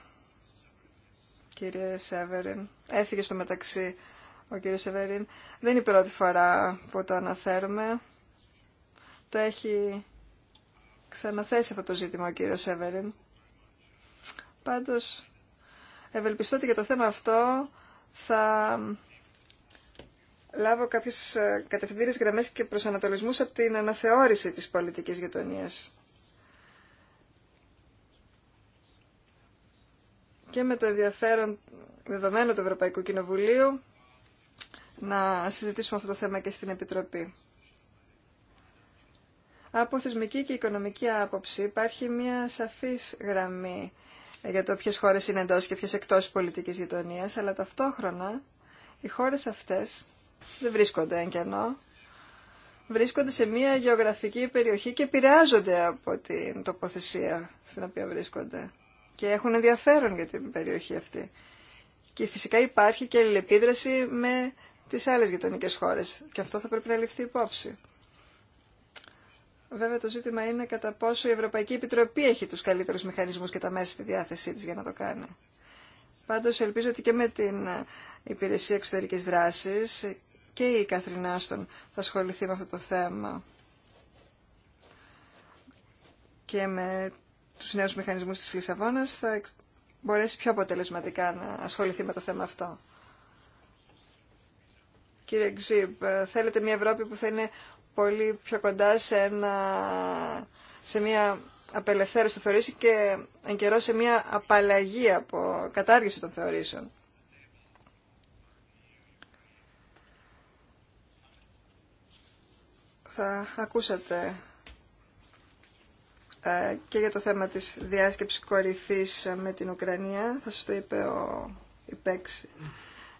Κύριε Σέβεριν, έφυγε στο μεταξύ ο κύριο Σεβερίν. Δεν είναι η πρώτη φορά που το αναφέρουμε. Το έχει ξαναθέσει αυτό το ζήτημα ο κύριος Σέβεριν. Πάντως, ευελπιστώ ότι για το θέμα αυτό θα λάβω κάποιες ε, κατευθυντήριες γραμμές και προσανατολισμούς από την αναθεώρηση της πολιτικής γειτονίας. Και με το ενδιαφέρον δεδομένο του Ευρωπαϊκού Κοινοβουλίου να συζητήσουμε αυτό το θέμα και στην Επιτροπή. Από θεσμική και οικονομική άποψη υπάρχει μια σαφής γραμμή για το ποιες χώρες είναι εντός και ποιες εκτός πολιτικής γειτονίας, αλλά ταυτόχρονα οι χώρες αυτές δεν βρίσκονται εν κενό, βρίσκονται σε μια γεωγραφική περιοχή και επηρεάζονται από την τοποθεσία στην οποία βρίσκονται και έχουν ενδιαφέρον για την περιοχή αυτή. Και φυσικά υπάρχει και αλληλεπίδραση με τις άλλες γειτονικέ χώρες και αυτό θα πρέπει να ληφθεί υπόψη. Βέβαια το ζήτημα είναι κατά πόσο η Ευρωπαϊκή Επιτροπή έχει τους καλύτερους μηχανισμούς και τα μέσα στη διάθεσή της για να το κάνει. Πάντως ελπίζω ότι και με την ε, Υπηρεσία Εξωτερικής Δράσης και η Καθρινάστον θα ασχοληθεί με αυτό το θέμα και με τους νέους μηχανισμούς της Λισαβόνας θα μπορέσει πιο αποτελεσματικά να ασχοληθεί με το θέμα αυτό. Κύριε Ξύπ, ε, θέλετε μια Ευρώπη που θα είναι πολύ πιο κοντά σε, ένα, σε μια απελευθέρωση των θεωρήσεων και εν καιρό σε μια απαλλαγή από κατάργηση των θεωρήσεων. Θα ακούσατε ε, και για το θέμα της διάσκεψης κορυφής με την Ουκρανία, θα σας το είπε ο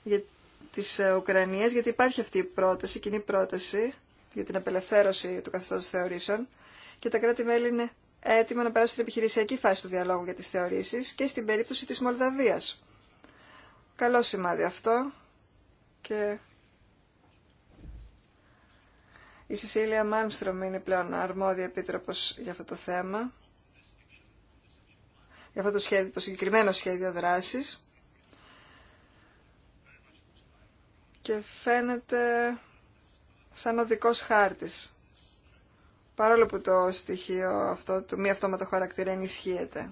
για τις ε, Ουκρανίες, γιατί υπάρχει αυτή η πρόταση, κοινή πρόταση, για την απελευθέρωση του καθεστώτος θεωρήσεων και τα κράτη-μέλη είναι έτοιμα να περάσουν στην επιχειρησιακή φάση του διαλόγου για τις θεωρήσεις και στην περίπτωση της Μολδαβίας. Καλό σημάδι αυτό και η Σεσίλια Μάνστρομ είναι πλέον αρμόδια επίτροπος για αυτό το θέμα, για αυτό το, σχέδιο, το συγκεκριμένο σχέδιο δράσης και φαίνεται σαν οδικός χάρτης. Παρόλο που το στοιχείο αυτό του μη αυτόματο χαρακτήρα ενισχύεται.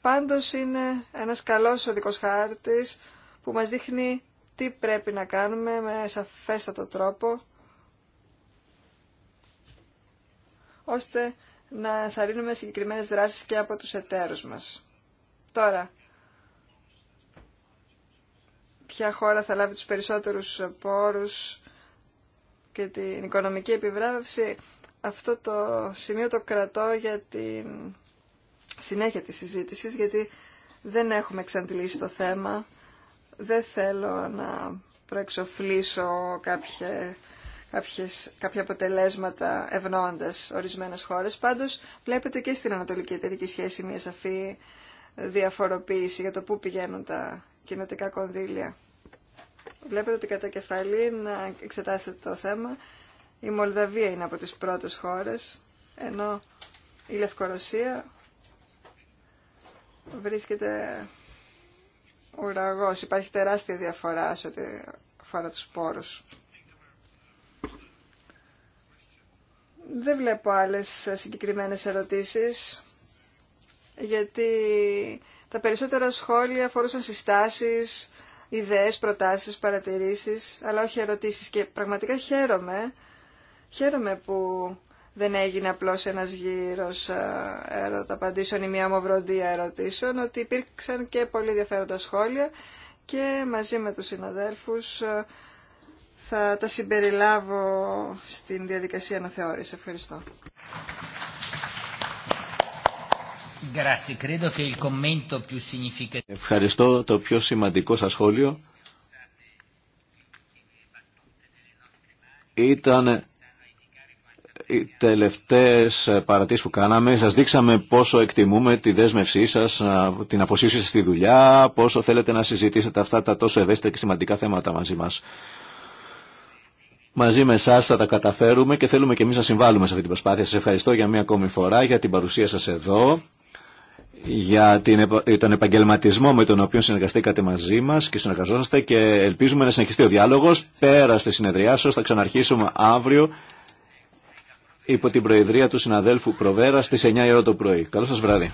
Πάντως είναι ένας καλός οδικός χάρτης που μας δείχνει τι πρέπει να κάνουμε με σαφέστατο τρόπο ώστε να θαρρύνουμε συγκεκριμένες δράσεις και από τους εταίρους μας. Τώρα, ποια χώρα θα λάβει τους περισσότερους πόρους και την οικονομική επιβράβευση, αυτό το σημείο το κρατώ για την συνέχεια της συζήτησης, γιατί δεν έχουμε εξαντλήσει το θέμα. Δεν θέλω να προεξοφλήσω κάποια, κάποια αποτελέσματα ευνοώντας ορισμένες χώρες. Πάντως, βλέπετε και στην Ανατολική Εταιρική Σχέση μια σαφή διαφοροποίηση για το πού πηγαίνουν τα κοινοτικά κονδύλια. Βλέπετε ότι κατά κεφαλή, να εξετάσετε το θέμα, η Μολδαβία είναι από τις πρώτες χώρες, ενώ η Λευκορωσία βρίσκεται ουραγός. Υπάρχει τεράστια διαφορά σε ό,τι αφορά τους πόρους. Δεν βλέπω άλλες συγκεκριμένες ερωτήσεις, γιατί τα περισσότερα σχόλια αφορούσαν συστάσεις, ιδέες, προτάσεις, παρατηρήσεις, αλλά όχι ερωτήσεις. Και πραγματικά χαίρομαι, χαίρομαι που δεν έγινε απλώς ένας γύρος ερωταπαντήσεων ή μια ομοβροντία ερωτήσεων, ότι υπήρξαν και πολύ ενδιαφέροντα σχόλια και μαζί με τους συναδέλφους θα τα συμπεριλάβω στην διαδικασία αναθεώρησης. Ευχαριστώ. Ευχαριστώ. Το πιο σημαντικό σας σχόλιο ήταν οι τελευταίες παρατήσεις που κάναμε. Σας δείξαμε πόσο εκτιμούμε τη δέσμευσή σας, την αφοσίωσή σας στη δουλειά, πόσο θέλετε να συζητήσετε αυτά τα τόσο ευαίσθητα και σημαντικά θέματα μαζί μας. Μαζί με εσά θα τα καταφέρουμε και θέλουμε και εμεί να συμβάλλουμε σε αυτή την προσπάθεια. Σα ευχαριστώ για μία ακόμη φορά για την παρουσία σα εδώ για την, τον επαγγελματισμό με τον οποίο συνεργαστήκατε μαζί μα και συνεργαζόσαστε και ελπίζουμε να συνεχιστεί ο διάλογος. Πέρα στη συνεδριά σα, θα ξαναρχίσουμε αύριο υπό την προεδρία του συναδέλφου Προβέρα στι 9 η ώρα το πρωί. Καλό σα βράδυ.